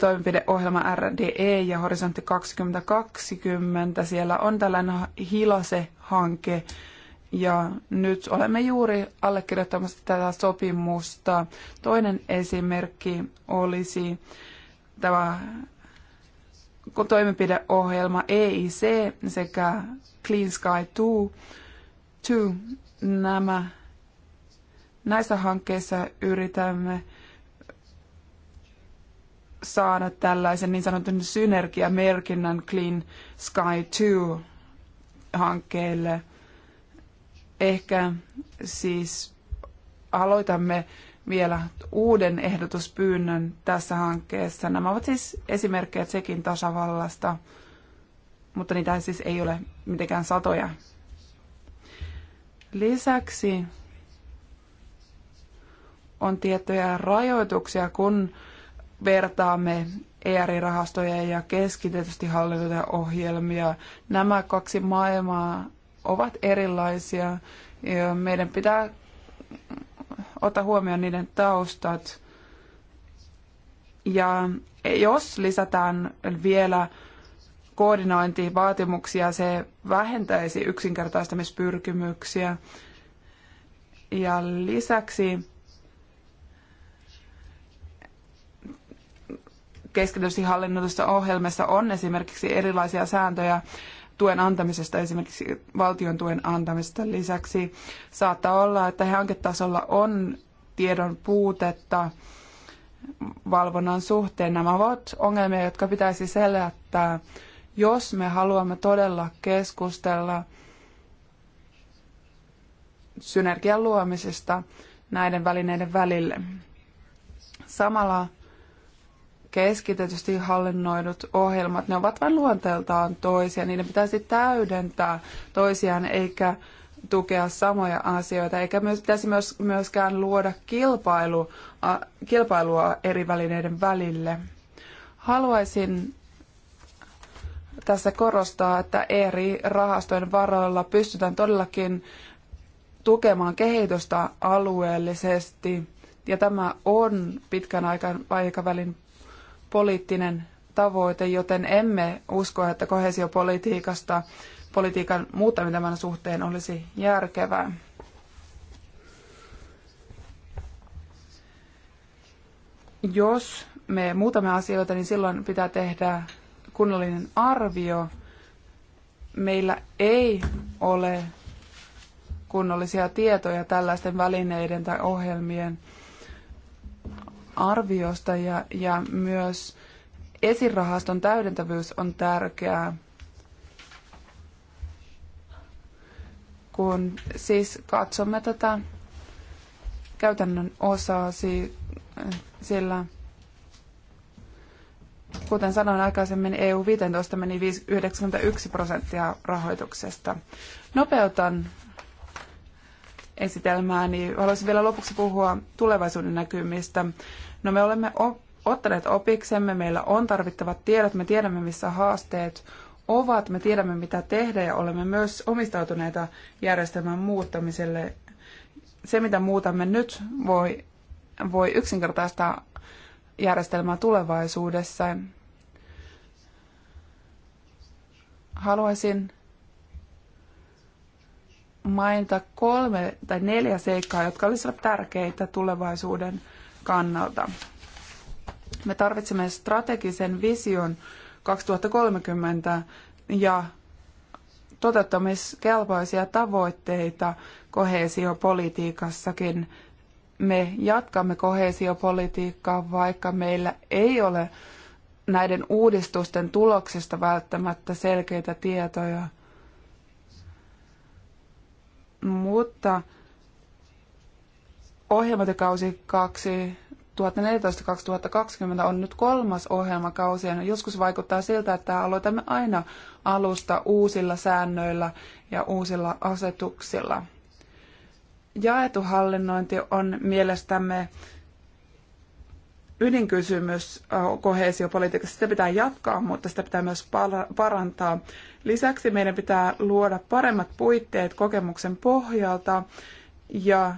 Speaker 3: toimenpideohjelma RDE ja Horisontti 2020. Siellä on tällainen Hilase-hanke ja nyt olemme juuri allekirjoittamassa tätä sopimusta. Toinen esimerkki olisi tämä toimenpideohjelma EIC sekä Clean Sky 2. Nämä, näissä hankkeissa yritämme saada tällaisen niin sanotun synergiamerkinnän Clean Sky 2 hankkeelle. Ehkä siis aloitamme vielä uuden ehdotuspyynnön tässä hankkeessa. Nämä ovat siis esimerkkejä sekin tasavallasta, mutta niitä siis ei ole mitenkään satoja. Lisäksi on tiettyjä rajoituksia, kun vertaamme ERI-rahastoja ja keskitetysti hallituja ohjelmia. Nämä kaksi maailmaa ovat erilaisia. Ja meidän pitää ottaa huomioon niiden taustat. Ja jos lisätään vielä koordinointivaatimuksia, se vähentäisi yksinkertaistamispyrkimyksiä. Ja lisäksi keskitetysti hallinnollista ohjelmassa on esimerkiksi erilaisia sääntöjä tuen antamisesta, esimerkiksi valtion tuen antamisesta. Lisäksi saattaa olla, että hanketasolla on tiedon puutetta valvonnan suhteen. Nämä ovat ongelmia, jotka pitäisi selättää, jos me haluamme todella keskustella synergian luomisesta näiden välineiden välille. Samalla keskitetysti hallinnoidut ohjelmat, ne ovat vain luonteeltaan toisia. Niiden pitäisi täydentää toisiaan eikä tukea samoja asioita, eikä myös, pitäisi myös, myöskään luoda kilpailu, kilpailua eri välineiden välille. Haluaisin tässä korostaa, että eri rahastojen varoilla pystytään todellakin tukemaan kehitystä alueellisesti, ja tämä on pitkän aikavälin poliittinen tavoite, joten emme usko, että kohesiopolitiikasta politiikan muuttaminen tämän suhteen olisi järkevää. Jos me muutamme asioita, niin silloin pitää tehdä kunnollinen arvio. Meillä ei ole kunnollisia tietoja tällaisten välineiden tai ohjelmien arviosta ja, ja myös esirahaston täydentävyys on tärkeää. Kun siis katsomme tätä käytännön osaa, sillä kuten sanoin aikaisemmin, EU-15 meni 91 prosenttia rahoituksesta. Nopeutan esitelmää, niin haluaisin vielä lopuksi puhua tulevaisuuden näkymistä. No me olemme ottaneet opiksemme, meillä on tarvittavat tiedot, me tiedämme missä haasteet ovat, me tiedämme mitä tehdä ja olemme myös omistautuneita järjestelmän muuttamiselle. Se mitä muutamme nyt voi, voi yksinkertaistaa järjestelmää tulevaisuudessa. Haluaisin mainita kolme tai neljä seikkaa, jotka olisivat tärkeitä tulevaisuuden kannalta. Me tarvitsemme strategisen vision 2030 ja toteuttamiskelpoisia tavoitteita kohesiopolitiikassakin. Me jatkamme kohesiopolitiikkaa, vaikka meillä ei ole näiden uudistusten tuloksista välttämättä selkeitä tietoja. Mutta ohjelmatyökausi 2014-2020 on nyt kolmas ohjelmakausi ja joskus vaikuttaa siltä, että aloitamme aina alusta uusilla säännöillä ja uusilla asetuksilla. Jaetu hallinnointi on mielestämme ydinkysymys äh, kohesiopolitiikassa. Sitä pitää jatkaa, mutta sitä pitää myös parantaa. Lisäksi meidän pitää luoda paremmat puitteet kokemuksen pohjalta ja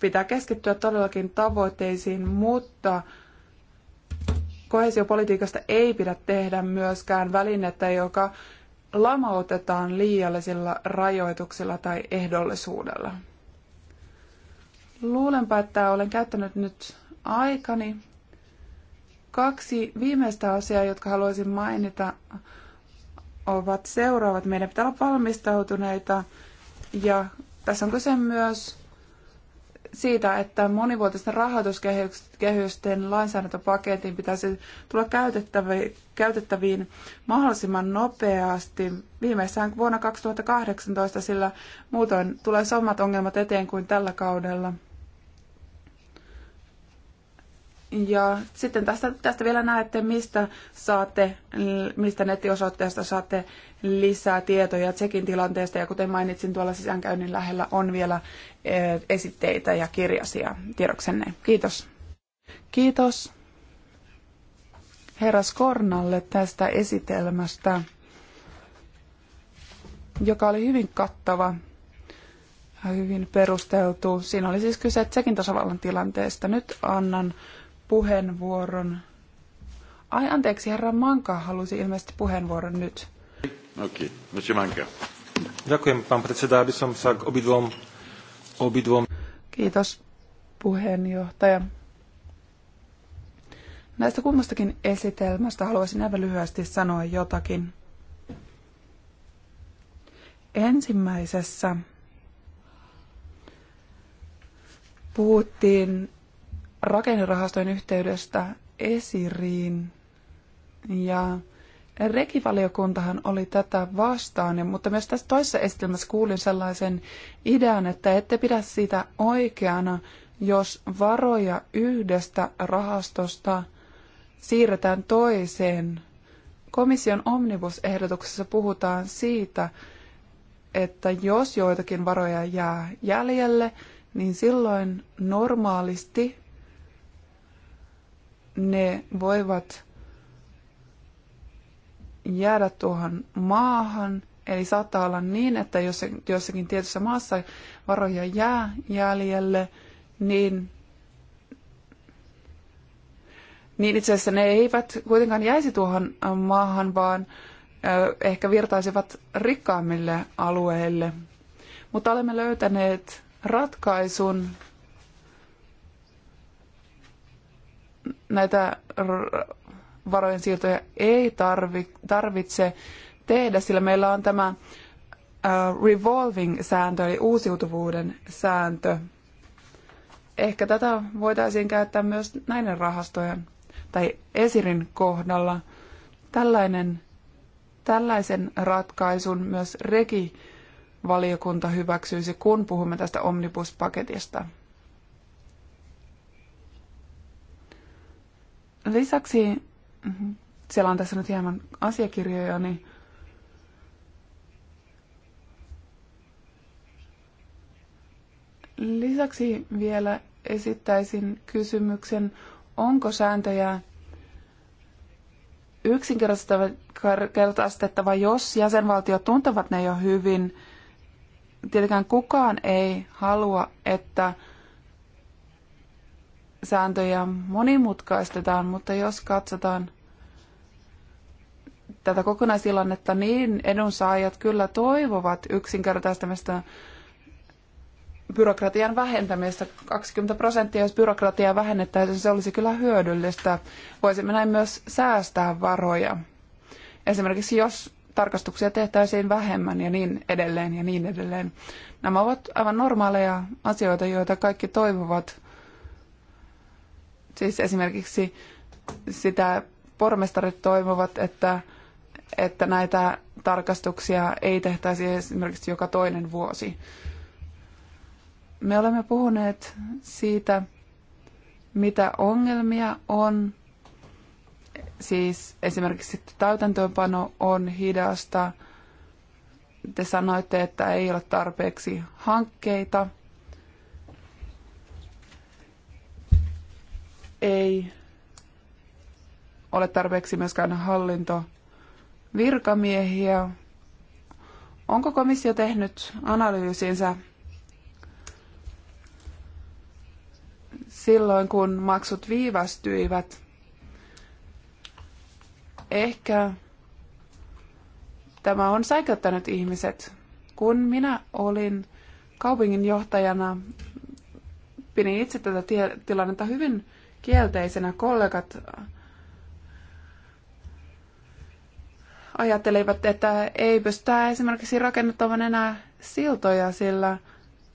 Speaker 3: pitää keskittyä todellakin tavoitteisiin, mutta kohesiopolitiikasta ei pidä tehdä myöskään välinettä, joka lamautetaan liiallisilla rajoituksilla tai ehdollisuudella. Luulenpa, että olen käyttänyt nyt aikani. Kaksi viimeistä asiaa, jotka haluaisin mainita, ovat seuraavat. Meidän pitää olla valmistautuneita ja tässä on kyse myös siitä, että monivuotisten rahoituskehysten lainsäädäntöpaketin pitäisi tulla käytettäviin mahdollisimman nopeasti, viimeistään vuonna 2018, sillä muutoin tulee samat ongelmat eteen kuin tällä kaudella. Ja sitten tästä, tästä vielä näette, mistä, saatte, mistä nettiosoitteesta saatte lisää tietoja Tsekin tilanteesta. Ja kuten mainitsin, tuolla sisäänkäynnin lähellä on vielä eh, esitteitä ja kirjasia tiedoksenne. Kiitos. Kiitos herra Skornalle tästä esitelmästä, joka oli hyvin kattava ja hyvin perusteltu. Siinä oli siis kyse Tsekin tasavallan tilanteesta. Nyt annan puheenvuoron. Ai anteeksi, herra Manka halusi ilmeisesti puheenvuoron nyt.
Speaker 1: Okei, okay. Manka. Dziękuję, pan predseda, aby som sa k obidvom, obidvom... Kiitos,
Speaker 3: puheenjohtaja. Näistä kummastakin esitelmästä haluaisin aivan lyhyesti sanoa jotakin. Ensimmäisessä puhuttiin rakennerahastojen yhteydestä esiriin. Ja rekivaliokuntahan oli tätä vastaan, mutta myös tässä toisessa esitelmässä kuulin sellaisen idean, että ette pidä sitä oikeana, jos varoja yhdestä rahastosta siirretään toiseen. Komission omnibusehdotuksessa puhutaan siitä, että jos joitakin varoja jää jäljelle, niin silloin normaalisti ne voivat jäädä tuohon maahan. Eli saattaa olla niin, että jos jossakin tietyssä maassa varoja jää jäljelle, niin, niin itse asiassa ne eivät kuitenkaan jäisi tuohon äh, maahan, vaan äh, ehkä virtaisivat rikkaammille alueille. Mutta olemme löytäneet ratkaisun näitä varojen siirtoja ei tarvi, tarvitse tehdä, sillä meillä on tämä äh, revolving-sääntö, eli uusiutuvuuden sääntö. Ehkä tätä voitaisiin käyttää myös näiden rahastojen tai esirin kohdalla. Tällainen, tällaisen ratkaisun myös regi valiokunta hyväksyisi, kun puhumme tästä omnibuspaketista. Lisäksi, mhm, siellä on tässä nyt hieman asiakirjoja, niin Lisäksi vielä esittäisin kysymyksen, onko sääntöjä yksinkertaistettava, jos jäsenvaltiot tuntevat ne jo hyvin. Tietenkään kukaan ei halua, että sääntöjä monimutkaistetaan, mutta jos katsotaan tätä kokonaistilannetta, niin edunsaajat kyllä toivovat yksinkertaistamista byrokratian vähentämistä 20 prosenttia, jos byrokratiaa vähennettäisiin, se olisi kyllä hyödyllistä. Voisimme näin myös säästää varoja. Esimerkiksi jos tarkastuksia tehtäisiin vähemmän ja niin edelleen ja niin edelleen. Nämä ovat aivan normaaleja asioita, joita kaikki toivovat. Siis esimerkiksi sitä pormestarit toivovat, että, että näitä tarkastuksia ei tehtäisi esimerkiksi joka toinen vuosi. Me olemme puhuneet siitä, mitä ongelmia on. Siis esimerkiksi täytäntöönpano on hidasta. Te sanoitte, että ei ole tarpeeksi hankkeita – ei ole tarpeeksi myöskään hallintovirkamiehiä. Onko komissio tehnyt analyysinsä silloin, kun maksut viivästyivät? Ehkä tämä on säikäyttänyt ihmiset. Kun minä olin johtajana pidin itse tätä tilannetta hyvin kielteisenä. Kollegat ajattelivat, että ei pystytä esimerkiksi rakennettavan enää siltoja, sillä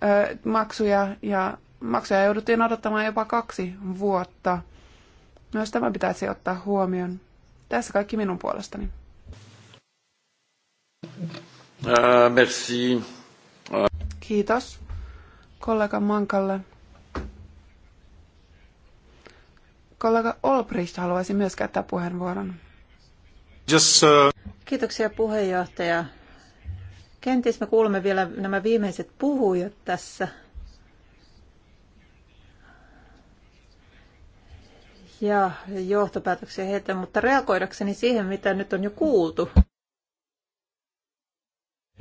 Speaker 3: ö, maksuja, ja, maksuja jouduttiin odottamaan jopa kaksi vuotta. Myös tämä pitäisi ottaa huomioon. Tässä kaikki minun puolestani.
Speaker 4: Uh, merci. Äh.
Speaker 3: Kiitos kollega Mankalle. kollega Olbrist haluaisi myös käyttää puheenvuoron.
Speaker 1: Just, uh...
Speaker 2: Kiitoksia puheenjohtaja. Kenties me kuulemme vielä nämä viimeiset puhujat tässä. Ja johtopäätöksiä heitä, mutta reagoidakseni siihen, mitä nyt on jo kuultu.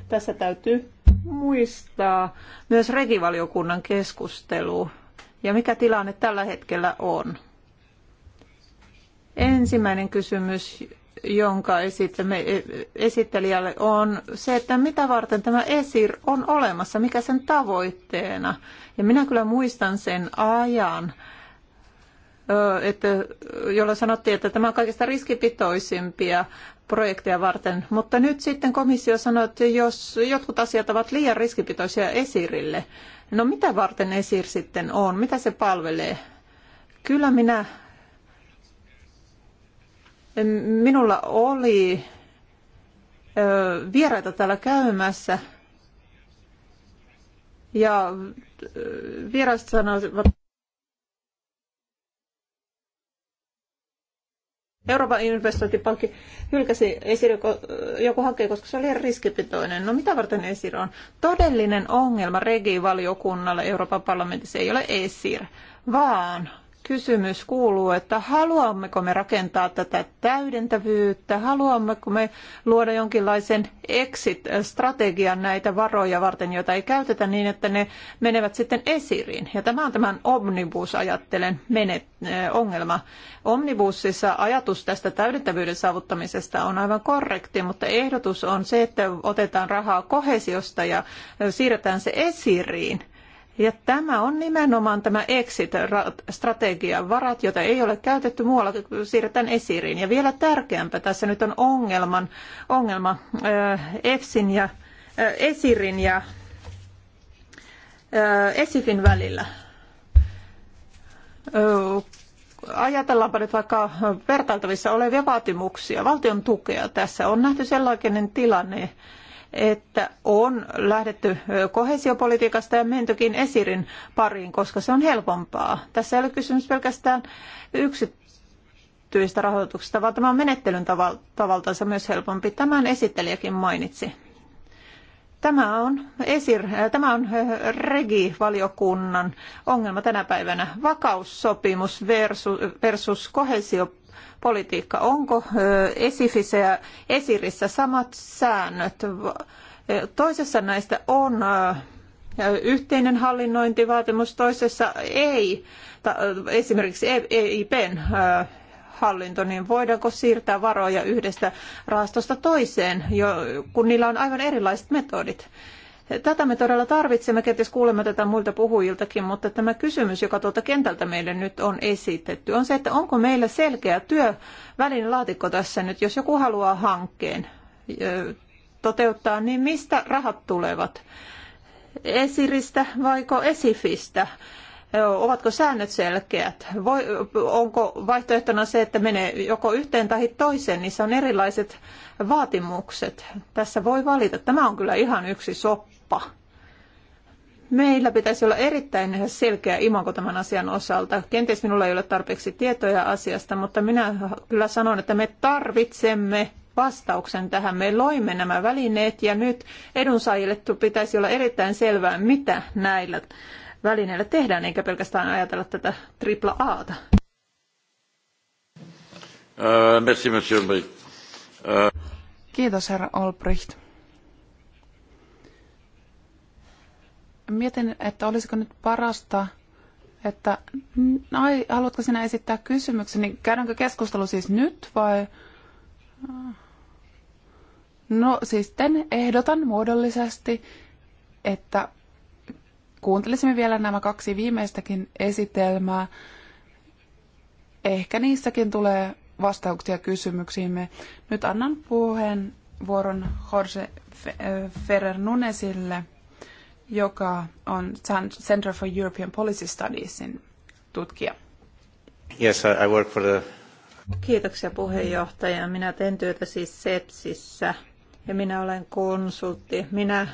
Speaker 2: Tässä täytyy muistaa myös regivaliokunnan keskustelu ja mikä tilanne tällä hetkellä on. Ensimmäinen kysymys, jonka esittämme e, esittelijälle, on se, että mitä varten tämä ESIR on olemassa, mikä sen tavoitteena. Ja minä kyllä muistan sen ajan, että, jolla sanottiin, että tämä on kaikista riskipitoisimpia projekteja varten. Mutta nyt sitten komissio sanoi, että jos jotkut asiat ovat liian riskipitoisia esirille, no mitä varten esir sitten on? Mitä se palvelee? Kyllä minä Minulla oli vieraita täällä käymässä ja vieras sanoivat, Euroopan investointipankki hylkäsi Esir joku hankkeen, koska se oli riskipitoinen. No mitä varten Esir on? Todellinen ongelma regivaliokunnalle Euroopan parlamentissa ei ole Esir, vaan kysymys kuuluu, että haluammeko me rakentaa tätä täydentävyyttä, haluammeko me luoda jonkinlaisen exit-strategian näitä varoja varten, joita ei käytetä niin, että ne menevät sitten esiriin. Ja tämä on tämän omnibus-ajattelen menet, eh, ongelma. Omnibusissa ajatus tästä täydentävyyden saavuttamisesta on aivan korrekti, mutta ehdotus on se, että otetaan rahaa kohesiosta ja eh, siirretään se esiriin ja tämä on nimenomaan tämä exit-strategia. Varat, joita ei ole käytetty muualla, siirretään esiriin. Ja vielä tärkeämpää tässä nyt on ongelman, ongelma äh, EFSin ja äh, esirin ja äh, esitin välillä. Ajatellaanpa nyt vaikka vertailtavissa olevia vaatimuksia. Valtion tukea tässä on nähty sellainen tilanne, että on lähdetty kohesiopolitiikasta ja mentykin esirin pariin, koska se on helpompaa. Tässä ei ole kysymys pelkästään yksityistä rahoituksesta, vaan tämä on menettelyn tavaltansa myös helpompi. Tämän esittelijäkin mainitsi. Tämä on, esir, tämä on regi-valiokunnan ongelma tänä päivänä. Vakaussopimus versus, versus kohesiopolitiikka politiikka. Onko Esifissä ja Esirissä samat säännöt? Toisessa näistä on yhteinen hallinnointivaatimus, toisessa ei. Esimerkiksi EIPn e hallinto, niin voidaanko siirtää varoja yhdestä rahastosta toiseen, kun niillä on aivan erilaiset metodit? Tätä me todella tarvitsemme, kenties kuulemme tätä muilta puhujiltakin, mutta tämä kysymys, joka tuolta kentältä meille nyt on esitetty, on se, että onko meillä selkeä työvälin laatikko tässä nyt, jos joku haluaa hankkeen toteuttaa, niin mistä rahat tulevat? Esiristä vaiko Esifistä? Ovatko säännöt selkeät? Voi, onko vaihtoehtona se, että menee joko yhteen tai toiseen, niissä on erilaiset vaatimukset. Tässä voi valita. Tämä on kyllä ihan yksi soppa tapa. Meillä pitäisi olla erittäin selkeä imanko tämän asian osalta. Kenties minulla ei ole tarpeeksi tietoja asiasta, mutta minä kyllä sanon, että me tarvitsemme vastauksen tähän. Me loimme nämä välineet ja nyt edunsaajille pitäisi olla erittäin selvää, mitä näillä välineillä tehdään, eikä pelkästään ajatella tätä tripla Aata.
Speaker 4: Äh, äh.
Speaker 2: Kiitos, herra Olbricht.
Speaker 3: Mietin, että olisiko nyt parasta, että ai, haluatko sinä esittää kysymyksen, niin käydäänkö keskustelu siis nyt vai... No siis ehdotan muodollisesti, että kuuntelisimme vielä nämä kaksi viimeistäkin esitelmää. Ehkä niissäkin tulee vastauksia kysymyksiimme. Nyt annan puheenvuoron Jorge Ferrer Nunesille joka on Center for European Policy Studiesin
Speaker 2: tutkija.
Speaker 1: Yes, I work for the...
Speaker 2: Kiitoksia puheenjohtaja. Minä teen työtä siis SEPSissä ja minä olen konsultti. Minä äh,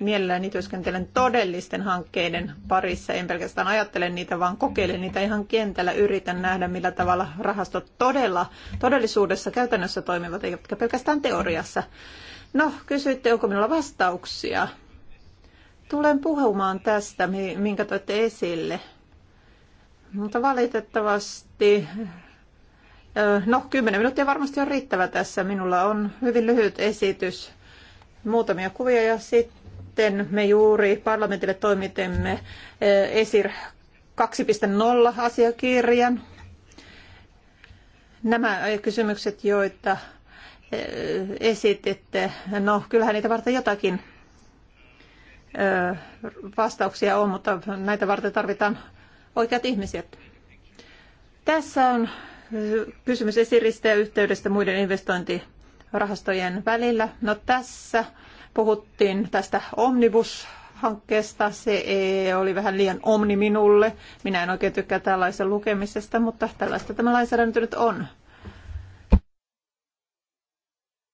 Speaker 2: mielelläni työskentelen todellisten hankkeiden parissa. En pelkästään ajattele niitä, vaan kokeilen niitä ihan kentällä. Yritän nähdä, millä tavalla rahastot todella, todellisuudessa käytännössä toimivat, eikä pelkästään teoriassa. No, kysyitte, onko minulla vastauksia Tulen puhumaan tästä, minkä toitte esille. Mutta valitettavasti, no 10 minuuttia varmasti on riittävä tässä. Minulla on hyvin lyhyt esitys, muutamia kuvia ja sitten me juuri parlamentille toimitemme ESIR 2.0 asiakirjan. Nämä kysymykset, joita esititte, no kyllähän niitä varten jotakin vastauksia on, mutta näitä varten tarvitaan oikeat ihmiset. Tässä on kysymys esiristä ja yhteydestä muiden investointirahastojen välillä. No tässä puhuttiin tästä omnibus hankkeesta. Se oli vähän liian omni minulle. Minä en oikein tykkää tällaisen lukemisesta, mutta tällaista tämä lainsäädäntö nyt on.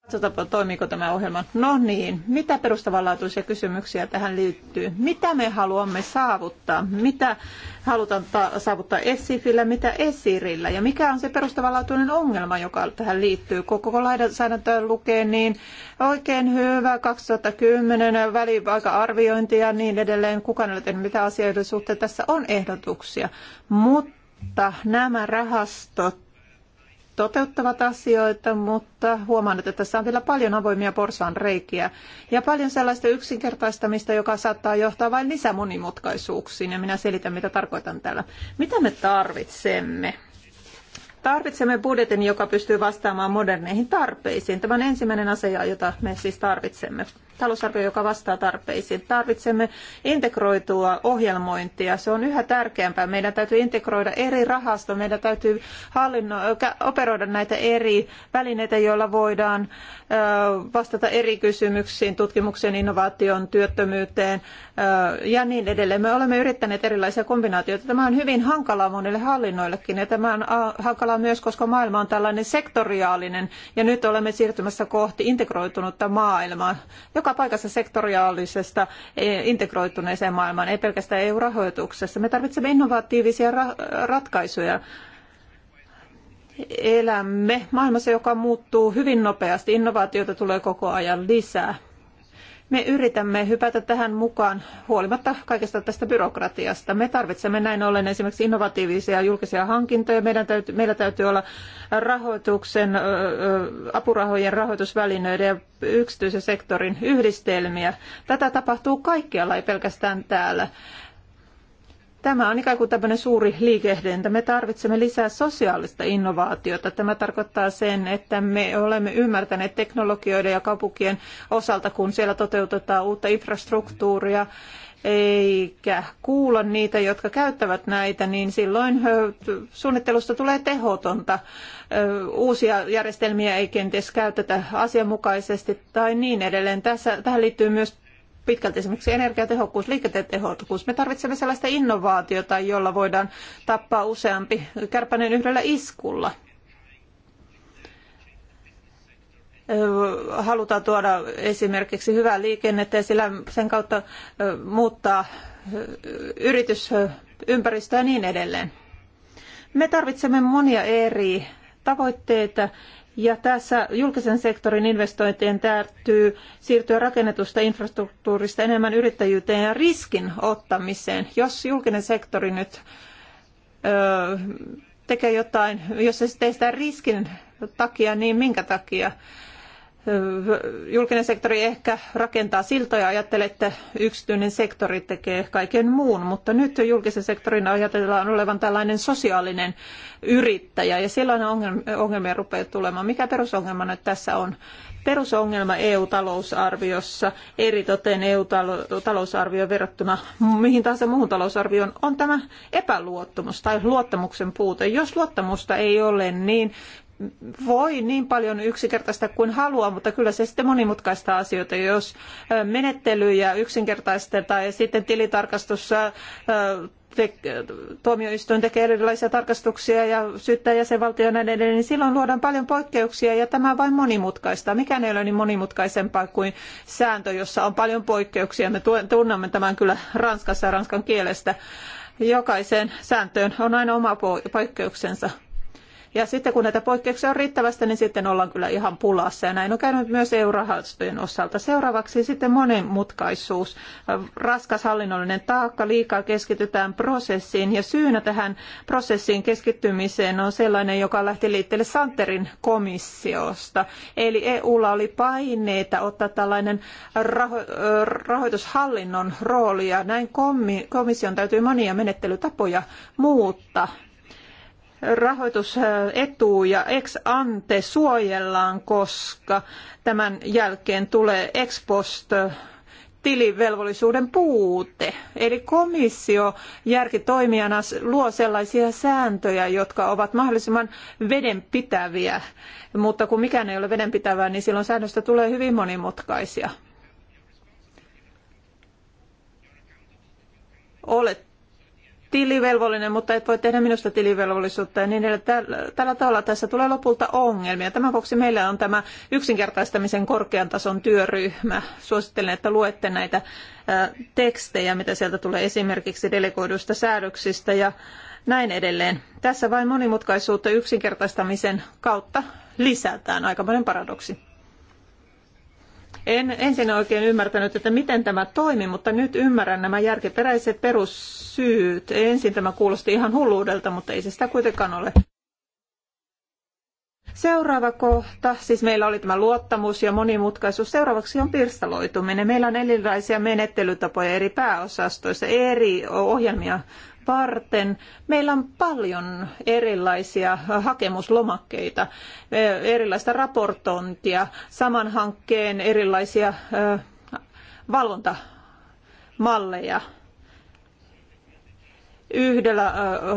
Speaker 2: Katsotaanpa, toimiiko tämä ohjelma. No niin, mitä perustavanlaatuisia kysymyksiä tähän liittyy? Mitä me haluamme saavuttaa? Mitä halutaan saavuttaa Essifillä, mitä ESIRillä? Ja mikä on se perustavanlaatuinen ongelma, joka tähän liittyy? Kun koko lainsäädäntöä lukee, niin oikein hyvä, 2010 väliaika-arviointi ja niin edelleen. Kukaan ei ole tehnyt mitä asioiden suhteen. Tässä on ehdotuksia, mutta nämä rahastot toteuttavat asioita, mutta huomaan, että tässä on vielä paljon avoimia porsaan reikiä ja paljon sellaista yksinkertaistamista, joka saattaa johtaa vain lisämonimutkaisuuksiin ja minä selitän, mitä tarkoitan tällä. Mitä me tarvitsemme? Tarvitsemme budjetin, joka pystyy vastaamaan moderneihin tarpeisiin. Tämä on ensimmäinen asia, jota me siis tarvitsemme talousarvio, joka vastaa tarpeisiin. Tarvitsemme integroitua ohjelmointia. Se on yhä tärkeämpää. Meidän täytyy integroida eri rahasto, meidän täytyy hallinno, operoida näitä eri välineitä, joilla voidaan vastata eri kysymyksiin, tutkimukseen, innovaation työttömyyteen ja niin edelleen. Me olemme yrittäneet erilaisia kombinaatioita. Tämä on hyvin hankalaa monille hallinnoillekin ja tämä on hankalaa myös, koska maailma on tällainen sektoriaalinen ja nyt olemme siirtymässä kohti integroitunutta maailmaa, joka joka paikassa sektoriaalisesta e, integroituneeseen maailmaan, ei pelkästään EU-rahoituksessa. Me tarvitsemme innovatiivisia ratkaisuja. Elämme maailmassa, joka muuttuu hyvin nopeasti. Innovaatioita tulee koko ajan lisää. Me yritämme hypätä tähän mukaan huolimatta kaikesta tästä byrokratiasta. Me tarvitsemme näin ollen esimerkiksi innovatiivisia julkisia hankintoja. Meidän täytyy, meillä täytyy olla rahoituksen, apurahojen rahoitusvälineiden ja yksityisen sektorin yhdistelmiä. Tätä tapahtuu kaikkialla, ei pelkästään täällä. Tämä on ikään kuin tämmöinen suuri liikehdintä. Me tarvitsemme lisää sosiaalista innovaatiota. Tämä tarkoittaa sen, että me olemme ymmärtäneet teknologioiden ja kaupunkien osalta, kun siellä toteutetaan uutta infrastruktuuria, eikä kuulla niitä, jotka käyttävät näitä, niin silloin suunnittelusta tulee tehotonta. Uusia järjestelmiä ei kenties käytetä asianmukaisesti tai niin edelleen. Tässä, tähän liittyy myös pitkälti esimerkiksi energiatehokkuus, liikenteen tehokkuus. Me tarvitsemme sellaista innovaatiota, jolla voidaan tappaa useampi kärpänen yhdellä iskulla. Halutaan tuoda esimerkiksi hyvää liikennettä ja sillä sen kautta muuttaa yritysympäristöä ja niin edelleen. Me tarvitsemme monia eri tavoitteita ja tässä julkisen sektorin investointien täytyy siirtyä rakennetusta infrastruktuurista enemmän yrittäjyyteen ja riskin ottamiseen. Jos julkinen sektori nyt tekee jotain, jos se tee sitä riskin takia, niin minkä takia? julkinen sektori ehkä rakentaa siltoja, ajattelee, että yksityinen sektori tekee kaiken muun, mutta nyt julkisen sektorin ajatellaan olevan tällainen sosiaalinen yrittäjä ja silloin ongelmia rupeaa tulemaan. Mikä perusongelma nyt tässä on? Perusongelma EU-talousarviossa, eritoten EU-talousarvioon verrattuna mihin tahansa muuhun talousarvioon, on tämä epäluottamus tai luottamuksen puute. Jos luottamusta ei ole, niin voi niin paljon yksinkertaista kuin haluaa, mutta kyllä se sitten monimutkaista asioita, jos menettelyjä yksinkertaistetaan ja sitten tilitarkastus te, tuomioistuin tekee erilaisia tarkastuksia ja syyttäjä jäsenvaltio ja näin edelleen, niin silloin luodaan paljon poikkeuksia ja tämä vain monimutkaista. Mikään ei ole niin monimutkaisempaa kuin sääntö, jossa on paljon poikkeuksia. Me tunnemme tämän kyllä Ranskassa ja ranskan kielestä. Jokaiseen sääntöön on aina oma poikkeuksensa. Ja sitten kun näitä poikkeuksia on riittävästi, niin sitten ollaan kyllä ihan pulassa. Ja näin on käynyt myös eurorahastojen osalta. Seuraavaksi sitten monenmutkaisuus. Raskas hallinnollinen taakka, liikaa keskitytään prosessiin. Ja syynä tähän prosessiin keskittymiseen on sellainen, joka lähti liitteelle Santerin komissiosta. Eli EUlla oli paineita ottaa tällainen raho- rahoitushallinnon rooli. Ja näin komission täytyy monia menettelytapoja muuttaa ja ex ante suojellaan, koska tämän jälkeen tulee ex post tilivelvollisuuden puute. Eli komissio järkitoimijana luo sellaisia sääntöjä, jotka ovat mahdollisimman vedenpitäviä, mutta kun mikään ei ole vedenpitävää, niin silloin säännöstä tulee hyvin monimutkaisia. Olet tilivelvollinen, mutta et voi tehdä minusta tilivelvollisuutta ja niin edelleen. Tällä tavalla tässä tulee lopulta ongelmia. Tämän vuoksi meillä on tämä yksinkertaistamisen korkean tason työryhmä. Suosittelen, että luette näitä tekstejä, mitä sieltä tulee esimerkiksi delegoiduista säädöksistä ja näin edelleen. Tässä vain monimutkaisuutta yksinkertaistamisen kautta lisätään. Aikamoinen paradoksi. En ensin oikein ymmärtänyt, että miten tämä toimi, mutta nyt ymmärrän nämä järkiperäiset perussyyt. Ensin tämä kuulosti ihan hulluudelta, mutta ei se sitä kuitenkaan ole. Seuraava kohta, siis meillä oli tämä luottamus ja monimutkaisuus. Seuraavaksi on pirstaloituminen. Meillä on erilaisia menettelytapoja eri pääosastoissa, eri ohjelmia varten meillä on paljon erilaisia hakemuslomakkeita, e, erilaista raportointia, saman hankkeen erilaisia e, valvontamalleja. Yhdellä e,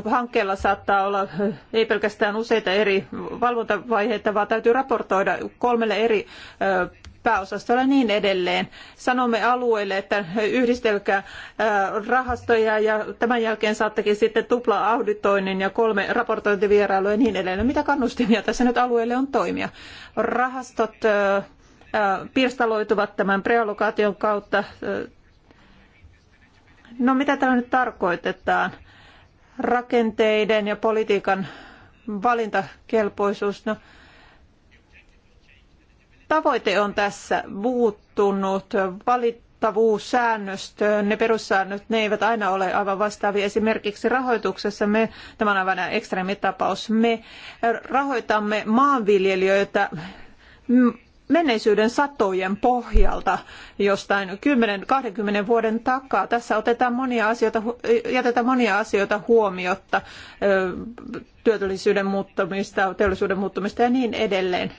Speaker 2: hankkeella saattaa olla ei pelkästään useita eri valvontavaiheita, vaan täytyy raportoida kolmelle eri pääosastolla ja niin edelleen. Sanomme alueille, että yhdistelkää äh, rahastoja ja tämän jälkeen saattekin sitten tupla auditoinnin ja kolme raportointivierailua ja niin edelleen. No, mitä kannustimia tässä nyt alueelle on toimia? Rahastot äh, äh, pirstaloituvat tämän preallokaation kautta. No mitä tällä nyt tarkoitetaan? Rakenteiden ja politiikan valintakelpoisuus. No, tavoite on tässä muuttunut. Valittavuussäännöstö, ne perussäännöt, ne eivät aina ole aivan vastaavia. Esimerkiksi rahoituksessa me, tämä on aivan ekstremitapaus, me rahoitamme maanviljelijöitä menneisyyden satojen pohjalta jostain 10-20 vuoden takaa. Tässä otetaan monia asioita, jätetään monia asioita huomiotta, työllisyyden muuttumista, teollisuuden muuttumista ja niin edelleen.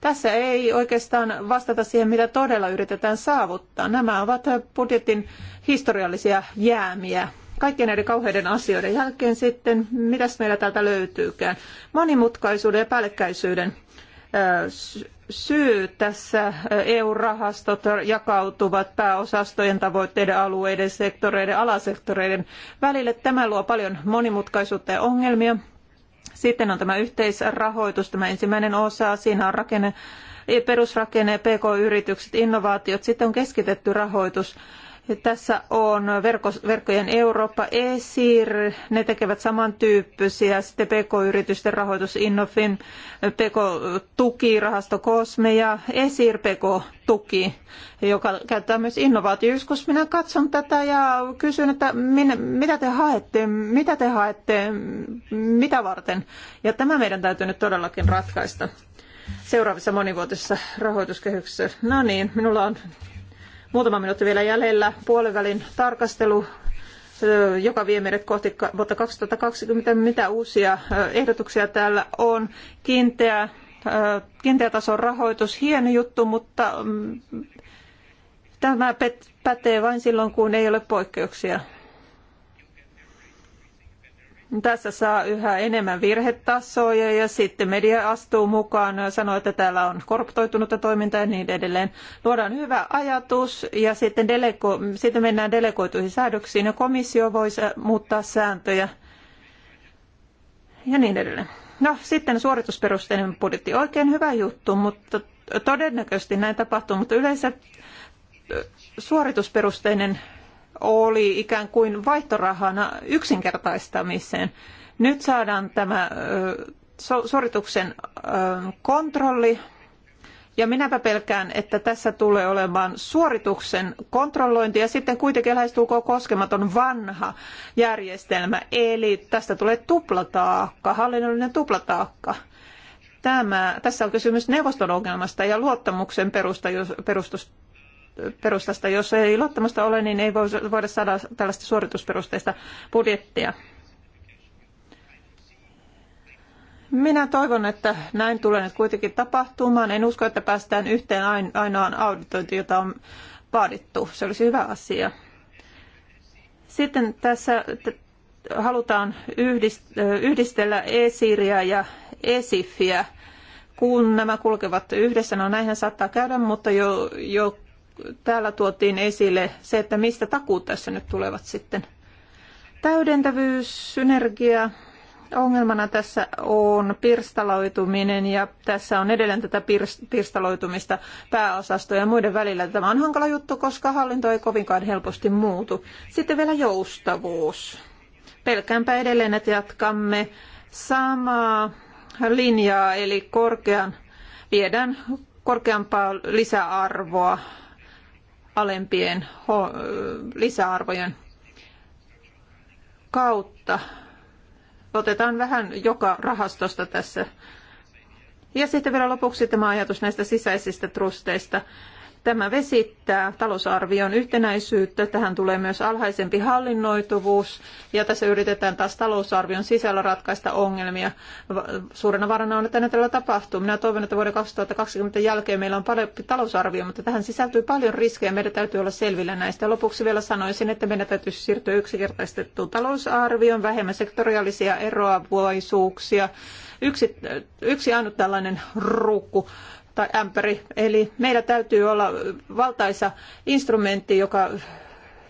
Speaker 2: Tässä ei oikeastaan vastata siihen, mitä todella yritetään saavuttaa. Nämä ovat budjetin historiallisia jäämiä. Kaikkien näiden kauheiden asioiden jälkeen sitten, mitäs meillä täältä löytyykään? Monimutkaisuuden ja päällekkäisyyden syy tässä EU-rahastot jakautuvat pääosastojen tavoitteiden, alueiden, sektoreiden, alasektoreiden välille. Tämä luo paljon monimutkaisuutta ja ongelmia. Sitten on tämä yhteisrahoitus, tämä ensimmäinen osa, siinä on rakenne, perusrakenne, pk-yritykset, innovaatiot, sitten on keskitetty rahoitus tässä on verkkojen Eurooppa, ESIR, ne tekevät samantyyppisiä, sitten PK-yritysten rahoitus Innofin, PK-tuki, rahasto Kosme ja ESIR PK-tuki, joka käyttää myös innovaatio. minä katson tätä ja kysyn, että minä, mitä te haette, mitä te haette, mitä varten. Ja tämä meidän täytyy nyt todellakin ratkaista seuraavissa monivuotisissa rahoituskehyksissä. No niin, minulla on Muutama minuutti vielä jäljellä. Puolivälin tarkastelu joka vie meidät kohti vuotta 2020. Mitä uusia ehdotuksia täällä on? Kiinteä, kiinteä tason rahoitus, hieno juttu, mutta mm, tämä pätee vain silloin, kun ei ole poikkeuksia. Tässä saa yhä enemmän virhetasoja ja sitten media astuu mukaan ja sanoo, että täällä on korruptoitunutta toimintaa ja niin edelleen. Luodaan hyvä ajatus ja sitten, delego- sitten mennään delegoituihin säädöksiin ja komissio voi muuttaa sääntöjä ja niin edelleen. No sitten suoritusperusteinen budjetti. Oikein hyvä juttu, mutta todennäköisesti näin tapahtuu, mutta yleensä suoritusperusteinen oli ikään kuin vaihtorahana yksinkertaistamiseen. Nyt saadaan tämä suorituksen kontrolli, ja minäpä pelkään, että tässä tulee olemaan suorituksen kontrollointi ja sitten kuitenkin lähestulkoon koskematon vanha järjestelmä. Eli tästä tulee tuplataakka, hallinnollinen tuplataakka. Tämä, tässä on kysymys neuvoston ongelmasta ja luottamuksen perustus, perustasta. Jos ei luottamusta ole, niin ei voida saada tällaista suoritusperusteista budjettia. Minä toivon, että näin tulee nyt kuitenkin tapahtumaan. En usko, että päästään yhteen ainoaan auditointiin, jota on vaadittu. Se olisi hyvä asia. Sitten tässä halutaan yhdistellä e-siiriä ja esifiä, kun nämä kulkevat yhdessä. No näinhän saattaa käydä, mutta jo, jo täällä tuotiin esille se, että mistä takuut tässä nyt tulevat sitten. Täydentävyys, synergia, ongelmana tässä on pirstaloituminen ja tässä on edelleen tätä pirstaloitumista pääosastojen ja muiden välillä. Tämä on hankala juttu, koska hallinto ei kovinkaan helposti muutu. Sitten vielä joustavuus. Pelkäänpä edelleen, että jatkamme samaa linjaa, eli korkean, viedään korkeampaa lisäarvoa alempien lisäarvojen kautta. Otetaan vähän joka rahastosta tässä. Ja sitten vielä lopuksi tämä ajatus näistä sisäisistä trusteista. Tämä vesittää talousarvion yhtenäisyyttä. Tähän tulee myös alhaisempi hallinnoituvuus ja tässä yritetään taas talousarvion sisällä ratkaista ongelmia. Suurena varana on, että näitä tällä tapahtuu. Minä toivon, että vuoden 2020 jälkeen meillä on parempi talousarvio, mutta tähän sisältyy paljon riskejä. Meidän täytyy olla selvillä näistä. Lopuksi vielä sanoisin, että meidän täytyy siirtyä yksinkertaistettuun talousarvioon, vähemmän sektoriaalisia eroavaisuuksia yksi, yksi ainut tällainen ruukku tai ämpäri. Eli meillä täytyy olla valtaisa instrumentti, joka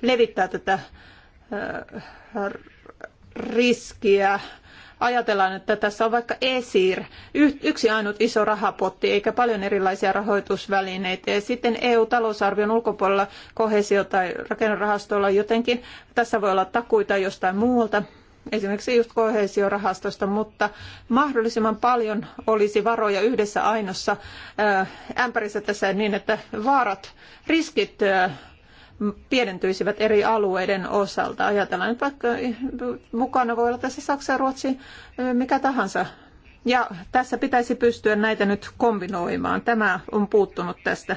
Speaker 2: levittää tätä äh, riskiä. Ajatellaan, että tässä on vaikka ESIR, yksi ainut iso rahapotti, eikä paljon erilaisia rahoitusvälineitä. Ja sitten EU-talousarvion ulkopuolella kohesio- tai rakennerahastolla jotenkin. Tässä voi olla takuita jostain muualta esimerkiksi just kohesiorahastosta, mutta mahdollisimman paljon olisi varoja yhdessä ainossa äh, ämpärissä tässä niin, että vaarat, riskit äh, pienentyisivät eri alueiden osalta. Ajatellaan, että vaikka mukana voi olla tässä Saksa ja Ruotsi, äh, mikä tahansa. Ja tässä pitäisi pystyä näitä nyt kombinoimaan. Tämä on puuttunut tästä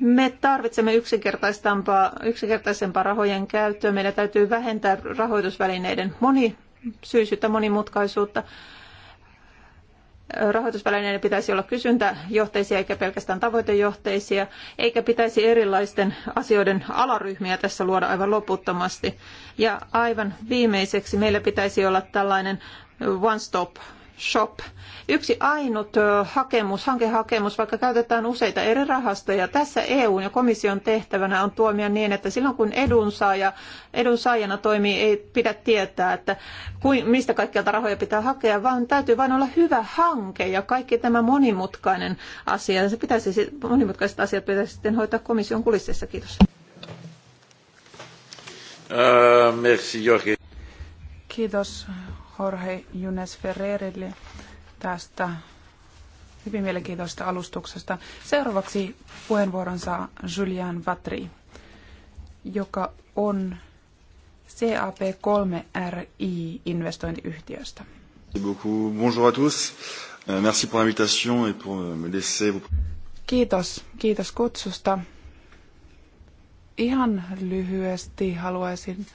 Speaker 2: Me tarvitsemme yksinkertaisempaa, yksinkertaisempaa rahojen käyttöä. Meidän täytyy vähentää rahoitusvälineiden monisyisyyttä, monimutkaisuutta. Rahoitusvälineiden pitäisi olla kysyntäjohteisia eikä pelkästään tavoitejohteisia, eikä pitäisi erilaisten asioiden alaryhmiä tässä luoda aivan loputtomasti. Ja aivan viimeiseksi meillä pitäisi olla tällainen one-stop Shop. Yksi ainut hakemus, hankehakemus, vaikka käytetään useita eri rahastoja. Tässä EUn ja komission tehtävänä on tuomia niin, että silloin kun edunsaaja, edunsaajana toimii, ei pidä tietää, että kuin, mistä kaikkialta rahoja pitää hakea, vaan täytyy vain olla hyvä hanke ja kaikki tämä monimutkainen asia. Se pitäisi, monimutkaiset asiat pitäisi sitten hoitaa komission kulisseissa. Kiitos.
Speaker 4: Uh, merci,
Speaker 2: Kiitos Jorge Junes Ferrerille
Speaker 3: tästä hyvin mielenkiintoisesta alustuksesta. Seuraavaksi puheenvuoron saa Julian Vatri, joka on CAP3RI-investointiyhtiöstä.
Speaker 4: Bonjour à tous. Euh, merci pour l'invitation et pour euh, me laisser vous...
Speaker 3: Kiitos, kiitos kutsusta. Ihan lyhyesti haluaisin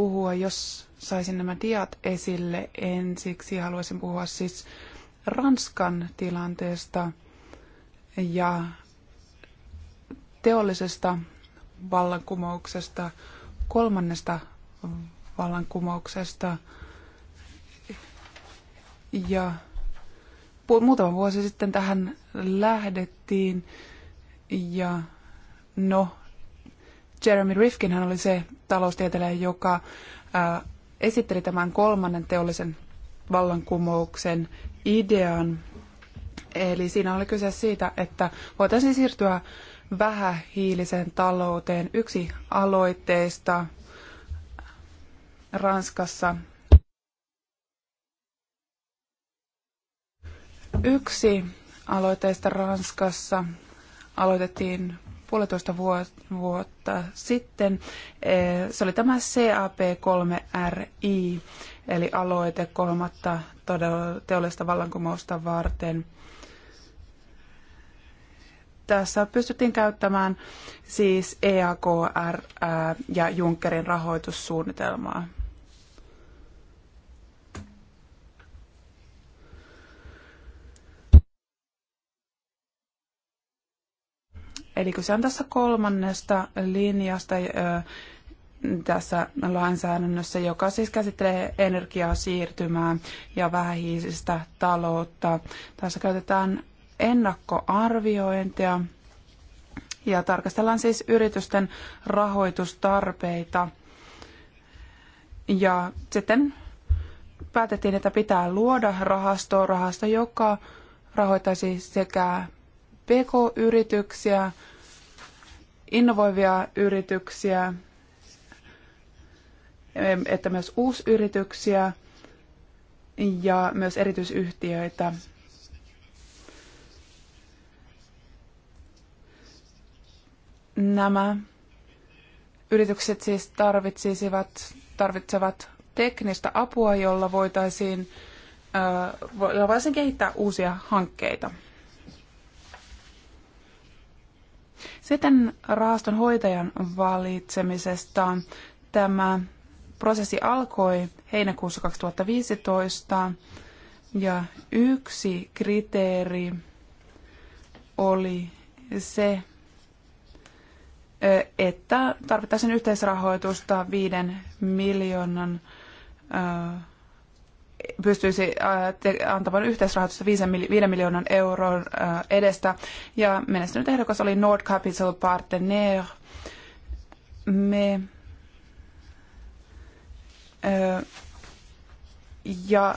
Speaker 3: puhua, jos saisin nämä diat esille ensiksi. Haluaisin puhua siis Ranskan tilanteesta ja teollisesta vallankumouksesta, kolmannesta vallankumouksesta. Ja muutama vuosi sitten tähän lähdettiin ja no, Jeremy Rifkin hän oli se taloustieteilijä, joka äh, esitteli tämän kolmannen teollisen vallankumouksen idean. Eli siinä oli kyse siitä, että voitaisiin siirtyä vähähiiliseen talouteen. Yksi aloitteista Ranskassa. Yksi aloitteista Ranskassa aloitettiin puolitoista vuotta sitten. Eh, se oli tämä CAP3RI, eli aloite kolmatta teollista vallankumousta varten. Tässä pystyttiin käyttämään siis EAKR ja Junckerin rahoitussuunnitelmaa. Eli kyse on tässä kolmannesta linjasta tässä lainsäädännössä, joka siis käsittelee energiaa siirtymää ja vähähiisistä taloutta. Tässä käytetään ennakkoarviointia ja tarkastellaan siis yritysten rahoitustarpeita. Ja sitten päätettiin, että pitää luoda rahasto, rahasto, joka rahoittaisi sekä pk-yrityksiä innovoivia yrityksiä, että myös uusyrityksiä ja myös erityisyhtiöitä. Nämä yritykset siis tarvitsisivat, tarvitsevat teknistä apua, jolla voitaisiin, jolla voitaisiin kehittää uusia hankkeita. Sitten rahaston hoitajan valitsemisesta tämä prosessi alkoi heinäkuussa 2015 ja yksi kriteeri oli se, että tarvittaisiin yhteisrahoitusta viiden miljoonan pystyisi äh, antamaan yhteisrahoitusta 5 miljoonan euron äh, edestä. Ja menestynyt ehdokas oli Nord Capital Partner. Me, äh, ja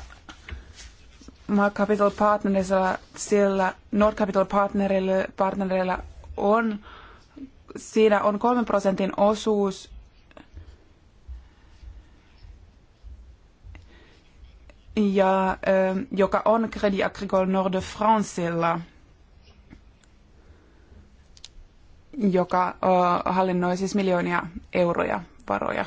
Speaker 3: Nord Capital Partnerilla, sillä Nord Capital Partnerilla, partnerilla on, siinä on 3 prosentin osuus ja, joka on Credit Agricole Nord de Francella, joka hallinnoi siis miljoonia euroja varoja.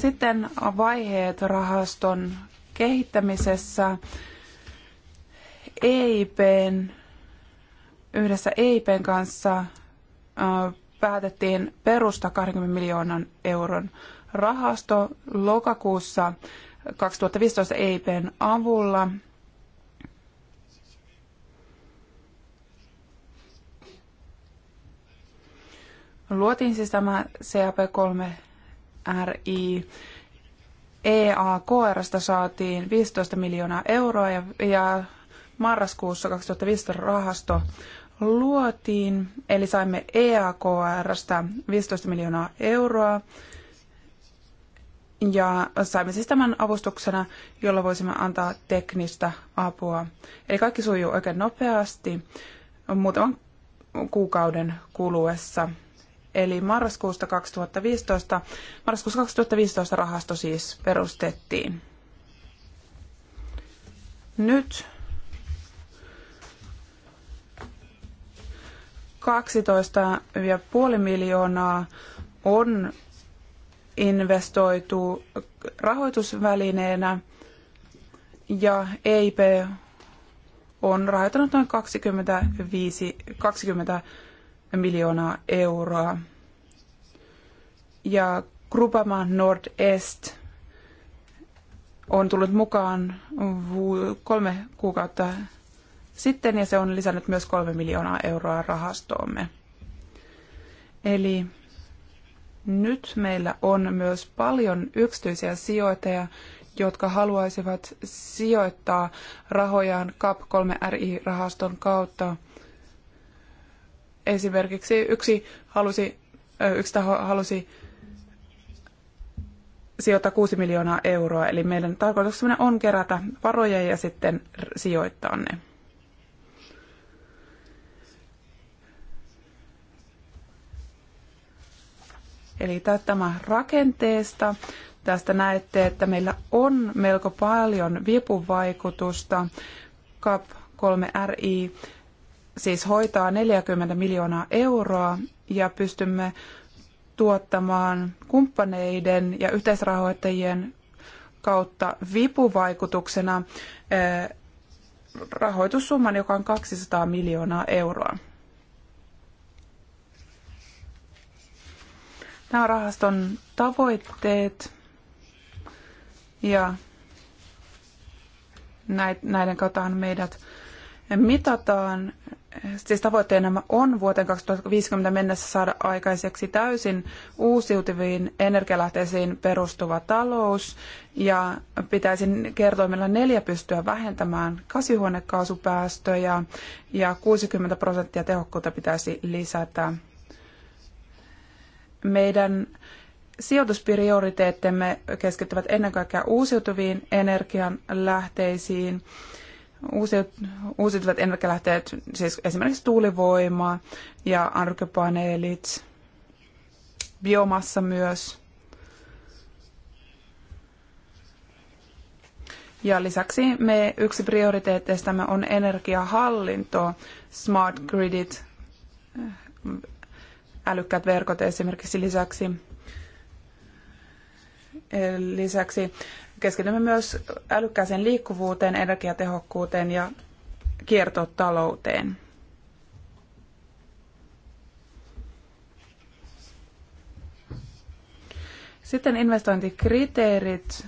Speaker 3: Sitten vaiheet rahaston kehittämisessä. EIPn, yhdessä EIPn kanssa päätettiin perustaa 20 miljoonan euron rahasto lokakuussa 2015 EIPn avulla. Luotiin siis tämä CAP3RI. EAKRstä saatiin 15 miljoonaa euroa ja, ja marraskuussa 2015 rahasto luotiin, eli saimme EAKRsta 15 miljoonaa euroa, ja saimme siis tämän avustuksena, jolla voisimme antaa teknistä apua. Eli kaikki sujuu oikein nopeasti muutaman kuukauden kuluessa. Eli marraskuusta 2015, marraskuussa 2015 rahasto siis perustettiin. Nyt 12,5 miljoonaa on investoitu rahoitusvälineenä ja EIP on rahoittanut noin 25, 20 miljoonaa euroa. Ja Nord Est on tullut mukaan kolme kuukautta sitten ja se on lisännyt myös kolme miljoonaa euroa rahastoomme. Eli nyt meillä on myös paljon yksityisiä sijoittajia, jotka haluaisivat sijoittaa rahojaan CAP3RI-rahaston kautta. Esimerkiksi yksi, halusi, yksi taho halusi sijoittaa 6 miljoonaa euroa, eli meidän tarkoituksena on kerätä varoja ja sitten sijoittaa ne. Eli tämä rakenteesta. Tästä näette, että meillä on melko paljon vipuvaikutusta. CAP 3RI siis hoitaa 40 miljoonaa euroa ja pystymme tuottamaan kumppaneiden ja yhteisrahoittajien kautta vipuvaikutuksena eh, rahoitussumman, joka on 200 miljoonaa euroa. nämä rahaston tavoitteet ja näiden kautta meidät mitataan. Siis tavoitteena on vuoteen 2050 mennessä saada aikaiseksi täysin uusiutuviin energialähteisiin perustuva talous ja pitäisi kertoimella neljä pystyä vähentämään kasvihuonekaasupäästöjä ja 60 prosenttia tehokkuutta pitäisi lisätä meidän sijoitusprioriteettemme keskittyvät ennen kaikkea uusiutuviin energian lähteisiin. Uusiutuvat energialähteet, siis esimerkiksi tuulivoima ja aurinkopaneelit, biomassa myös. Ja lisäksi me yksi prioriteetteistamme on energiahallinto, smart gridit, älykkäät verkot esimerkiksi lisäksi. Eh, lisäksi keskitymme myös älykkääseen liikkuvuuteen, energiatehokkuuteen ja kiertotalouteen. Sitten investointikriteerit.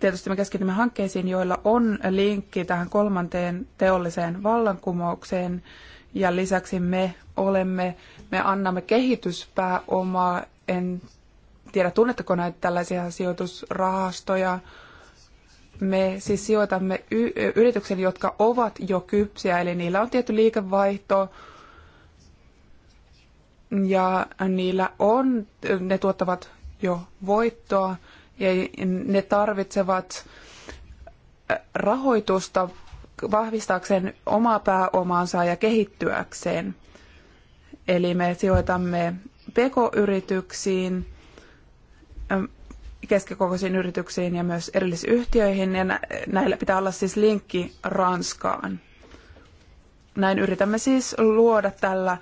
Speaker 3: Tietysti me keskitymme hankkeisiin, joilla on linkki tähän kolmanteen teolliseen vallankumoukseen ja lisäksi me olemme, me annamme kehityspääomaa, en tiedä tunnetteko näitä tällaisia sijoitusrahastoja. Me siis sijoitamme y- yrityksen, jotka ovat jo kypsiä, eli niillä on tietty liikevaihto, ja niillä on, ne tuottavat jo voittoa ja ne tarvitsevat rahoitusta vahvistaakseen omaa pääomaansa ja kehittyäkseen. Eli me sijoitamme pekoyrityksiin, keskikokoisiin yrityksiin ja myös erillisyhtiöihin, ja näillä pitää olla siis linkki Ranskaan. Näin yritämme siis luoda tällä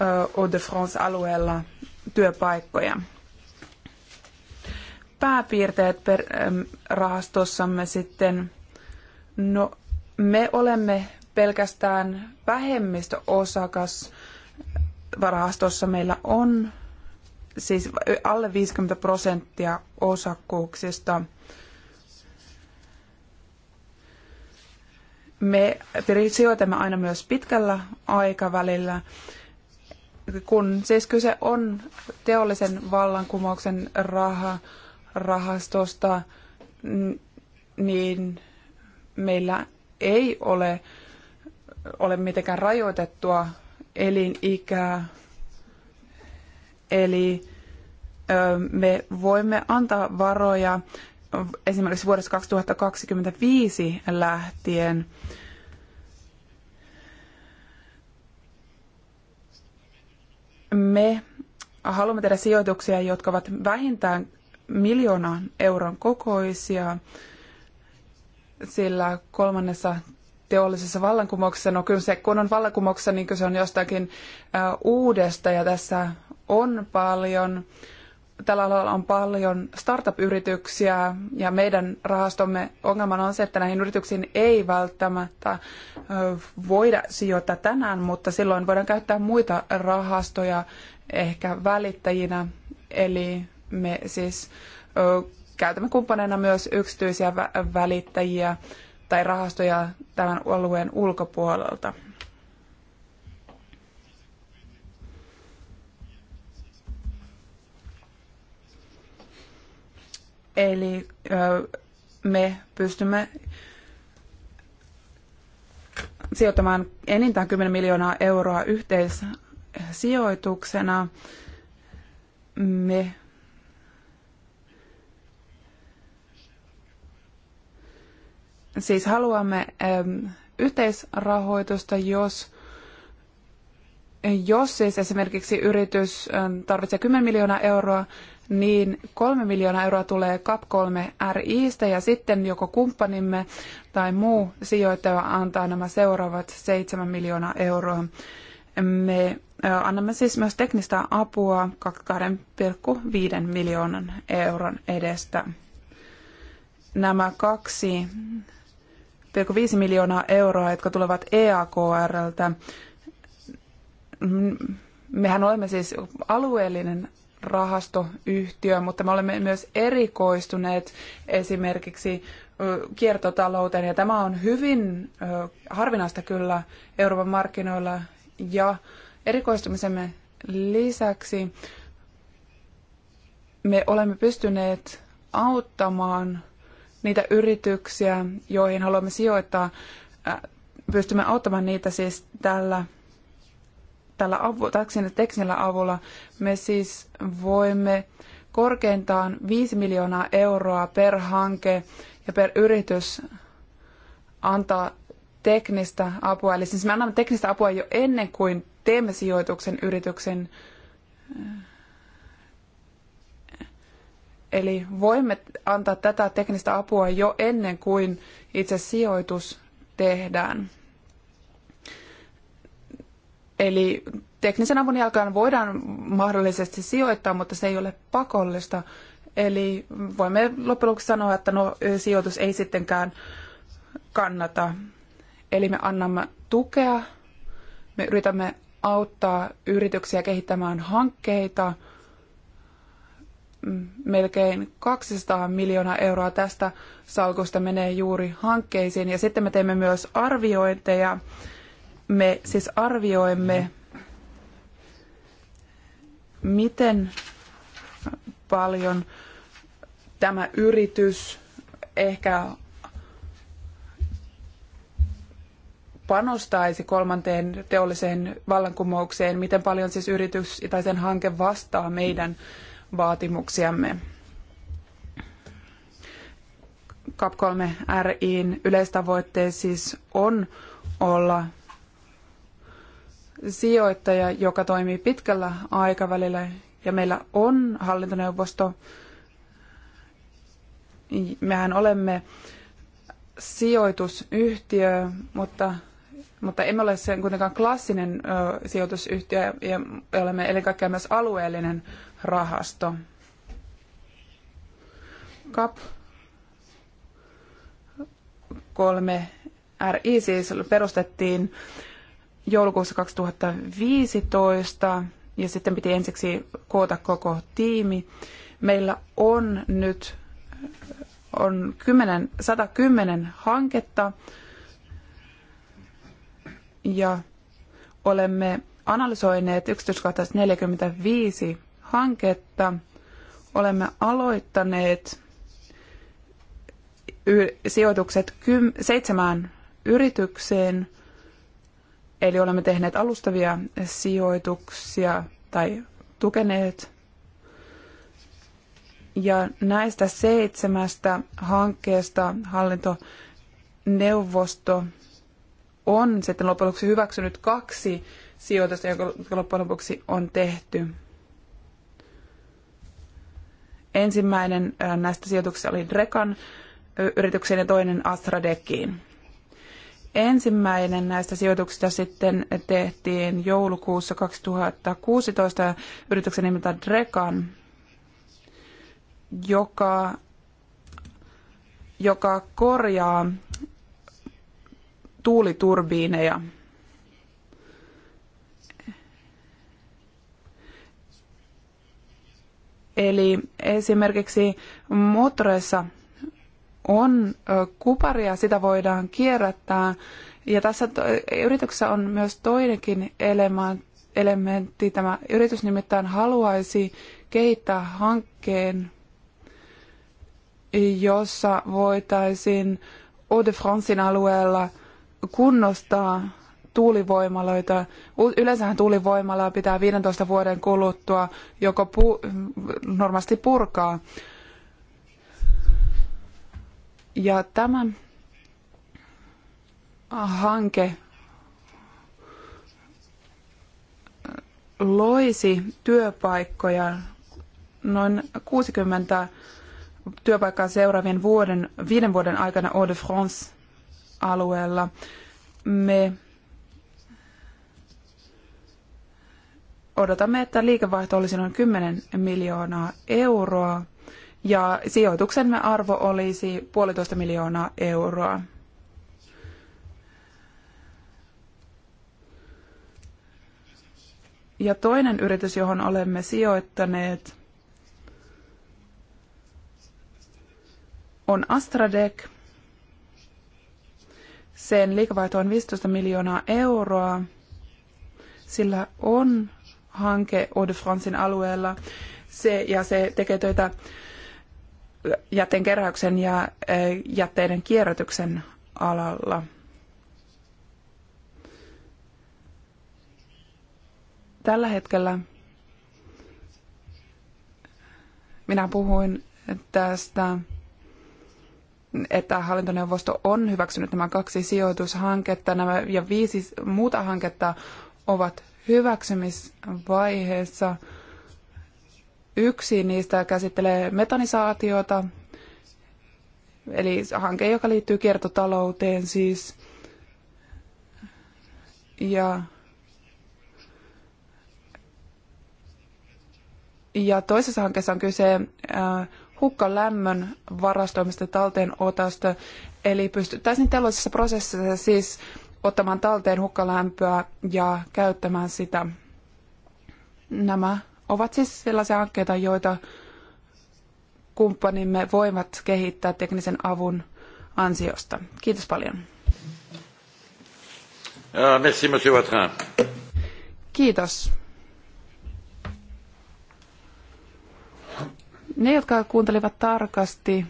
Speaker 3: Eau-de-France-alueella työpaikkoja. Pääpiirteet per, rahastossamme sitten, no me olemme pelkästään vähemmistöosakas varastossa. Meillä on siis alle 50 prosenttia osakkuuksista. Me sijoitamme aina myös pitkällä aikavälillä, kun siis kyse on teollisen vallankumouksen raha, rahastosta, niin meillä ei ole, ole mitenkään rajoitettua elinikää. Eli me voimme antaa varoja esimerkiksi vuodesta 2025 lähtien. Me haluamme tehdä sijoituksia, jotka ovat vähintään miljoonan euron kokoisia sillä kolmannessa teollisessa vallankumouksessa, no kyllä se kun on vallankumouksessa, niin kyse on jostakin uudesta ja tässä on paljon, tällä alalla on paljon startup-yrityksiä ja meidän rahastomme ongelmana on se, että näihin yrityksiin ei välttämättä voida sijoittaa tänään, mutta silloin voidaan käyttää muita rahastoja ehkä välittäjinä, eli me siis käytämme kumppaneina myös yksityisiä välittäjiä tai rahastoja tämän alueen ulkopuolelta. Eli me pystymme sijoittamaan enintään 10 miljoonaa euroa yhteissijoituksena. Me siis haluamme yhteisrahoitusta, jos, jos siis esimerkiksi yritys tarvitsee 10 miljoonaa euroa, niin 3 miljoonaa euroa tulee CAP3 RIstä ja sitten joko kumppanimme tai muu sijoittaja antaa nämä seuraavat 7 miljoonaa euroa. Me annamme siis myös teknistä apua 2,5 miljoonan euron edestä. Nämä kaksi viisi miljoonaa euroa, jotka tulevat EAKRltä. Mehän olemme siis alueellinen rahastoyhtiö, mutta me olemme myös erikoistuneet esimerkiksi kiertotalouteen, ja tämä on hyvin harvinaista kyllä Euroopan markkinoilla, ja erikoistumisemme lisäksi me olemme pystyneet auttamaan niitä yrityksiä, joihin haluamme sijoittaa, pystymme auttamaan niitä siis tällä, tällä avu, teknisellä avulla. Me siis voimme korkeintaan 5 miljoonaa euroa per hanke ja per yritys antaa teknistä apua. Eli siis me annamme teknistä apua jo ennen kuin teemme sijoituksen yrityksen Eli voimme antaa tätä teknistä apua jo ennen kuin itse sijoitus tehdään. Eli teknisen avun jälkeen voidaan mahdollisesti sijoittaa, mutta se ei ole pakollista. Eli voimme loppujen lopuksi sanoa, että no, sijoitus ei sittenkään kannata. Eli me annamme tukea, me yritämme auttaa yrityksiä kehittämään hankkeita – melkein 200 miljoonaa euroa tästä salkusta menee juuri hankkeisiin. Ja sitten me teemme myös arviointeja. Me siis arvioimme, miten paljon tämä yritys ehkä panostaisi kolmanteen teolliseen vallankumoukseen, miten paljon siis yritys tai sen hanke vastaa meidän mm vaatimuksiamme. CAP3 RIin yleistavoitteet siis on olla sijoittaja, joka toimii pitkällä aikavälillä ja meillä on hallintoneuvosto. Mehän olemme sijoitusyhtiö, mutta, mutta emme ole sen kuitenkaan klassinen ö, sijoitusyhtiö ja olemme ennen kaikkea myös alueellinen rahasto. CAP 3 RI siis perustettiin joulukuussa 2015 ja sitten piti ensiksi koota koko tiimi. Meillä on nyt on 10, 110 hanketta ja olemme analysoineet yksityiskohtaisesti 45 hanketta olemme aloittaneet sijoitukset seitsemään yritykseen, eli olemme tehneet alustavia sijoituksia tai tukeneet. Ja näistä seitsemästä hankkeesta hallintoneuvosto on sitten lopuksi hyväksynyt kaksi sijoitusta, joka loppujen lopuksi on tehty. Ensimmäinen näistä sijoituksista oli Drekan yritykseen ja toinen Astradekiin. Ensimmäinen näistä sijoituksista sitten tehtiin joulukuussa 2016 yrityksen nimeltä Drekan, joka, joka korjaa tuuliturbiineja Eli esimerkiksi moottoreissa on kuparia, sitä voidaan kierrättää. Ja tässä yrityksessä on myös toinenkin elementti. Tämä yritys nimittäin haluaisi kehittää hankkeen, jossa voitaisiin Eau de Francein alueella kunnostaa tuulivoimaloita. Yleensähän tuulivoimalaa pitää 15 vuoden kuluttua joko pu- normaalisti purkaa. Ja tämä hanke loisi työpaikkoja noin 60 työpaikkaa seuraavien vuoden, viiden vuoden aikana Eau de France-alueella. Me odotamme, että liikevaihto olisi noin 10 miljoonaa euroa ja sijoituksemme arvo olisi puolitoista miljoonaa euroa. Ja toinen yritys, johon olemme sijoittaneet, on Astradec. Sen liikevaihto on 15 miljoonaa euroa. Sillä on hanke Eau de Francein alueella. Se, ja se tekee töitä jätteen ja e, jätteiden kierrätyksen alalla. Tällä hetkellä minä puhuin tästä, että hallintoneuvosto on hyväksynyt nämä kaksi sijoitushanketta nämä, ja viisi muuta hanketta ovat hyväksymisvaiheessa. Yksi niistä käsittelee metanisaatiota, eli hanke, joka liittyy kiertotalouteen siis. Ja, ja toisessa hankkeessa on kyse äh, hukkalämmön varastoimista talteen otasta, eli pystyttäisiin tällaisessa prosessissa siis ottamaan talteen hukkalämpöä ja käyttämään sitä. Nämä ovat siis sellaisia hankkeita, joita kumppanimme voivat kehittää teknisen avun ansiosta. Kiitos paljon.
Speaker 4: Ah, merci, monsieur Vatrin.
Speaker 3: Kiitos. Ne, jotka kuuntelivat tarkasti,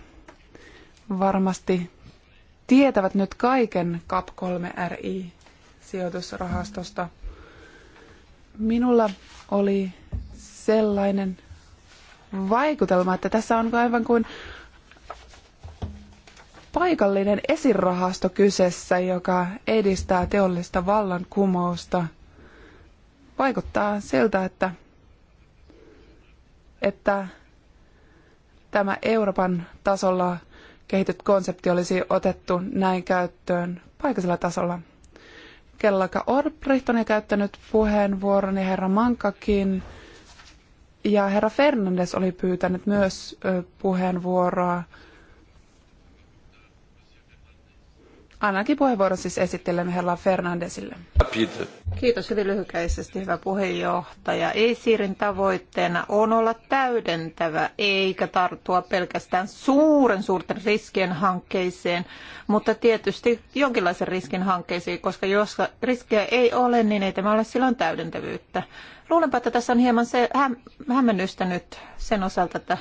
Speaker 3: varmasti tietävät nyt kaiken CAP 3 RI sijoitusrahastosta. Minulla oli sellainen vaikutelma, että tässä on aivan kuin paikallinen esirahasto kyseessä, joka edistää teollista vallankumousta. Vaikuttaa siltä, että, että tämä Euroopan tasolla kehitetty konsepti olisi otettu näin käyttöön paikallisella tasolla. Kellaka Orbricht on jo käyttänyt puheenvuoron ja herra Mankakin. Ja herra Fernandes oli pyytänyt myös puheenvuoroa Annankin puheenvuoron
Speaker 2: siis esittelemme herra Fernandesille. Kiitos hyvin lyhykäisesti, hyvä puheenjohtaja. ESIRin tavoitteena on olla täydentävä, eikä tarttua pelkästään suuren suurten riskien hankkeeseen, mutta tietysti jonkinlaisen riskin hankkeisiin, koska jos riskejä ei ole, niin ei tämä ole silloin täydentävyyttä. Luulenpa, että tässä on hieman se häm- hämmennystä nyt sen osalta, että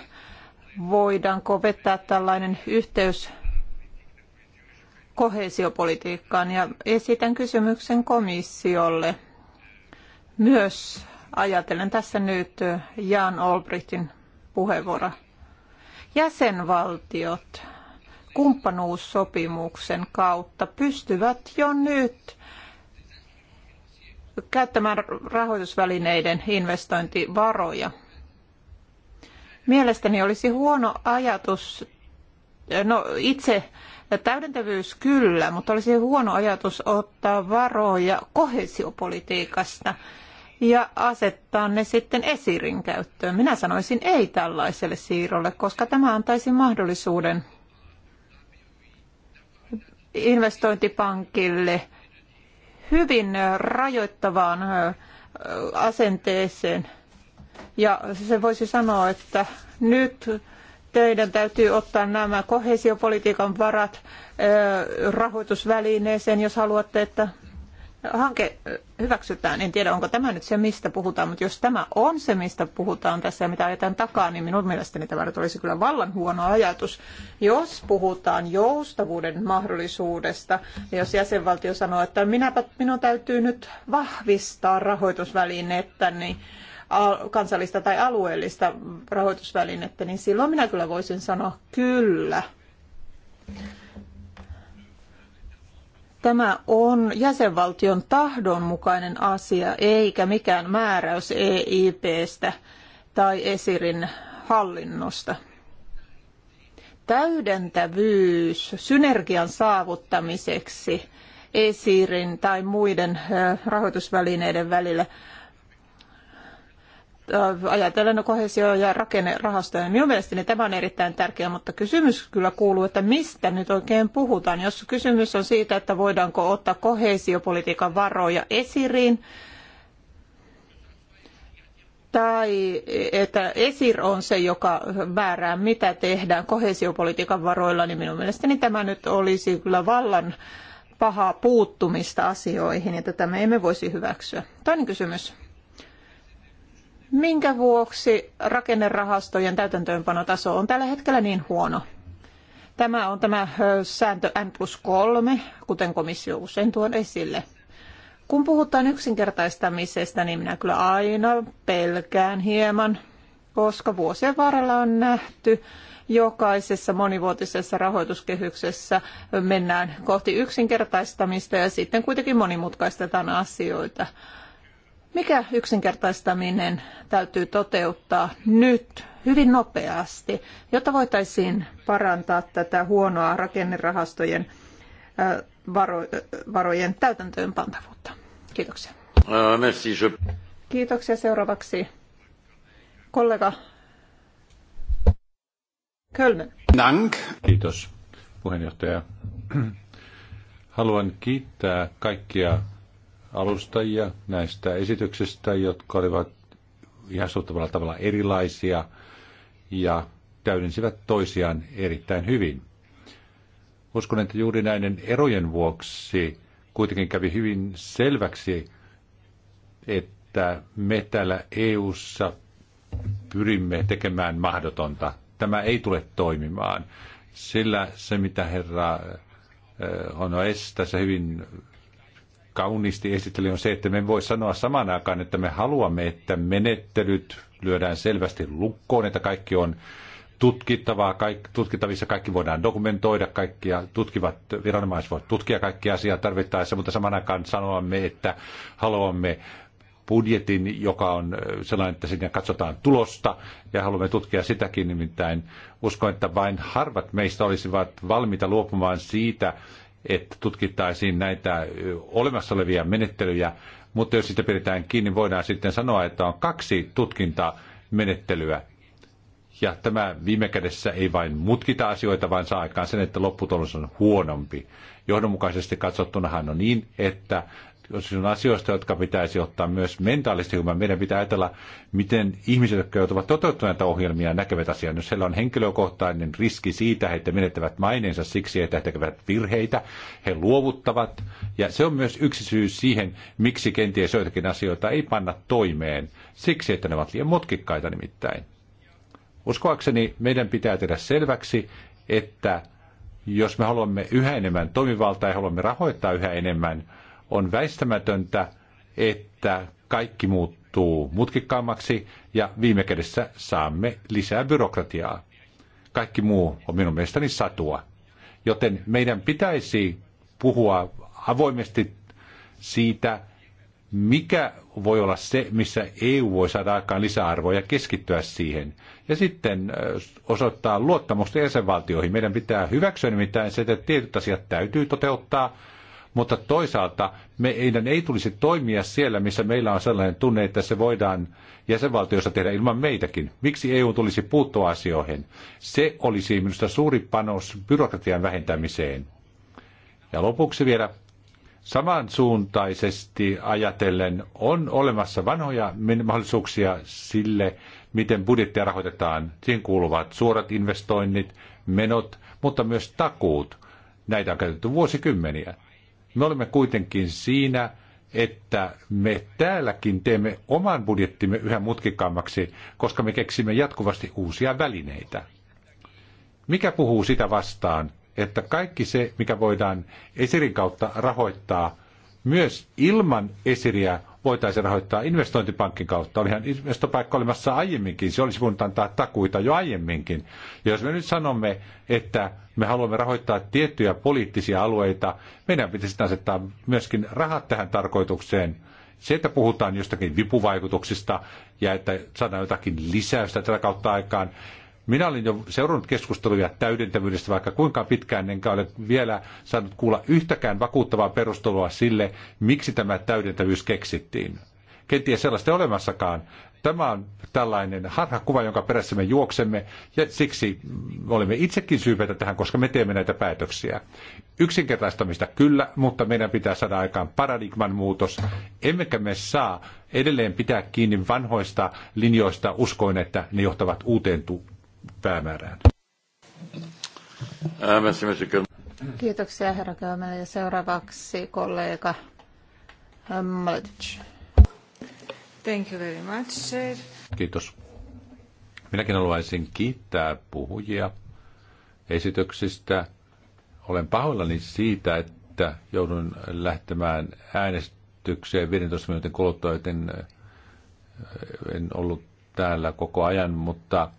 Speaker 2: voidaanko vetää tällainen yhteys kohesiopolitiikkaan ja esitän kysymyksen komissiolle. Myös ajatellen tässä nyt Jan Olbrichtin puheenvuoroa. Jäsenvaltiot kumppanuussopimuksen kautta pystyvät jo nyt käyttämään rahoitusvälineiden investointivaroja. Mielestäni olisi huono ajatus No itse täydentävyys kyllä, mutta olisi huono ajatus ottaa varoja kohesiopolitiikasta ja asettaa ne sitten esirin käyttöön. Minä sanoisin ei tällaiselle siirrolle, koska tämä antaisi mahdollisuuden investointipankille hyvin rajoittavaan asenteeseen. Ja se voisi sanoa, että nyt teidän täytyy ottaa nämä koheesiopolitiikan varat rahoitusvälineeseen, jos haluatte, että hanke hyväksytään. En tiedä, onko tämä nyt se, mistä puhutaan, mutta jos tämä on se, mistä puhutaan tässä ja mitä ajetaan takaa, niin minun mielestäni tämä nyt olisi kyllä vallan huono ajatus. Jos puhutaan joustavuuden mahdollisuudesta, ja jos jäsenvaltio sanoo, että minäpä, minun täytyy nyt vahvistaa rahoitusvälineettä, niin kansallista tai alueellista rahoitusvälinettä, niin silloin minä kyllä voisin sanoa kyllä. Tämä on jäsenvaltion tahdonmukainen asia, eikä mikään määräys EIPstä tai esirin hallinnosta täydentävyys synergian saavuttamiseksi esirin tai muiden rahoitusvälineiden välillä Äh, ajatellen kohesio- ja rakennerahastoja. Minun mielestäni tämä on erittäin tärkeä, mutta kysymys kyllä kuuluu, että mistä nyt oikein puhutaan. Jos kysymys on siitä, että voidaanko ottaa kohesiopolitiikan varoja esiriin, tai että ESIR on se, joka määrää, mitä tehdään kohesiopolitiikan varoilla, niin minun mielestäni tämä nyt olisi kyllä vallan pahaa puuttumista asioihin, ja tätä me emme voisi hyväksyä. Toinen kysymys. Minkä vuoksi rakennerahastojen täytäntöönpanotaso on tällä hetkellä niin huono? Tämä on tämä sääntö N plus 3, kuten komissio usein tuon esille. Kun puhutaan yksinkertaistamisesta, niin minä kyllä aina pelkään hieman, koska vuosien varrella on nähty, jokaisessa monivuotisessa rahoituskehyksessä mennään kohti yksinkertaistamista ja sitten kuitenkin monimutkaistetaan asioita. Mikä yksinkertaistaminen täytyy toteuttaa nyt hyvin nopeasti, jotta voitaisiin parantaa tätä huonoa rakennerahastojen varo, varojen täytäntöönpantavuutta? Kiitoksia.
Speaker 4: Äh,
Speaker 2: Kiitoksia. Seuraavaksi kollega Kölmen.
Speaker 1: Dank. Kiitos puheenjohtaja. Haluan kiittää kaikkia alustajia näistä esityksistä, jotka olivat ihan suhtavalla tavalla erilaisia ja täydensivät toisiaan erittäin hyvin. Uskon, että juuri näiden erojen vuoksi kuitenkin kävi hyvin selväksi, että me täällä EU:ssa pyrimme tekemään mahdotonta. Tämä ei tule toimimaan, sillä se mitä herra eh, Honoes tässä hyvin kauniisti esitteli, on se, että me voi sanoa samaan aikaan, että me haluamme, että menettelyt lyödään selvästi lukkoon, että kaikki on tutkittavaa, kaikki, tutkittavissa kaikki voidaan dokumentoida, kaikkia tutkivat viranomaiset voivat tutkia kaikkia asiat tarvittaessa, mutta samaan aikaan sanoamme, että haluamme budjetin, joka on sellainen, että sinne katsotaan tulosta, ja haluamme tutkia sitäkin nimittäin. Uskon, että vain harvat meistä olisivat valmiita luopumaan siitä, että tutkittaisiin näitä olemassa olevia menettelyjä, mutta jos sitä pidetään kiinni, voidaan sitten sanoa, että on kaksi tutkintamenettelyä. Ja tämä viime kädessä ei vain mutkita asioita, vaan saa aikaan sen, että lopputulos on huonompi. Johdonmukaisesti katsottunahan on niin, että jos on asioista, jotka pitäisi ottaa myös mentaalisesti huomioon. Meidän pitää ajatella, miten ihmiset, jotka joutuvat toteuttamaan näitä ohjelmia, näkevät asian. Jos heillä on henkilökohtainen riski siitä, että menettävät maineensa siksi, että he tekevät virheitä, he luovuttavat. Ja se on myös yksi syy siihen, miksi kenties joitakin asioita ei panna toimeen. Siksi, että ne ovat liian mutkikkaita nimittäin. Uskoakseni meidän pitää tehdä selväksi, että jos me haluamme yhä enemmän toimivaltaa ja haluamme rahoittaa yhä enemmän, on väistämätöntä, että kaikki muuttuu mutkikkaammaksi ja viime kädessä saamme lisää byrokratiaa. Kaikki muu on minun mielestäni satua. Joten meidän pitäisi puhua avoimesti siitä, mikä voi olla se, missä EU voi saada aikaan lisäarvoa ja keskittyä siihen. Ja sitten osoittaa luottamusta jäsenvaltioihin. Meidän pitää hyväksyä nimittäin se, että tietyt asiat täytyy toteuttaa, mutta toisaalta meidän ei tulisi toimia siellä, missä meillä on sellainen tunne, että se voidaan jäsenvaltiossa tehdä ilman meitäkin. Miksi EU tulisi puuttua asioihin? Se olisi minusta suuri panos byrokratian vähentämiseen. Ja lopuksi vielä samansuuntaisesti ajatellen on olemassa vanhoja mahdollisuuksia sille, miten budjettia rahoitetaan. Siihen kuuluvat suorat investoinnit, menot, mutta myös takuut. Näitä on käytetty vuosikymmeniä. Me olemme kuitenkin siinä, että me täälläkin teemme oman budjettimme yhä mutkikkaammaksi, koska me keksimme jatkuvasti uusia välineitä. Mikä puhuu sitä vastaan, että kaikki se, mikä voidaan esirin kautta rahoittaa, myös ilman esiriä voitaisiin rahoittaa investointipankin kautta. Olihan investopaikka olemassa aiemminkin, se olisi voinut antaa takuita jo aiemminkin. Ja jos me nyt sanomme, että me haluamme rahoittaa tiettyjä poliittisia alueita, meidän pitäisi asettaa myöskin rahat tähän tarkoitukseen. Se, että puhutaan jostakin vipuvaikutuksista ja että saadaan jotakin lisäystä tätä kautta aikaan, minä olin jo seurannut keskusteluja täydentävyydestä, vaikka kuinka pitkään enkä ole vielä saanut kuulla yhtäkään vakuuttavaa perustelua sille, miksi tämä täydentävyys keksittiin. Kenties sellaista ei olemassakaan. Tämä on tällainen harhakuva, jonka perässä me juoksemme, ja siksi olemme itsekin syypäitä tähän, koska me teemme näitä päätöksiä. Yksinkertaistamista kyllä, mutta meidän pitää saada aikaan paradigman muutos. Emmekä me saa edelleen pitää kiinni vanhoista linjoista uskoen, että ne johtavat uuteen tu- päämäärään.
Speaker 2: Kiitoksia herra Kömmel ja seuraavaksi kollega Mladic. Thank you very much,
Speaker 4: sir.
Speaker 1: Kiitos. Minäkin haluaisin kiittää puhujia esityksistä. Olen pahoillani siitä, että joudun lähtemään äänestykseen 15 minuutin kuluttua, joten en ollut täällä koko ajan, mutta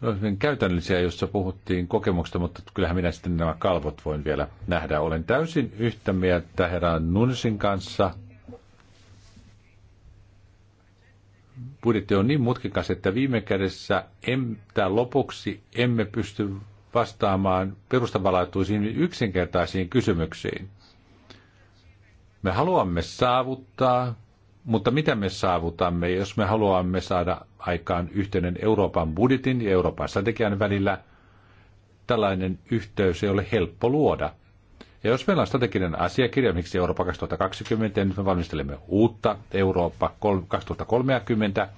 Speaker 1: No, hyvin käytännöllisiä, joissa puhuttiin kokemuksesta, mutta kyllähän minä sitten nämä kalvot voin vielä nähdä. Olen täysin yhtä mieltä herran Nunsin kanssa. Budjetti on niin mutkikas, että viime kädessä em, tämän lopuksi emme pysty vastaamaan perustavanlaatuisiin yksinkertaisiin kysymyksiin. Me haluamme saavuttaa mutta mitä me saavutamme, jos me haluamme saada aikaan yhteinen Euroopan budjetin ja Euroopan strategian välillä? Tällainen yhteys ei ole helppo luoda. Ja jos meillä on strateginen asiakirja, miksi Eurooppa 2020, ja nyt me valmistelemme uutta Eurooppa 2030,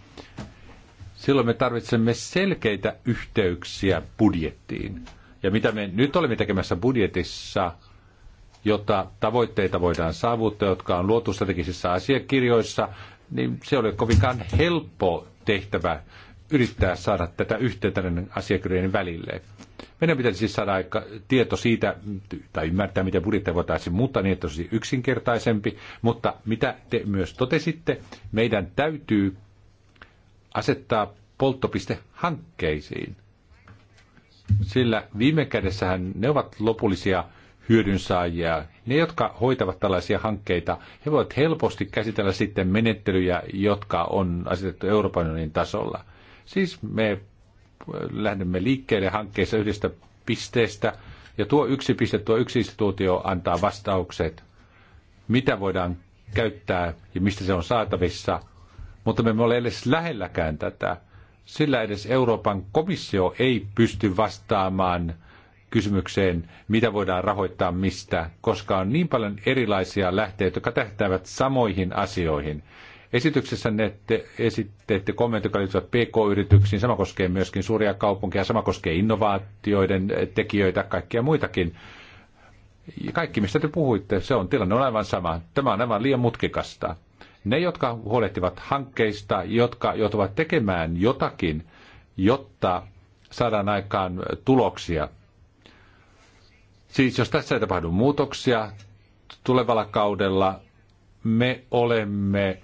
Speaker 1: silloin me tarvitsemme selkeitä yhteyksiä budjettiin. Ja mitä me nyt olemme tekemässä budjetissa – jotta tavoitteita voidaan saavuttaa, jotka on luotu strategisissa asiakirjoissa, niin se oli kovinkaan helppo tehtävä yrittää saada tätä yhteyttä näiden asiakirjojen välille. Meidän pitäisi siis saada aika tieto siitä, tai ymmärtää, miten budjettia voitaisiin muuttaa niin, että olisi yksinkertaisempi, mutta mitä te myös totesitte, meidän täytyy asettaa polttopiste hankkeisiin. Sillä viime kädessähän ne ovat lopullisia hyödynsaajia. Ne, jotka hoitavat tällaisia hankkeita, he voivat helposti käsitellä sitten menettelyjä, jotka on asetettu Euroopan unionin tasolla. Siis me lähdemme liikkeelle hankkeessa yhdestä pisteestä, ja tuo yksi piste, tuo yksi instituutio antaa vastaukset, mitä voidaan käyttää ja mistä se on saatavissa, mutta me emme ole edes lähelläkään tätä. Sillä edes Euroopan komissio ei pysty vastaamaan – kysymykseen, mitä voidaan rahoittaa mistä, koska on niin paljon erilaisia lähteitä, jotka tähtäävät samoihin asioihin. Esityksessä ne te esitteette kommentit, jotka liittyvät PK-yrityksiin. Sama koskee myöskin suuria kaupunkeja, sama koskee innovaatioiden tekijöitä, kaikkia muitakin. Ja kaikki, mistä te puhuitte, se on tilanne on aivan sama. Tämä on aivan liian mutkikasta. Ne, jotka huolehtivat hankkeista, jotka joutuvat tekemään jotakin, jotta saadaan aikaan tuloksia, Siis jos tässä ei tapahdu muutoksia tulevalla kaudella, me olemme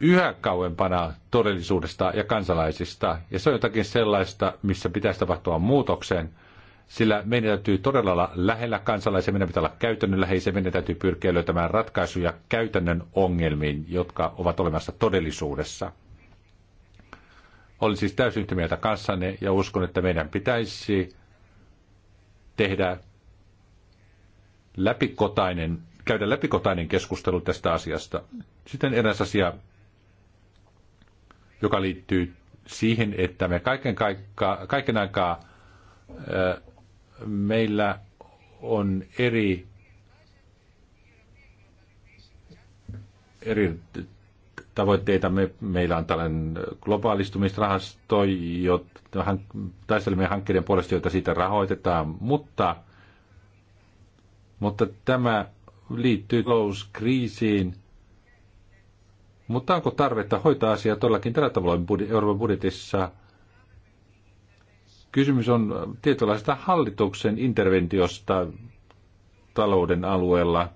Speaker 1: yhä kauempana todellisuudesta ja kansalaisista. Ja se on jotakin sellaista, missä pitäisi tapahtua muutoksen, sillä meidän täytyy todella olla lähellä kansalaisia, meidän pitää olla käytännönläheisiä, meidän täytyy pyrkiä löytämään ratkaisuja käytännön ongelmiin, jotka ovat olemassa todellisuudessa. Olen siis täysin yhtä mieltä kanssanne ja uskon, että meidän pitäisi tehdä läpikotainen, käydä läpikotainen keskustelu tästä asiasta. Sitten eräs asia, joka liittyy siihen, että me kaiken, kaikka, kaiken aikaa ää, meillä on eri, eri tavoitteita. Me, meillä on tällainen globaalistumisrahasto, johon taistelemme hankkeiden puolesta, joita siitä rahoitetaan, mutta – mutta tämä liittyy talouskriisiin. Mutta onko tarvetta hoitaa asiaa todellakin tällä tavalla Euroopan budjetissa? Kysymys on tietynlaisesta hallituksen interventiosta talouden alueella,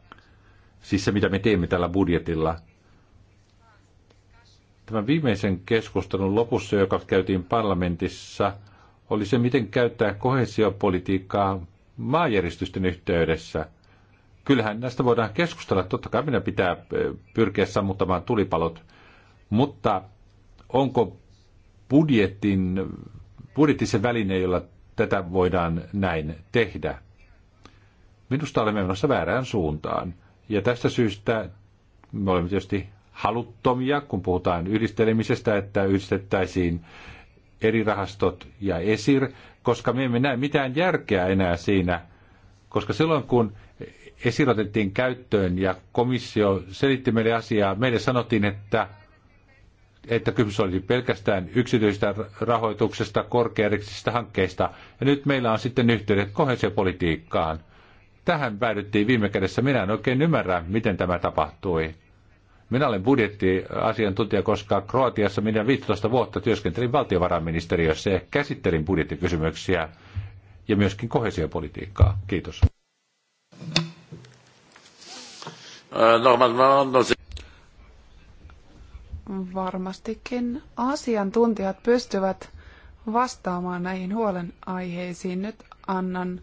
Speaker 1: siis se mitä me teemme tällä budjetilla. Tämän viimeisen keskustelun lopussa, joka käytiin parlamentissa, oli se, miten käyttää kohesiopolitiikkaa maajärjestysten yhteydessä – kyllähän näistä voidaan keskustella. Totta kai meidän pitää eh, pyrkiä sammuttamaan tulipalot, mutta onko budjetin, budjettisen se väline, jolla tätä voidaan näin tehdä? Minusta olemme menossa väärään suuntaan. Ja tästä syystä me olemme tietysti haluttomia, kun puhutaan yhdistelemisestä, että yhdistettäisiin eri rahastot ja ESIR, koska me emme näe mitään järkeä enää siinä, koska silloin kun esirotettiin käyttöön ja komissio selitti meille asiaa. Meille sanottiin, että, että kysymys olisi pelkästään yksityistä rahoituksesta, korkeariksista hankkeista. Ja nyt meillä on sitten yhteydet kohesiopolitiikkaan. Tähän päädyttiin viime kädessä. Minä en oikein ymmärrä, miten tämä tapahtui. Minä olen budjettiasiantuntija, koska Kroatiassa minä 15 vuotta työskentelin valtiovarainministeriössä ja käsittelin budjettikysymyksiä ja myöskin kohesiopolitiikkaa. Kiitos.
Speaker 4: Eh,
Speaker 3: Varmastikin asiantuntijat pystyvät vastaamaan näihin huolenaiheisiin. Nyt annan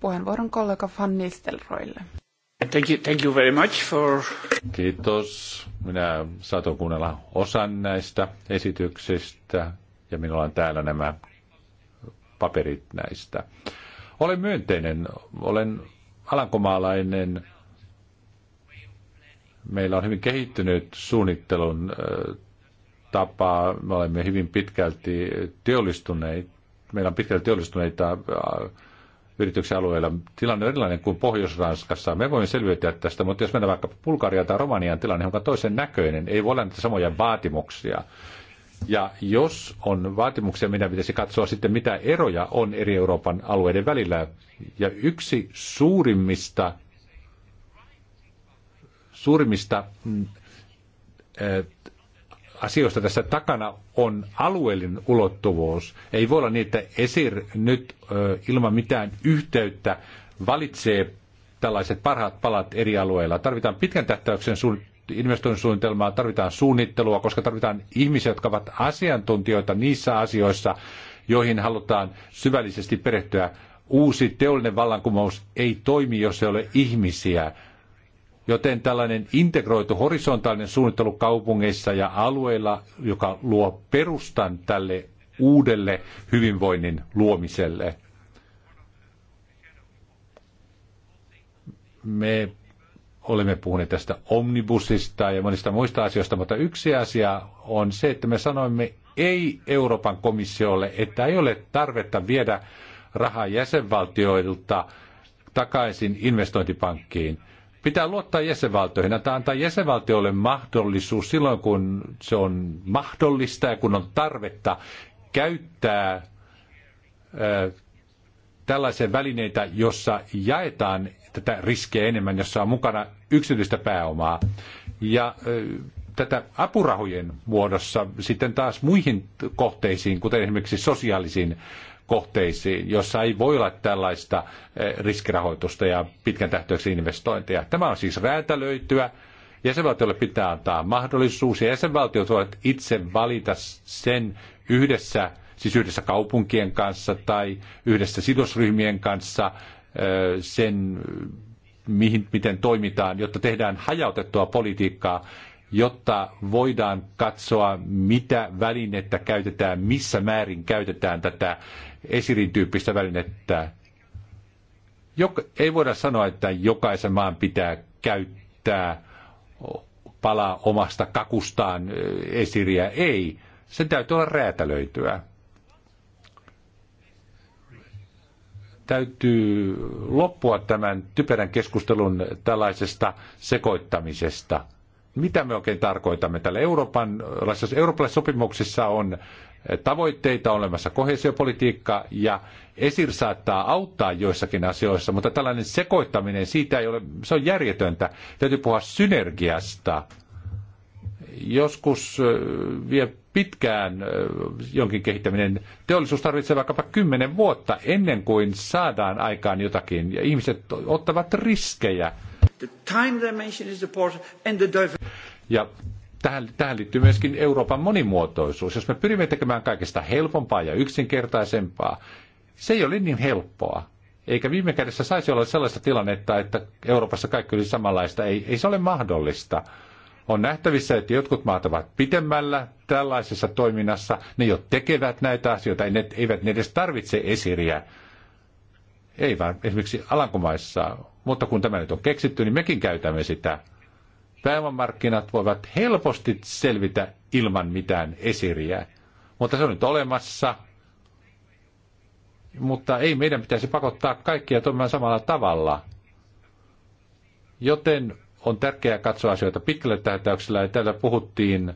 Speaker 3: puheenvuoron kollega Van Nistelroille.
Speaker 1: Thank you, thank you very much for... Kiitos. Minä saatoin kuunnella osan näistä esityksistä ja minulla on täällä nämä paperit näistä. Olen myönteinen, olen alankomaalainen Meillä on hyvin kehittynyt suunnittelun tapa. Me olemme hyvin pitkälti teollistuneita. Meillä on pitkälti teollistuneita yrityksen alueella. Tilanne on erilainen kuin Pohjois-Ranskassa. Me voimme selviytyä tästä, mutta jos mennään vaikka Bulgariaan tai Romanian tilanne, joka on toisen näköinen, ei voi olla näitä samoja vaatimuksia. Ja jos on vaatimuksia, meidän pitäisi katsoa sitten, mitä eroja on eri Euroopan alueiden välillä. Ja yksi suurimmista suurimmista mm, eh, asioista tässä takana on alueellinen ulottuvuus. Ei voi olla niin, että Esir nyt eh, ilman mitään yhteyttä valitsee tällaiset parhaat palat eri alueilla. Tarvitaan pitkän tähtäyksen investointisuunnitelmaa, tarvitaan suunnittelua, koska tarvitaan ihmisiä, jotka ovat asiantuntijoita niissä asioissa, joihin halutaan syvällisesti perehtyä. Uusi teollinen vallankumous ei toimi, jos ei ole ihmisiä. Joten tällainen integroitu horisontaalinen suunnittelu kaupungeissa ja alueilla, joka luo perustan tälle uudelle hyvinvoinnin luomiselle. Me olemme puhuneet tästä omnibusista ja monista muista asioista, mutta yksi asia on se, että me sanoimme ei Euroopan komissiolle, että ei ole tarvetta viedä rahaa jäsenvaltioilta takaisin investointipankkiin. Pitää luottaa jäsenvaltioihin, Tämä antaa jäsenvaltioille mahdollisuus silloin, kun se on mahdollista ja kun on tarvetta käyttää tällaisia välineitä, jossa jaetaan tätä riskejä enemmän, jossa on mukana yksityistä pääomaa. Ja tätä apurahojen muodossa sitten taas muihin kohteisiin, kuten esimerkiksi sosiaalisiin kohteisiin, jossa ei voi olla tällaista eh, riskirahoitusta ja pitkän tähtäyksen investointeja. Tämä on siis räätälöityä. Jäsenvaltiolle pitää antaa mahdollisuus ja jäsenvaltiot voivat itse valita sen yhdessä, siis yhdessä kaupunkien kanssa tai yhdessä sidosryhmien kanssa eh, sen, mihin, miten toimitaan, jotta tehdään hajautettua politiikkaa, jotta voidaan katsoa, mitä välinettä käytetään, missä määrin käytetään tätä esirin tyyppistä välinettä. Jok. ei voida sanoa, että jokaisen maan pitää käyttää palaa omasta kakustaan esiriä. Ei, sen täytyy olla räätälöityä. Täytyy loppua tämän typerän keskustelun tällaisesta sekoittamisesta. Mitä me oikein tarkoitamme? tällä Euroopan, Euroopan sopimuksissa on tavoitteita, on olemassa kohesiopolitiikka ja esir saattaa auttaa joissakin asioissa, mutta tällainen sekoittaminen, siitä ei ole, se on järjetöntä. Täytyy puhua synergiasta. Joskus vie pitkään jonkin kehittäminen. Teollisuus tarvitsee vaikkapa kymmenen vuotta ennen kuin saadaan aikaan jotakin ja ihmiset ottavat riskejä. The time dimension is and the ja Tähän, tähän liittyy myöskin Euroopan monimuotoisuus. Jos me pyrimme tekemään kaikesta helpompaa ja yksinkertaisempaa, se ei ole niin helppoa. Eikä viime kädessä saisi olla sellaista tilannetta, että Euroopassa kaikki olisi samanlaista. Ei, ei se ole mahdollista. On nähtävissä, että jotkut maat ovat pitemmällä tällaisessa toiminnassa. Ne jo tekevät näitä asioita, ne, eivät ne edes tarvitse esiriä. Ei vaan esimerkiksi Alankomaissa. Mutta kun tämä nyt on keksitty, niin mekin käytämme sitä pääomamarkkinat voivat helposti selvitä ilman mitään esiriä. Mutta se on nyt olemassa. Mutta ei meidän pitäisi pakottaa kaikkia toimimaan samalla tavalla. Joten on tärkeää katsoa asioita pitkällä tähtäyksellä. Ja täällä puhuttiin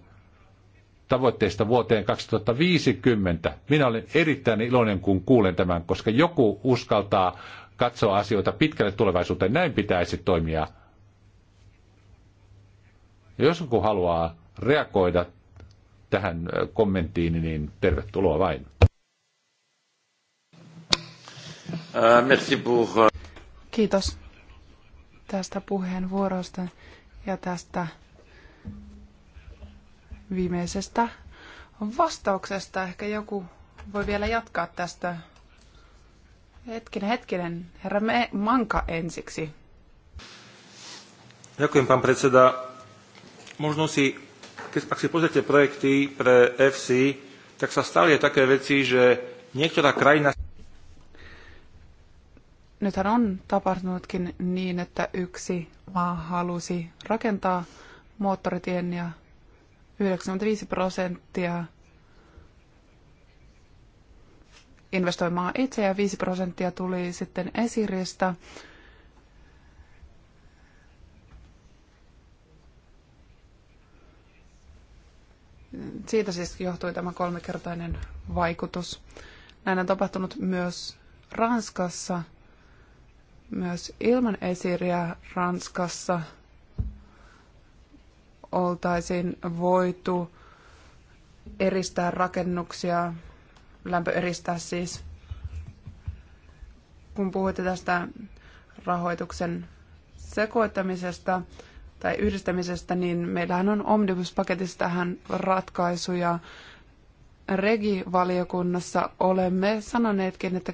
Speaker 1: tavoitteista vuoteen 2050. Minä olen erittäin iloinen, kun kuulen tämän, koska joku uskaltaa katsoa asioita pitkälle tulevaisuuteen. Näin pitäisi toimia. Ja jos joku haluaa reagoida tähän kommenttiin, niin tervetuloa vain.
Speaker 4: Euh, euh, Kiitos
Speaker 3: tästä puheenvuorosta ja tästä viimeisestä vastauksesta. Ehkä joku voi vielä jatkaa tästä. Hetkinen, hetkinen. Herra Manka ensiksi.
Speaker 1: Ďakujem, pán predseda možno si, keď, ak si pozrite projekty pre FC, tak sa stali také veci, že niektorá krajina...
Speaker 3: Nythän on tapahtunutkin niin, että yksi maa halusi rakentaa moottoritien ja 95 prosenttia investoimaan itse ja 5 prosenttia tuli sitten esiristä. siitä siis johtui tämä kolmikertainen vaikutus. Näin on tapahtunut myös Ranskassa, myös ilman esiriä Ranskassa oltaisiin voitu eristää rakennuksia, lämpö eristää siis. Kun puhuitte tästä rahoituksen sekoittamisesta, tai yhdistämisestä, niin meillähän on omnibuspaketissa tähän ratkaisuja. Regi-valiokunnassa olemme sanoneetkin, että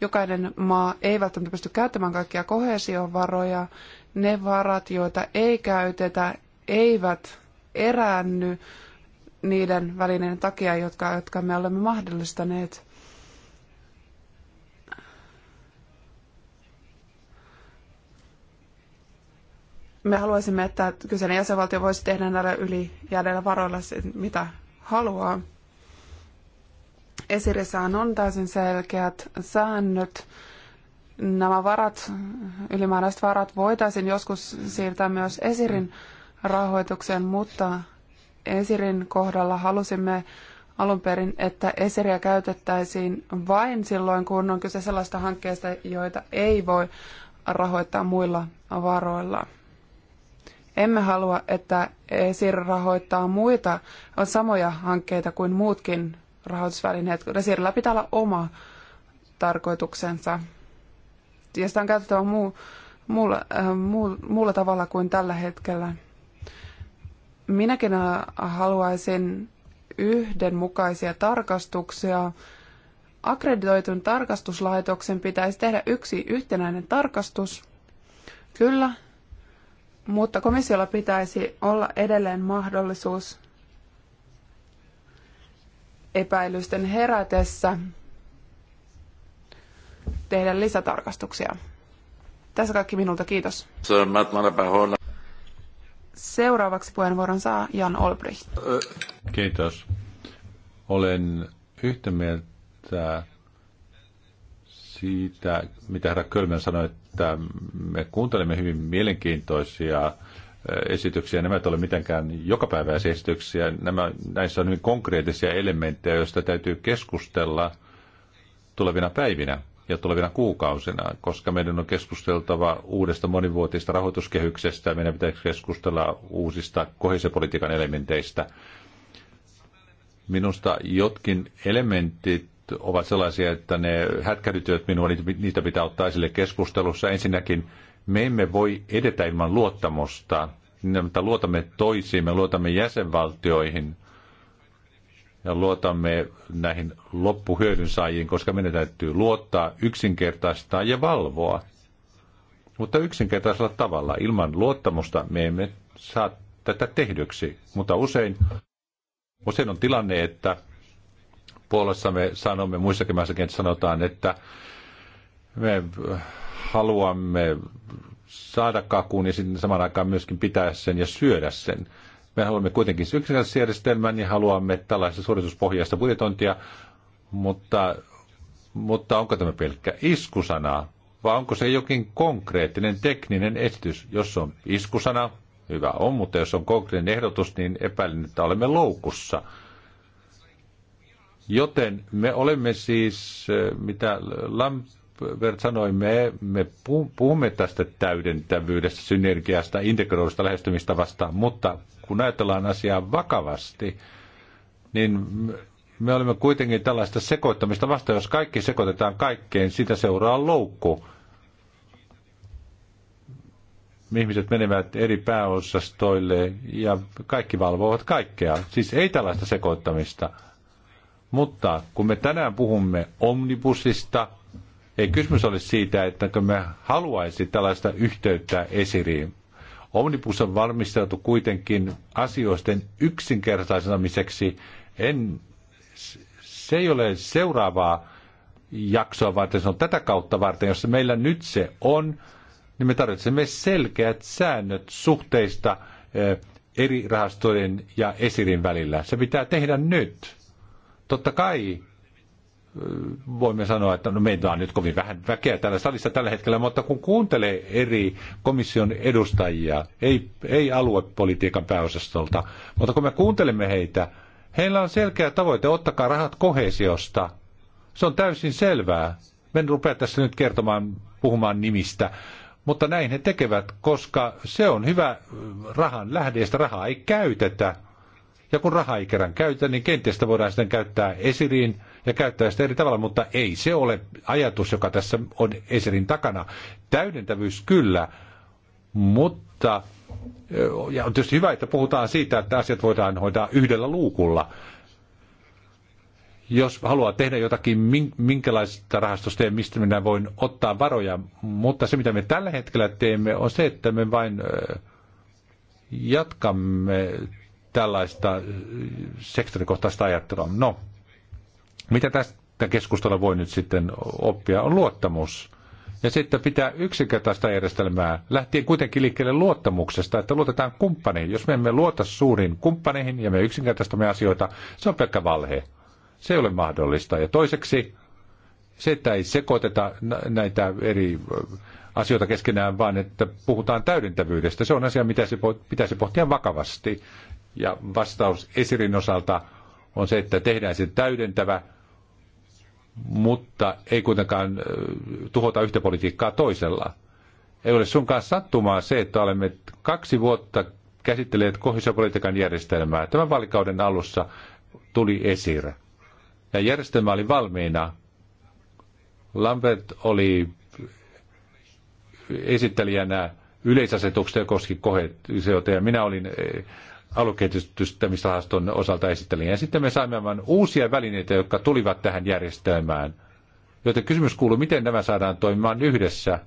Speaker 3: jokainen maa ei välttämättä pysty käyttämään kaikkia kohesiovaroja. Ne varat, joita ei käytetä, eivät eräänny niiden välineiden takia, jotka, jotka me olemme mahdollistaneet. Me haluaisimme, että kyseinen jäsenvaltio voisi tehdä näillä yli jääneillä varoilla sen, mitä haluaa. Esirissähän on täysin selkeät säännöt. Nämä varat, ylimääräiset varat voitaisiin joskus siirtää myös Esirin rahoitukseen, mutta Esirin kohdalla halusimme alun perin, että Esiriä käytettäisiin vain silloin, kun on kyse sellaista hankkeesta, joita ei voi rahoittaa muilla varoilla. Emme halua, että ESIR rahoittaa muita on samoja hankkeita kuin muutkin rahoitusvälineet. ESIRillä pitää olla oma tarkoituksensa. Ja sitä on käytettävä muu, muulla, äh, muu, muulla tavalla kuin tällä hetkellä. Minäkin äh, haluaisin yhdenmukaisia tarkastuksia. Akkreditoitun tarkastuslaitoksen pitäisi tehdä yksi yhtenäinen tarkastus. Kyllä, mutta komissiolla pitäisi olla edelleen mahdollisuus epäilysten herätessä tehdä lisätarkastuksia. Tässä kaikki minulta, kiitos. Seuraavaksi puheenvuoron saa Jan Olbricht.
Speaker 1: Kiitos. Olen yhtä mieltä siitä, mitä herra Kölmen sanoi että me kuuntelemme hyvin mielenkiintoisia äh, esityksiä. Nämä eivät ole mitenkään jokapäiväisiä esityksiä. Nämä, näissä on hyvin konkreettisia elementtejä, joista täytyy keskustella tulevina päivinä ja tulevina kuukausina, koska meidän on keskusteltava uudesta monivuotista rahoituskehyksestä, meidän pitäisi keskustella uusista kohesiopolitiikan elementeistä. Minusta jotkin elementit ovat sellaisia, että ne hätkähdytyöt minua, niitä pitää ottaa esille keskustelussa. Ensinnäkin me emme voi edetä ilman luottamusta, mutta luotamme toisiimme, luotamme jäsenvaltioihin ja luotamme näihin loppuhyödyn saajiin, koska meidän täytyy luottaa, yksinkertaistaa ja valvoa. Mutta yksinkertaisella tavalla, ilman luottamusta me emme saa tätä tehdyksi. Mutta usein, usein on tilanne, että puolessa me sanomme, muissakin maissa sanotaan, että me haluamme saada kakun ja sitten samaan aikaan myöskin pitää sen ja syödä sen. Me haluamme kuitenkin yksinkertaisjärjestelmän ja haluamme tällaista suorituspohjaista budjetointia, mutta, mutta onko tämä pelkkä iskusana vai onko se jokin konkreettinen tekninen esitys? Jos on iskusana, hyvä on, mutta jos on konkreettinen ehdotus, niin epäilen, että olemme loukussa – Joten me olemme siis, eh, mitä Lambert sanoi, me, me puhumme tästä täydentävyydestä, synergiasta, integroidusta lähestymistavasta, mutta kun ajatellaan asiaa vakavasti, niin me olemme kuitenkin tällaista sekoittamista vasta, jos kaikki sekoitetaan kaikkeen, sitä seuraa loukku. Ihmiset menevät eri pääosastoille ja kaikki valvovat kaikkea. Siis ei tällaista sekoittamista. Mutta kun me tänään puhumme omnibusista, ei kysymys ole siitä, että me haluaisi tällaista yhteyttä esiriin. Omnibus on valmisteltu kuitenkin asioisten yksinkertaisemiseksi. En, se ei ole seuraavaa jaksoa varten, se on tätä kautta varten. Jos meillä nyt se on, niin me tarvitsemme selkeät säännöt suhteista eh, eri rahastojen ja esirin välillä. Se pitää tehdä nyt. Totta kai voimme sanoa, että no meitä on nyt kovin vähän väkeä täällä salissa tällä hetkellä, mutta kun kuuntelee eri komission edustajia, ei, ei aluepolitiikan pääosastolta, mutta kun me kuuntelemme heitä, heillä on selkeä tavoite, ottakaa rahat kohesiosta. Se on täysin selvää. Me en rupea tässä nyt kertomaan, puhumaan nimistä, mutta näin he tekevät, koska se on hyvä rahan lähde, ja sitä rahaa ei käytetä. Ja kun rahaa ei kerran käytä, niin kenties sitä voidaan sitten käyttää esiriin ja käyttää sitä eri tavalla, mutta ei se ole ajatus, joka tässä on esirin takana. Täydentävyys kyllä, mutta ja on tietysti hyvä, että puhutaan siitä, että asiat voidaan hoitaa yhdellä luukulla. Jos haluaa tehdä jotakin, minkälaista rahastosta ja mistä minä voin ottaa varoja, mutta se mitä me tällä hetkellä teemme on se, että me vain jatkamme tällaista äh, sektorikohtaista ajattelua. No, mitä tästä keskustella voi nyt sitten oppia, on luottamus. Ja sitten pitää yksinkertaista järjestelmää lähtien kuitenkin liikkeelle luottamuksesta, että luotetaan kumppaniin. Jos me emme luota suuriin kumppaneihin ja me yksinkertaistamme asioita, se on pelkkä valhe. Se ei ole mahdollista. Ja toiseksi, se, että ei sekoiteta näitä eri äh, asioita keskenään, vaan että puhutaan täydentävyydestä. Se on asia, mitä se pitäisi pohtia vakavasti. Ja vastaus Esirin osalta on se, että tehdään se täydentävä, mutta ei kuitenkaan tuhota yhtä politiikkaa toisella. Ei ole sunkaan sattumaa se, että olemme kaksi vuotta käsitteleet kohdistuspolitiikan järjestelmää. Tämän valikauden alussa tuli Esir. Ja järjestelmä oli valmiina. Lambert oli esittelijänä yleisasetuksia koski kohdistuspolitiikkaa ja minä olin alukehitystämisrahaston osalta esittelin. Ja sitten me saimme aivan uusia välineitä, jotka tulivat tähän järjestelmään. Joten kysymys kuuluu, miten nämä saadaan toimimaan yhdessä.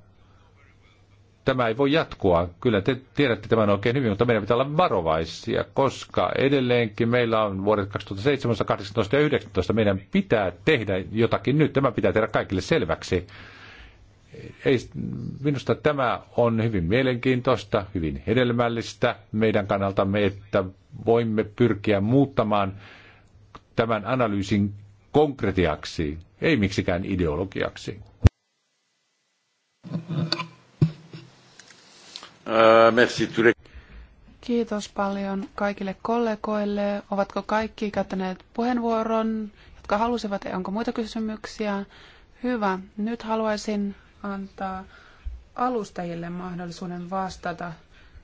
Speaker 1: Tämä ei voi jatkua. Kyllä te tiedätte tämän oikein hyvin, mutta meidän pitää olla varovaisia, koska edelleenkin meillä on vuodet 2017, 2018 ja 2019. Meidän pitää tehdä jotakin nyt. Tämä pitää tehdä kaikille selväksi ei, minusta tämä on hyvin mielenkiintoista, hyvin hedelmällistä meidän kannaltamme, että voimme pyrkiä muuttamaan tämän analyysin konkretiaksi, ei miksikään ideologiaksi.
Speaker 4: Äh,
Speaker 3: Kiitos paljon kaikille kollegoille. Ovatko kaikki käyttäneet puheenvuoron, jotka halusivat, onko muita kysymyksiä? Hyvä. Nyt haluaisin antaa alustajille mahdollisuuden vastata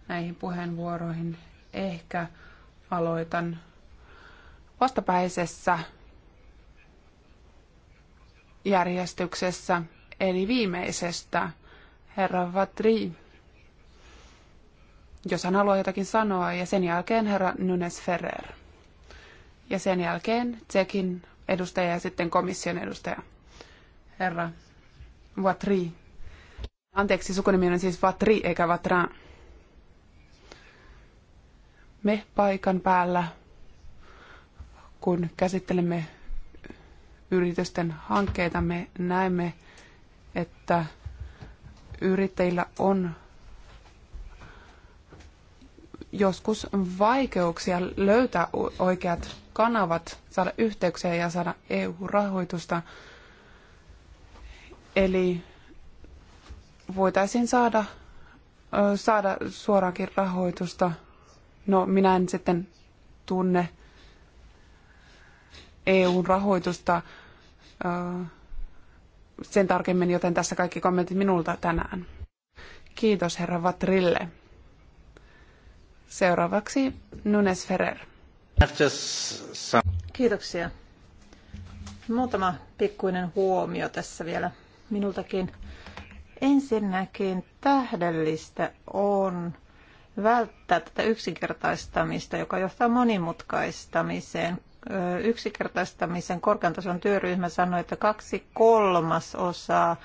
Speaker 3: näihin puheenvuoroihin. Ehkä aloitan vastapäisessä järjestyksessä, eli viimeisestä, herra Vatri, jos hän haluaa jotakin sanoa, ja sen jälkeen herra Nunes Ferrer. Ja sen jälkeen Tsekin edustaja ja sitten komission edustaja, herra Vatri. Anteeksi, sukunimi on siis Vatri eikä Vatra. Me paikan päällä, kun käsittelemme yritysten hankkeita, me näemme, että yrittäjillä on joskus vaikeuksia löytää oikeat kanavat, saada yhteyksiä ja saada EU-rahoitusta. Eli voitaisiin saada, saada suoraakin rahoitusta. No minä en sitten tunne EUn rahoitusta sen tarkemmin, joten tässä kaikki kommentit minulta tänään. Kiitos herra
Speaker 2: Vatrille. Seuraavaksi Nunes Ferrer. Kiitoksia. Muutama pikkuinen huomio tässä vielä minultakin. Ensinnäkin tähdellistä on välttää tätä yksinkertaistamista, joka johtaa monimutkaistamiseen. Yksinkertaistamisen korkean tason työryhmä sanoi, että kaksi kolmasosaa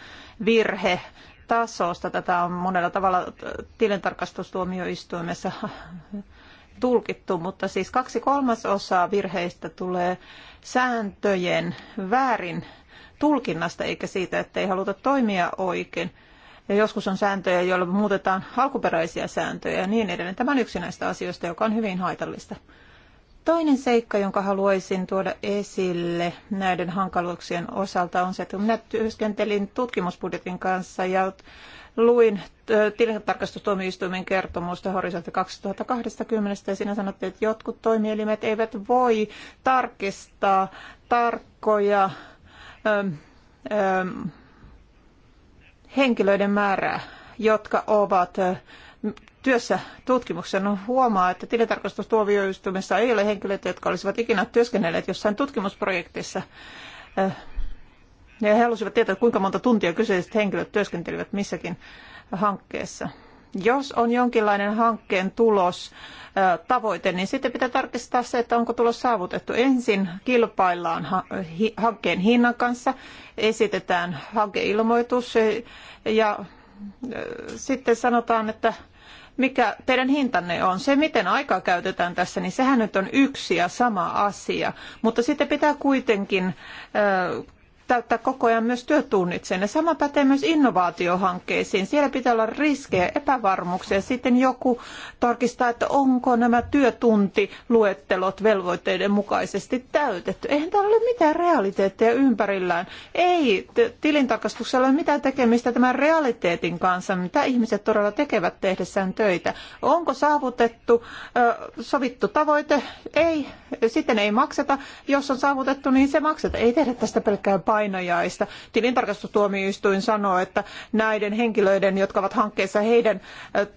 Speaker 2: virhe tasosta. Tätä on monella tavalla tilintarkastustuomioistuimessa tulkittu, mutta siis kaksi kolmasosaa virheistä tulee sääntöjen väärin tulkinnasta eikä siitä, että ei haluta toimia oikein. Ja joskus on sääntöjä, joilla muutetaan alkuperäisiä sääntöjä ja niin edelleen. Tämä on yksi näistä asioista, joka on hyvin haitallista. Toinen seikka, jonka haluaisin tuoda esille näiden hankaluuksien osalta, on se, että minä työskentelin tutkimusbudjetin kanssa ja luin tilintarkastustuomioistuimen kertomusta horisontti 2020 ja siinä sanottiin, että jotkut toimielimet eivät voi tarkistaa tarkkoja henkilöiden määrää, jotka ovat työssä tutkimuksessa on no huomaa, että tilintarkastustuomioistuimessa ei ole henkilöitä, jotka olisivat ikinä työskennelleet jossain tutkimusprojektissa. Ja he halusivat tietää, kuinka monta tuntia kyseiset henkilöt työskentelivät missäkin hankkeessa. Jos on jonkinlainen hankkeen tulos, tavoite, niin sitten pitää tarkistaa se, että onko tulos saavutettu. Ensin kilpaillaan hankkeen hinnan kanssa, esitetään hankeilmoitus ja sitten sanotaan, että mikä teidän hintanne on. Se, miten aikaa käytetään tässä, niin sehän nyt on yksi ja sama asia. Mutta sitten pitää kuitenkin täyttää koko ajan myös Ja Sama pätee myös innovaatiohankkeisiin. Siellä pitää olla riskejä, epävarmuuksia. Sitten joku tarkistaa, että onko nämä työtuntiluettelot velvoitteiden mukaisesti täytetty. Eihän täällä ole mitään realiteetteja ympärillään. Ei tilintarkastuksella ole mitään tekemistä tämän realiteetin kanssa, mitä ihmiset todella tekevät tehdessään töitä. Onko saavutettu sovittu tavoite? Ei. Sitten ei makseta. Jos on saavutettu, niin se maksetaan. Ei tehdä tästä pelkkää painoa painajaista. Tilintarkastustuomioistuin sanoo, että näiden henkilöiden, jotka ovat hankkeessa, heidän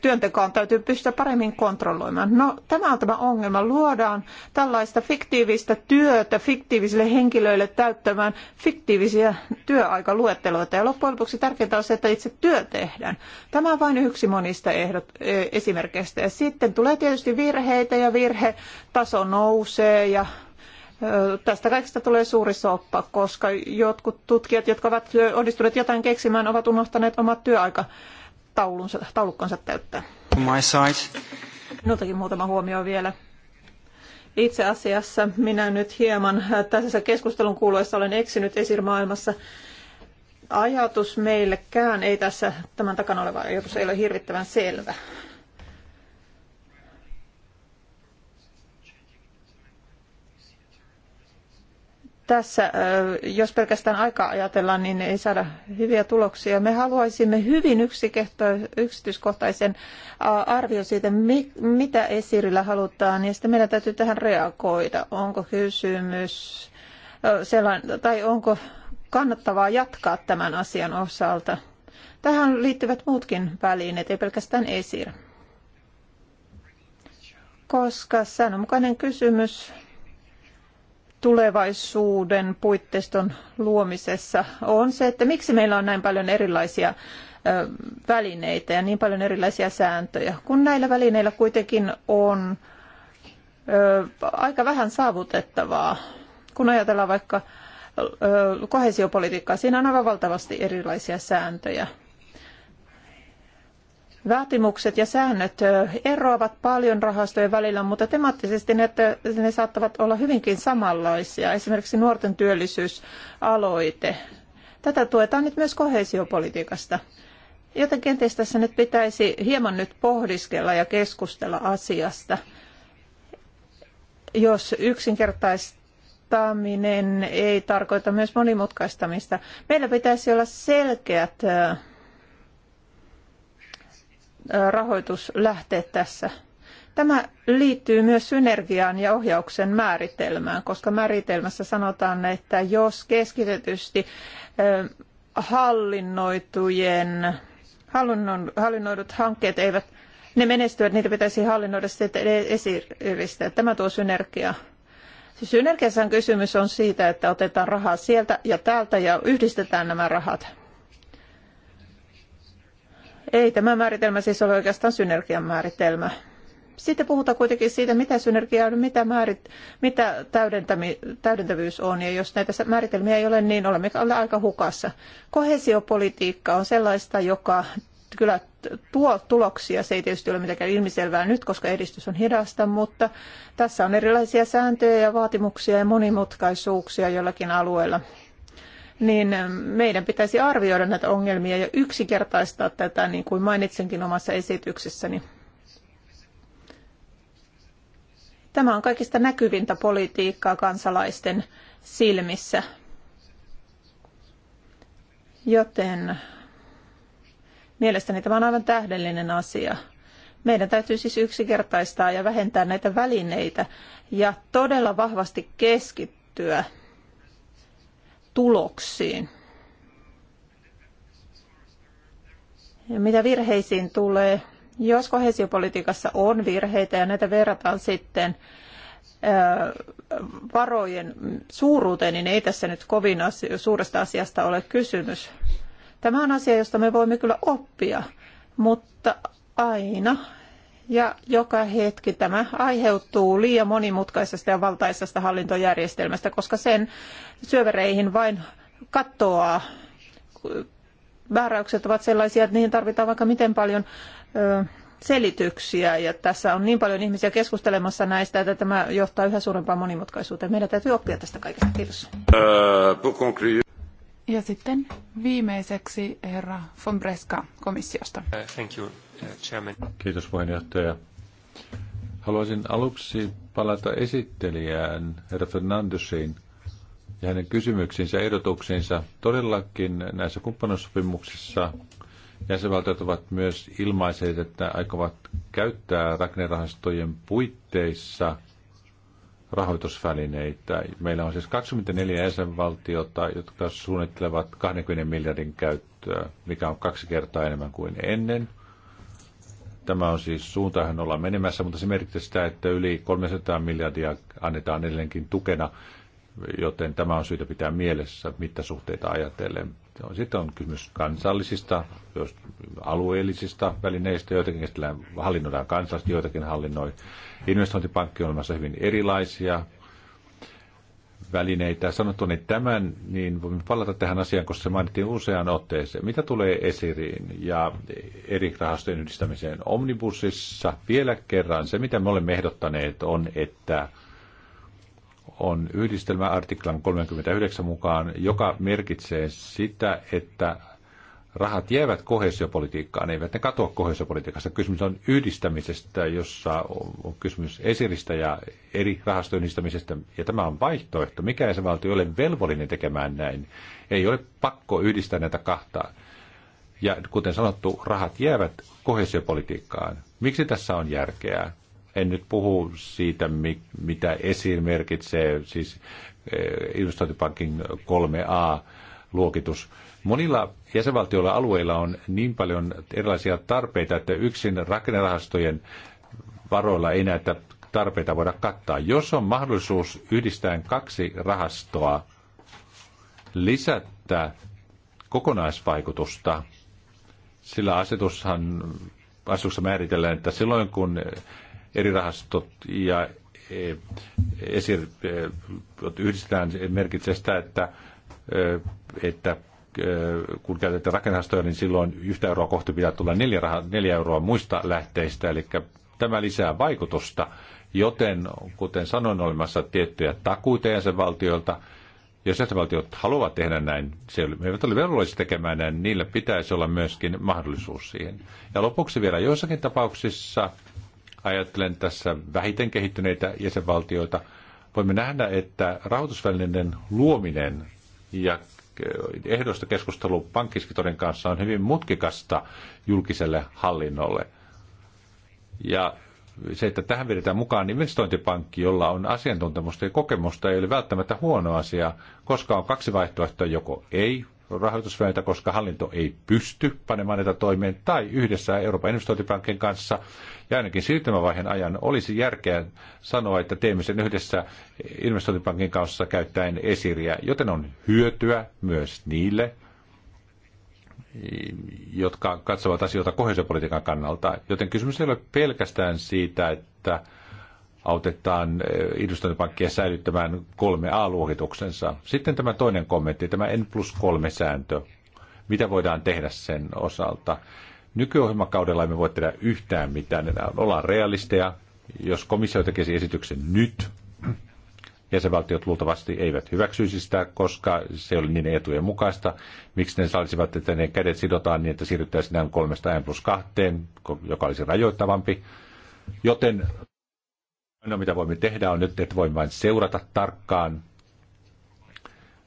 Speaker 2: työntekoon täytyy pystyä paremmin kontrolloimaan. No, tämä on tämä ongelma. Luodaan tällaista fiktiivistä työtä fiktiivisille henkilöille täyttämään fiktiivisiä työaikaluetteloita. Ja loppujen lopuksi tärkeintä on se, että itse työ tehdään. Tämä on vain yksi monista ehdot, esimerkkeistä. Ja sitten tulee tietysti virheitä ja virhetaso nousee ja Tästä kaikesta tulee suuri soppa, koska jotkut tutkijat, jotka ovat onnistuneet jotain keksimään, ovat unohtaneet omat työaika taulukkonsa täyttää.
Speaker 3: My side.
Speaker 2: Minultakin muutama huomio vielä. Itse asiassa minä nyt hieman tässä keskustelun kuluessa olen eksynyt esirmaailmassa. Ajatus meillekään ei tässä, tämän takana oleva ajatus ei ole hirvittävän selvä. tässä, jos pelkästään aikaa ajatellaan, niin ei saada hyviä tuloksia. Me haluaisimme hyvin yksityiskohtaisen arvio siitä, mitä esirillä halutaan, ja sitten meidän täytyy tähän reagoida. Onko kysymys sellainen, tai onko kannattavaa jatkaa tämän asian osalta? Tähän liittyvät muutkin välineet, ei pelkästään esir. Koska säännönmukainen kysymys tulevaisuuden puitteiston luomisessa on se, että miksi meillä on näin paljon erilaisia välineitä ja niin paljon erilaisia sääntöjä, kun näillä välineillä kuitenkin on aika vähän saavutettavaa. Kun ajatellaan vaikka kohesiopolitiikkaa, siinä on aivan valtavasti erilaisia sääntöjä. Vaatimukset ja säännöt eroavat paljon rahastojen välillä, mutta temaattisesti ne, ne saattavat olla hyvinkin samanlaisia. Esimerkiksi nuorten työllisyysaloite. Tätä tuetaan nyt myös kohesiopolitiikasta. Joten kenties tässä nyt pitäisi hieman nyt pohdiskella ja keskustella asiasta. Jos yksinkertaistaminen ei tarkoita myös monimutkaistamista. Meillä pitäisi olla selkeät rahoituslähteet tässä. Tämä liittyy myös synergiaan ja ohjauksen määritelmään, koska määritelmässä sanotaan, että jos keskitetysti hallinnoitujen, hallinnon, hallinnoidut hankkeet eivät, ne menestyvät, niitä pitäisi hallinnoida sitten e, Tämä tuo synergiaa. Siis Synergiassa kysymys on siitä, että otetaan rahaa sieltä ja täältä ja yhdistetään nämä rahat. Ei tämä määritelmä siis ole oikeastaan synergian määritelmä. Sitten puhutaan kuitenkin siitä, mitä synergia on, mitä, määrit, mitä täydentävyys on. Ja jos näitä määritelmiä ei ole, niin olemme aika hukassa. Kohesiopolitiikka on sellaista, joka kyllä tuo tuloksia. Se ei tietysti ole mitenkään ilmiselvää nyt, koska edistys on hidasta, mutta tässä on erilaisia sääntöjä ja vaatimuksia ja monimutkaisuuksia jollakin alueella niin ähm, meidän pitäisi arvioida näitä ongelmia ja yksinkertaistaa tätä, niin kuin mainitsenkin omassa esityksessäni. Tämä on kaikista näkyvintä politiikkaa kansalaisten silmissä. Joten mielestäni tämä on aivan tähdellinen asia. Meidän täytyy siis yksinkertaistaa ja vähentää näitä välineitä ja todella vahvasti keskittyä tuloksiin. Ja mitä virheisiin tulee, jos kohesiopolitiikassa on virheitä ja näitä verrataan sitten varojen suuruuteen, niin ei tässä nyt kovin asio, suuresta asiasta ole kysymys. Tämä on asia, josta me voimme kyllä oppia, mutta aina ja joka hetki tämä aiheutuu liian monimutkaisesta ja valtaisesta hallintojärjestelmästä, koska sen syövereihin vain katoaa. Määräykset ovat sellaisia, että niihin tarvitaan vaikka miten paljon selityksiä ja tässä on niin paljon ihmisiä keskustelemassa näistä, että tämä johtaa yhä suurempaan monimutkaisuuteen. Meidän täytyy oppia tästä kaikesta. Kiitos. Ja sitten
Speaker 3: viimeiseksi herra von Breska komissiosta.
Speaker 1: Thank you. Chairman. Kiitos puheenjohtaja. Haluaisin aluksi palata esittelijään, herra Fernandesiin, ja hänen kysymyksiinsä ja ehdotuksiinsa. Todellakin näissä kumppanuussopimuksissa jäsenvaltiot ovat myös ilmaiseet, että aikovat käyttää rakennerahastojen puitteissa rahoitusvälineitä. Meillä on siis 24 jäsenvaltiota, jotka suunnittelevat 20 miljardin käyttöä, mikä on kaksi kertaa enemmän kuin ennen – Tämä on siis suuntaan ollaan menemässä, mutta se merkitsee sitä, että yli 300 miljardia annetaan edelleenkin tukena, joten tämä on syytä pitää mielessä mittasuhteita ajatellen. Sitten on kysymys kansallisista, jos alueellisista välineistä, joitakin käsitellään, hallinnoidaan kansallisesti, joitakin hallinnoi. Investointipankki on olemassa hyvin erilaisia, välineitä. sanottu, niin tämän, niin voimme palata tähän asiaan, koska se mainittiin useaan otteeseen. Mitä tulee esiriin ja eri rahastojen yhdistämiseen Omnibusissa? Vielä kerran se, mitä me olemme ehdottaneet, on, että on yhdistelmä artiklan 39 mukaan, joka merkitsee sitä, että rahat jäävät kohesiopolitiikkaan, eivät ne katoa kohesiopolitiikasta. Kysymys on yhdistämisestä, jossa on kysymys esiristä ja eri rahastojen yhdistämisestä, ja tämä on vaihtoehto. Mikä se valtio ole velvollinen tekemään näin? Ei ole pakko yhdistää näitä kahta. Ja kuten sanottu, rahat jäävät kohesiopolitiikkaan. Miksi tässä on järkeä? En nyt puhu siitä, mitä esiin merkitsee, siis eh, investointipankin 3A-luokitus Monilla jäsenvaltioilla alueilla on niin paljon erilaisia tarpeita, että yksin rakennerahastojen varoilla ei näitä tarpeita voida kattaa. Jos on mahdollisuus yhdistää kaksi rahastoa, lisätä kokonaisvaikutusta, sillä asetushan asetuksessa määritellään, että silloin kun eri rahastot ja e, esir, e, yhdistetään, merkitsee sitä, että, e, että Äh, kun käytätte rakennastoja, niin silloin yhtä euroa kohti pitää tulla neljä, raha, neljä euroa muista lähteistä, eli tämä lisää vaikutusta. Joten, kuten sanoin, olemassa tiettyjä takuita jäsenvaltioilta, jos jäsenvaltiot haluavat tehdä näin, se me eivät ole velvollisia tekemään näin, niillä pitäisi olla myöskin mahdollisuus siihen. Ja lopuksi vielä joissakin tapauksissa, ajattelen tässä vähiten kehittyneitä jäsenvaltioita, voimme nähdä, että rahoitusvälineiden luominen ja ehdoista keskustelu pankkiskitorin kanssa on hyvin mutkikasta julkiselle hallinnolle. Ja se, että tähän vedetään mukaan investointipankki, jolla on asiantuntemusta ja kokemusta, ei ole välttämättä huono asia, koska on kaksi vaihtoehtoa, joko ei rahoitusvälineitä, koska hallinto ei pysty panemaan näitä toimeen, tai yhdessä Euroopan investointipankin kanssa. Ja ainakin siirtymävaiheen ajan olisi järkeä sanoa, että teemme sen yhdessä investointipankin kanssa käyttäen esiriä, joten on hyötyä myös niille, jotka katsovat asioita kohesiopolitiikan kannalta. Joten kysymys ei ole pelkästään siitä, että autetaan investointipankkia eh, säilyttämään kolme A-luokituksensa. Sitten tämä toinen kommentti, tämä N plus kolme sääntö. Mitä voidaan tehdä sen osalta? Nykyohjelmakaudella emme voi tehdä yhtään mitään. Ollaan realisteja. Jos komissio tekisi esityksen nyt, jäsenvaltiot luultavasti eivät hyväksyisi sitä, koska se oli niin etujen mukaista. Miksi ne saisivat, että ne kädet sidotaan niin, että siirryttäisiin näin kolmesta N plus kahteen, joka olisi rajoittavampi. Joten Ainoa mitä voimme tehdä on nyt, että voimme vain seurata tarkkaan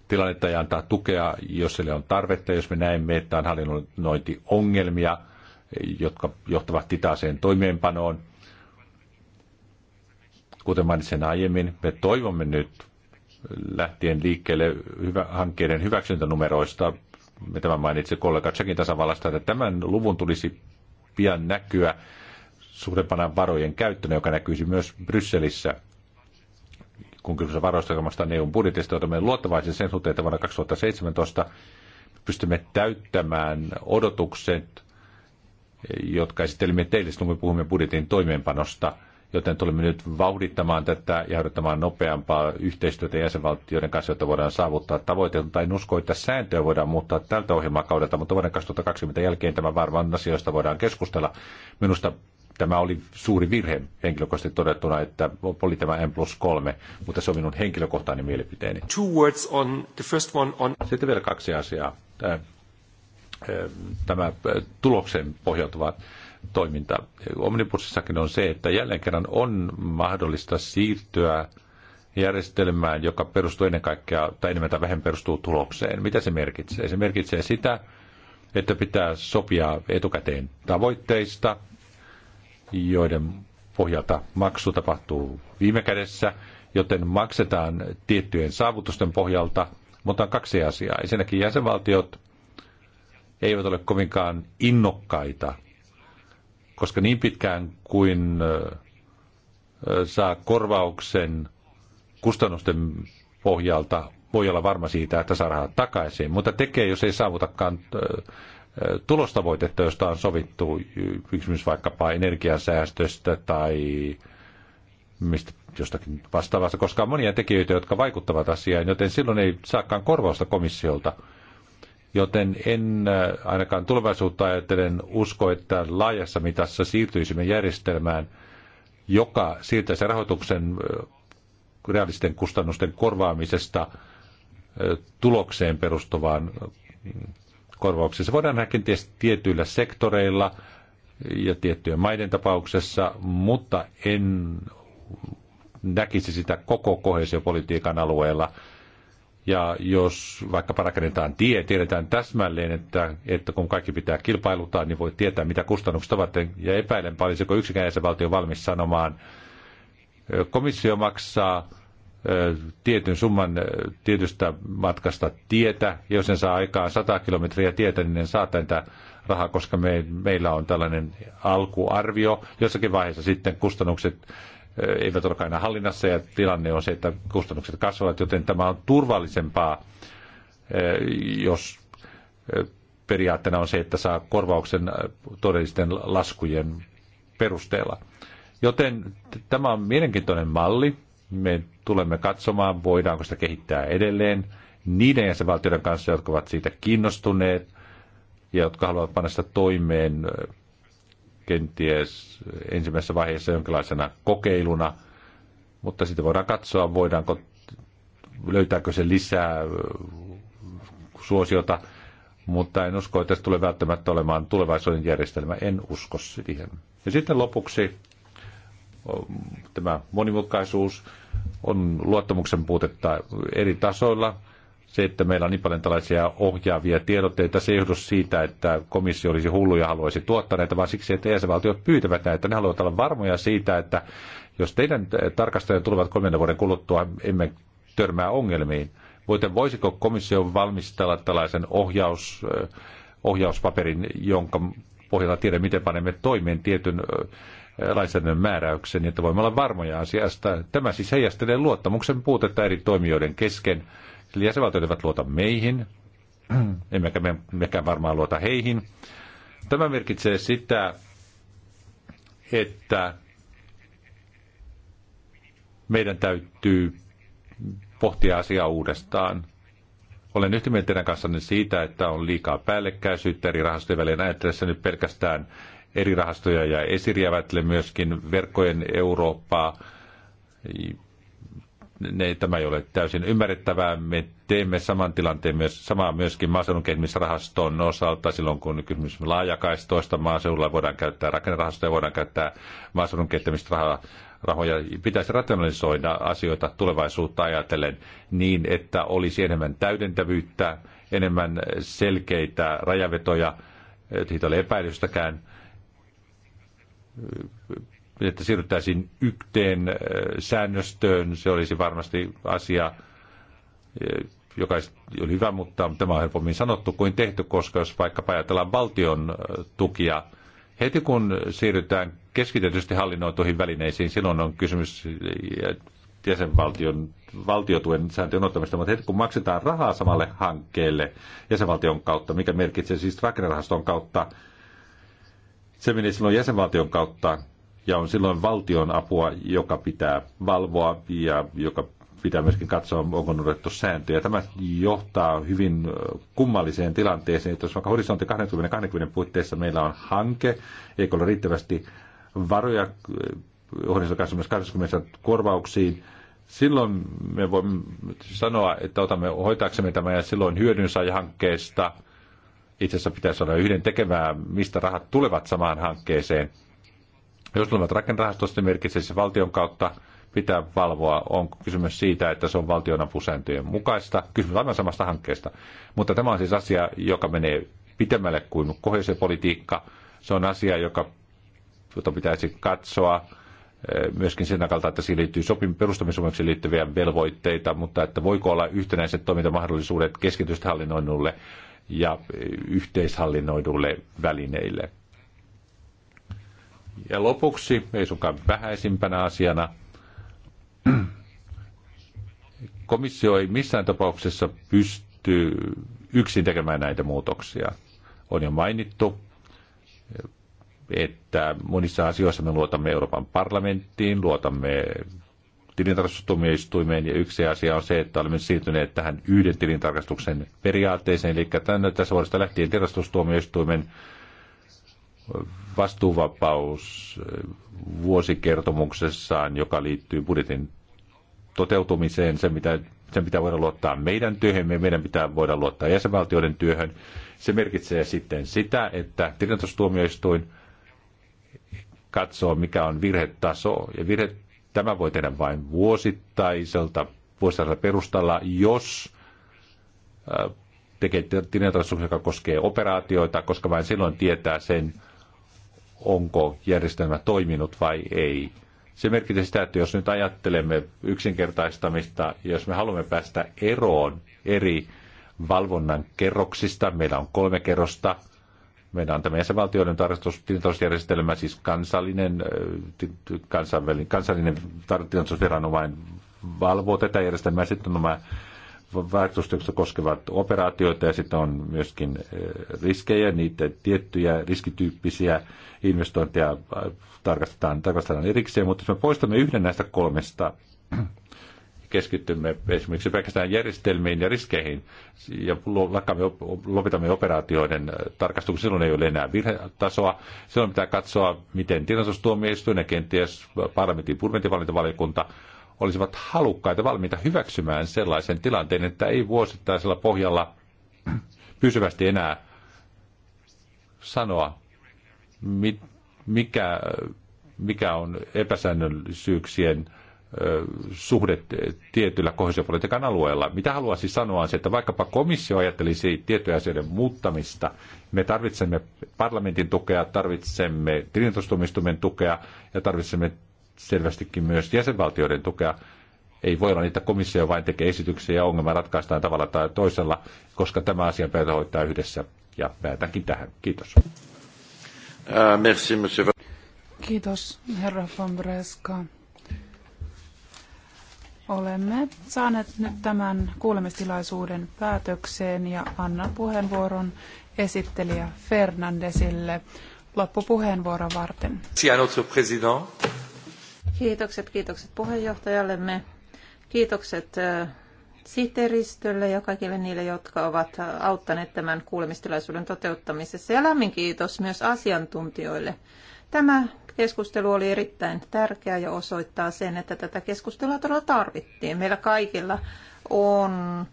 Speaker 1: tilannetta ja antaa tukea, jos sille on tarvetta, jos me näemme, että on hallinnointiongelmia, jotka johtavat titaaseen toimeenpanoon. Kuten mainitsin aiemmin, me toivomme nyt lähtien liikkeelle hyvä, hankkeiden hyväksyntänumeroista, me tämän mainitsi kollega Tsekin tasavallasta, että tämän luvun tulisi pian näkyä suurempana varojen käyttönä, joka näkyisi myös Brysselissä kun kyllä on varoista on EUn budjetista, me luottavaisin sen suhteen, että vuonna 2017 pystymme täyttämään odotukset, jotka esittelimme teille, kun me puhumme budjetin toimeenpanosta, joten tulemme nyt vauhdittamaan tätä ja odottamaan nopeampaa yhteistyötä jäsenvaltioiden kanssa, jotta voidaan saavuttaa tavoite. tai en usko, että sääntöä voidaan muuttaa tältä ohjelmakaudelta, mutta vuoden 2020 jälkeen tämä varmaan asioista voidaan keskustella. Minusta Tämä oli suuri virhe henkilökohtaisesti todettuna, että oli tämä M plus 3, mutta se on minun henkilökohtainen mielipiteeni. Two words on the first one on... Sitten vielä kaksi asiaa. Tämä, eh, tämä eh, tuloksen pohjautuva toiminta. Omnibusissakin on se, että jälleen kerran on mahdollista siirtyä järjestelmään, joka perustuu ennen kaikkea, tai enemmän tai vähemmän perustuu tulokseen. Mitä se merkitsee? Se merkitsee sitä, että pitää sopia etukäteen tavoitteista, joiden pohjalta maksu tapahtuu viime kädessä, joten maksetaan tiettyjen saavutusten pohjalta, mutta on kaksi asiaa. Ensinnäkin jäsenvaltiot eivät ole kovinkaan innokkaita, koska niin pitkään kuin saa korvauksen kustannusten pohjalta, voi olla varma siitä, että saa rahat takaisin, mutta tekee, jos ei saavutakaan tulostavoitetta, josta on sovittu, esimerkiksi vaikkapa energiansäästöstä tai mistä jostakin vastaavasta, koska on monia tekijöitä, jotka vaikuttavat asiaan, joten silloin ei saakaan korvausta komissiolta. Joten en äh, ainakaan tulevaisuutta ajatellen usko, että laajassa mitassa siirtyisimme järjestelmään, joka siirtäisi rahoituksen äh, realisten kustannusten korvaamisesta äh, tulokseen perustuvaan korvauksia. Se voidaan kenties tietyillä sektoreilla ja tiettyjen maiden tapauksessa, mutta en näkisi sitä koko kohesiopolitiikan alueella. Ja jos vaikkapa rakennetaan tie, tiedetään täsmälleen, että, että kun kaikki pitää kilpailuttaa, niin voi tietää, mitä kustannukset ovat. Ja epäilen, olisiko yksikään jäsenvaltio valmis sanomaan, komissio maksaa tietyn summan tietystä matkasta tietä. Jos en saa aikaan 100 kilometriä tietä, niin en saa tätä rahaa, koska me, meillä on tällainen alkuarvio. Jossakin vaiheessa sitten kustannukset eivät ole aina hallinnassa ja tilanne on se, että kustannukset kasvavat, joten tämä on turvallisempaa, jos periaatteena on se, että saa korvauksen todellisten laskujen perusteella. Joten tämä on mielenkiintoinen malli. Me tulemme katsomaan, voidaanko sitä kehittää edelleen niiden jäsenvaltioiden kanssa, jotka ovat siitä kiinnostuneet ja jotka haluavat panna sitä toimeen kenties ensimmäisessä vaiheessa jonkinlaisena kokeiluna, mutta sitten voidaan katsoa, voidaanko, löytääkö se lisää suosiota, mutta en usko, että se tulee välttämättä olemaan tulevaisuuden järjestelmä. En usko siihen. Ja sitten lopuksi tämä monimutkaisuus, on luottamuksen puutetta eri tasoilla. Se, että meillä on niin paljon tällaisia ohjaavia tiedotteita, se ei johdu siitä, että komissio olisi hullu ja haluaisi tuottaa näitä, vaan siksi, että jäsenvaltiot pyytävät näitä. Ne haluavat olla varmoja siitä, että jos teidän tarkastajat tulevat kolmen vuoden kuluttua, emme törmää ongelmiin. Voiten voisiko komissio valmistella tällaisen ohjaus, eh, ohjauspaperin, jonka pohjalta tiedä, miten panemme toimeen tietyn eh, lainsäädännön määräyksen, että voimme olla varmoja asiasta. Tämä siis heijastelee luottamuksen puutetta eri toimijoiden kesken. Eli jäsenvaltiot eivät luota meihin, emmekä me, mekään varmaan luota heihin. Tämä merkitsee sitä, että meidän täytyy pohtia asiaa uudestaan. Olen yhtä mieltä teidän kanssanne siitä, että on liikaa päällekkäisyyttä eri rahastojen välillä. Ajattelen nyt pelkästään eri rahastoja ja esiriävätle myöskin verkkojen Eurooppaa. Ne, tämä ei ole täysin ymmärrettävää. Me teemme saman tilanteen myös, samaa myöskin maaseudun kehittämisrahaston osalta silloin, kun kysymys laajakaistoista maaseudulla voidaan käyttää rakennerahastoja, voidaan käyttää maaseudun kehittämisrahoja. rahoja. Pitäisi rationalisoida asioita tulevaisuutta ajatellen niin, että olisi enemmän täydentävyyttä, enemmän selkeitä rajavetoja, siitä ole epäilystäkään että siirryttäisiin yhteen äh, säännöstöön, se olisi varmasti asia, äh, joka oli hyvä, mutta tämä on helpommin sanottu kuin tehty, koska jos vaikka ajatellaan valtion äh, tukia, heti kun siirrytään keskitetysti hallinnoituihin välineisiin, silloin on kysymys jäsenvaltion valtiotuen sääntöjen ottamista, mutta heti kun maksetaan rahaa samalle hankkeelle jäsenvaltion kautta, mikä merkitsee siis rakennerahaston kautta se menee silloin jäsenvaltion kautta ja on silloin valtion apua, joka pitää valvoa ja joka pitää myöskin katsoa, onko noudattu sääntöjä. Tämä johtaa hyvin kummalliseen tilanteeseen, että jos vaikka horisontti 2020 puitteissa meillä on hanke, eikö ole riittävästi varoja horisontti 2020 korvauksiin, silloin me voimme sanoa, että otamme hoitaaksemme tämän ja silloin hyödyn saajahankkeesta – itse asiassa pitäisi olla yhden tekevää, mistä rahat tulevat samaan hankkeeseen. Jos tulevat rakennerahastosta, merkitsee se valtion kautta pitää valvoa, onko kysymys siitä, että se on valtionapusääntöjen mukaista. Kysymys aivan samasta hankkeesta. Mutta tämä on siis asia, joka menee pitemmälle kuin kohesiopolitiikka. Se on asia, joka, jota pitäisi katsoa eh, myöskin sen takalta, että siihen liittyy sopim- perustamisomaksi liittyviä velvoitteita, mutta että voiko olla yhtenäiset toimintamahdollisuudet keskitystä hallinnoinnulle ja yhteishallinnoidulle välineille. Ja lopuksi, ei suinkaan vähäisimpänä asiana, komissio ei missään tapauksessa pysty yksin tekemään näitä muutoksia. On jo mainittu, että monissa asioissa me luotamme Euroopan parlamenttiin, luotamme tilintarkastustuomioistuimeen ja yksi asia on se, että olemme siirtyneet tähän yhden tilintarkastuksen periaatteeseen, eli tänne, tässä vuodesta lähtien tilintarkastustuomioistuimen vastuuvapaus vuosikertomuksessaan, joka liittyy budjetin toteutumiseen, sen mitä sen pitää voida luottaa meidän työhön, meidän pitää voida luottaa jäsenvaltioiden työhön. Se merkitsee sitten sitä, että tilintarkastustuomioistuin katsoo, mikä on virhetaso. Ja virhet Tämä voi tehdä vain vuosittaiselta, vuosittaisella perustalla, jos tekee tilintarkastuksen, joka koskee operaatioita, koska vain silloin tietää sen, onko järjestelmä toiminut vai ei. Se merkitsee sitä, että jos nyt ajattelemme yksinkertaistamista, jos me haluamme päästä eroon eri valvonnan kerroksista, meillä on kolme kerrosta, meidän on tämä jäsenvaltioiden tarkastustilintarkastusjärjestelmä, siis kansallinen, äh, kansainvälinen, kansallinen tarkastusviranomainen valvoo tätä järjestelmää. Sitten on nämä vaikutustyöstä koskevat operaatioita ja sitten on myöskin äh, riskejä, niitä tiettyjä riskityyppisiä investointeja äh, tarkastetaan, tarkastetaan erikseen, mutta jos me poistamme yhden näistä kolmesta keskittymme esimerkiksi pelkästään järjestelmiin ja riskeihin ja lakkaamme, lopetamme operaatioiden äh, tarkastuksen, silloin ei ole enää virhetasoa. Silloin pitää katsoa, miten tilastustuomioistuin ja kenties parlamentin purmentivalintavaliokunta olisivat halukkaita valmiita hyväksymään sellaisen tilanteen, että ei vuosittaisella pohjalla pysyvästi enää sanoa, mikä, mikä on epäsäännöllisyyksien suhde tietyllä kohesiopolitiikan alueella. Mitä haluaisin siis sanoa on se, että vaikkapa komissio ajattelisi tiettyjä asioiden muuttamista, me tarvitsemme parlamentin tukea, tarvitsemme tilintostumistumen tukea ja tarvitsemme selvästikin myös jäsenvaltioiden tukea. Ei voi olla niitä komissio vain tekee esityksiä ja ongelma ratkaistaan tavalla tai toisella, koska tämä asia pitää hoitaa yhdessä. Ja päätänkin tähän. Kiitos.
Speaker 4: Äh, merci, monsieur. Kiitos,
Speaker 3: herra von Breska. Olemme saaneet nyt tämän kuulemistilaisuuden päätökseen ja annan puheenvuoron esittelijä Fernandesille loppupuheenvuoron varten.
Speaker 2: Kiitokset, kiitokset puheenjohtajallemme. Kiitokset sihteeristölle ja kaikille niille, jotka ovat auttaneet tämän kuulemistilaisuuden toteuttamisessa. Ja lämmin kiitos myös asiantuntijoille. Tämä keskustelu oli erittäin tärkeä ja osoittaa sen, että tätä keskustelua todella tarvittiin. Meillä kaikilla on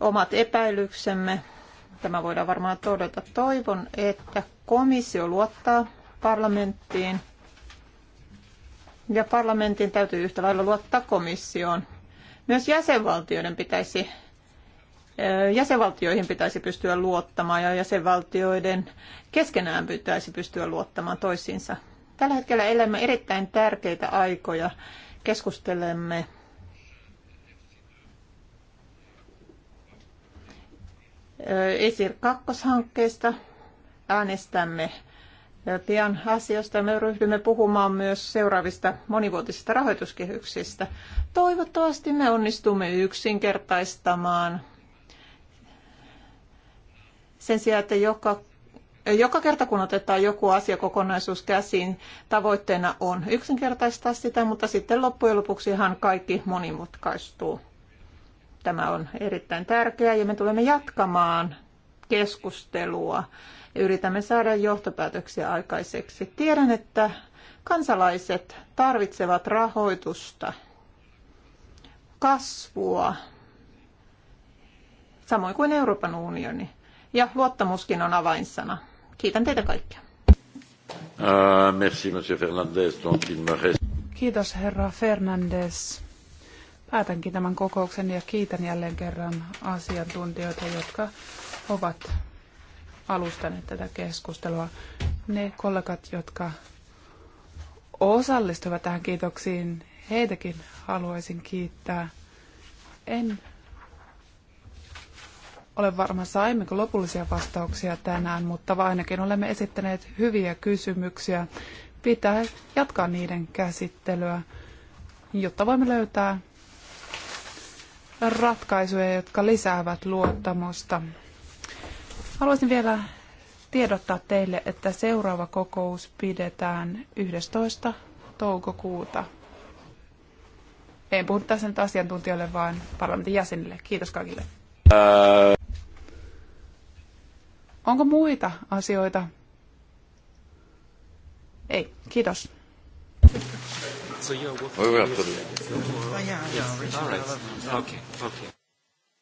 Speaker 2: omat epäilyksemme. Tämä voidaan varmaan todeta. Toivon, että komissio luottaa parlamenttiin ja parlamentin täytyy yhtä lailla luottaa komissioon. Myös jäsenvaltioiden pitäisi jäsenvaltioihin pitäisi pystyä luottamaan ja jäsenvaltioiden keskenään pitäisi pystyä luottamaan toisiinsa. Tällä hetkellä elämme erittäin tärkeitä aikoja. Keskustelemme ESIR 2-hankkeesta. Äänestämme pian asiasta. Me ryhdymme puhumaan myös seuraavista monivuotisista rahoituskehyksistä. Toivottavasti me onnistumme yksinkertaistamaan – sen sijaan, että joka joka kerta kun otetaan joku asiakokonaisuus käsiin, tavoitteena on yksinkertaistaa sitä, mutta sitten loppujen lopuksihan kaikki monimutkaistuu. Tämä on erittäin tärkeää ja me tulemme jatkamaan keskustelua ja yritämme saada johtopäätöksiä aikaiseksi. Tiedän, että kansalaiset tarvitsevat rahoitusta, kasvua, samoin kuin Euroopan unioni ja luottamuskin on avainsana. Kiitän teitä kaikkia.
Speaker 4: Uh, merci, monsieur Fernandez. Donc, il me reste...
Speaker 2: Kiitos, herra Fernandez. Päätänkin tämän kokouksen
Speaker 3: ja kiitän jälleen kerran asiantuntijoita, jotka ovat alustaneet tätä keskustelua. Ne kollegat, jotka osallistuvat tähän kiitoksiin, heitäkin haluaisin kiittää. En ole varma, saimmeko lopullisia vastauksia tänään, mutta ainakin olemme esittäneet hyviä kysymyksiä. Pitää jatkaa niiden käsittelyä, jotta voimme löytää ratkaisuja, jotka lisäävät luottamusta. Haluaisin vielä tiedottaa teille, että seuraava kokous pidetään 11. toukokuuta. En puhu tässä nyt asiantuntijoille, vaan parlamentin jäsenille. Kiitos kaikille. Onko muita asioita? Ei, kiitos.
Speaker 4: So you're Oh, yeah, yeah.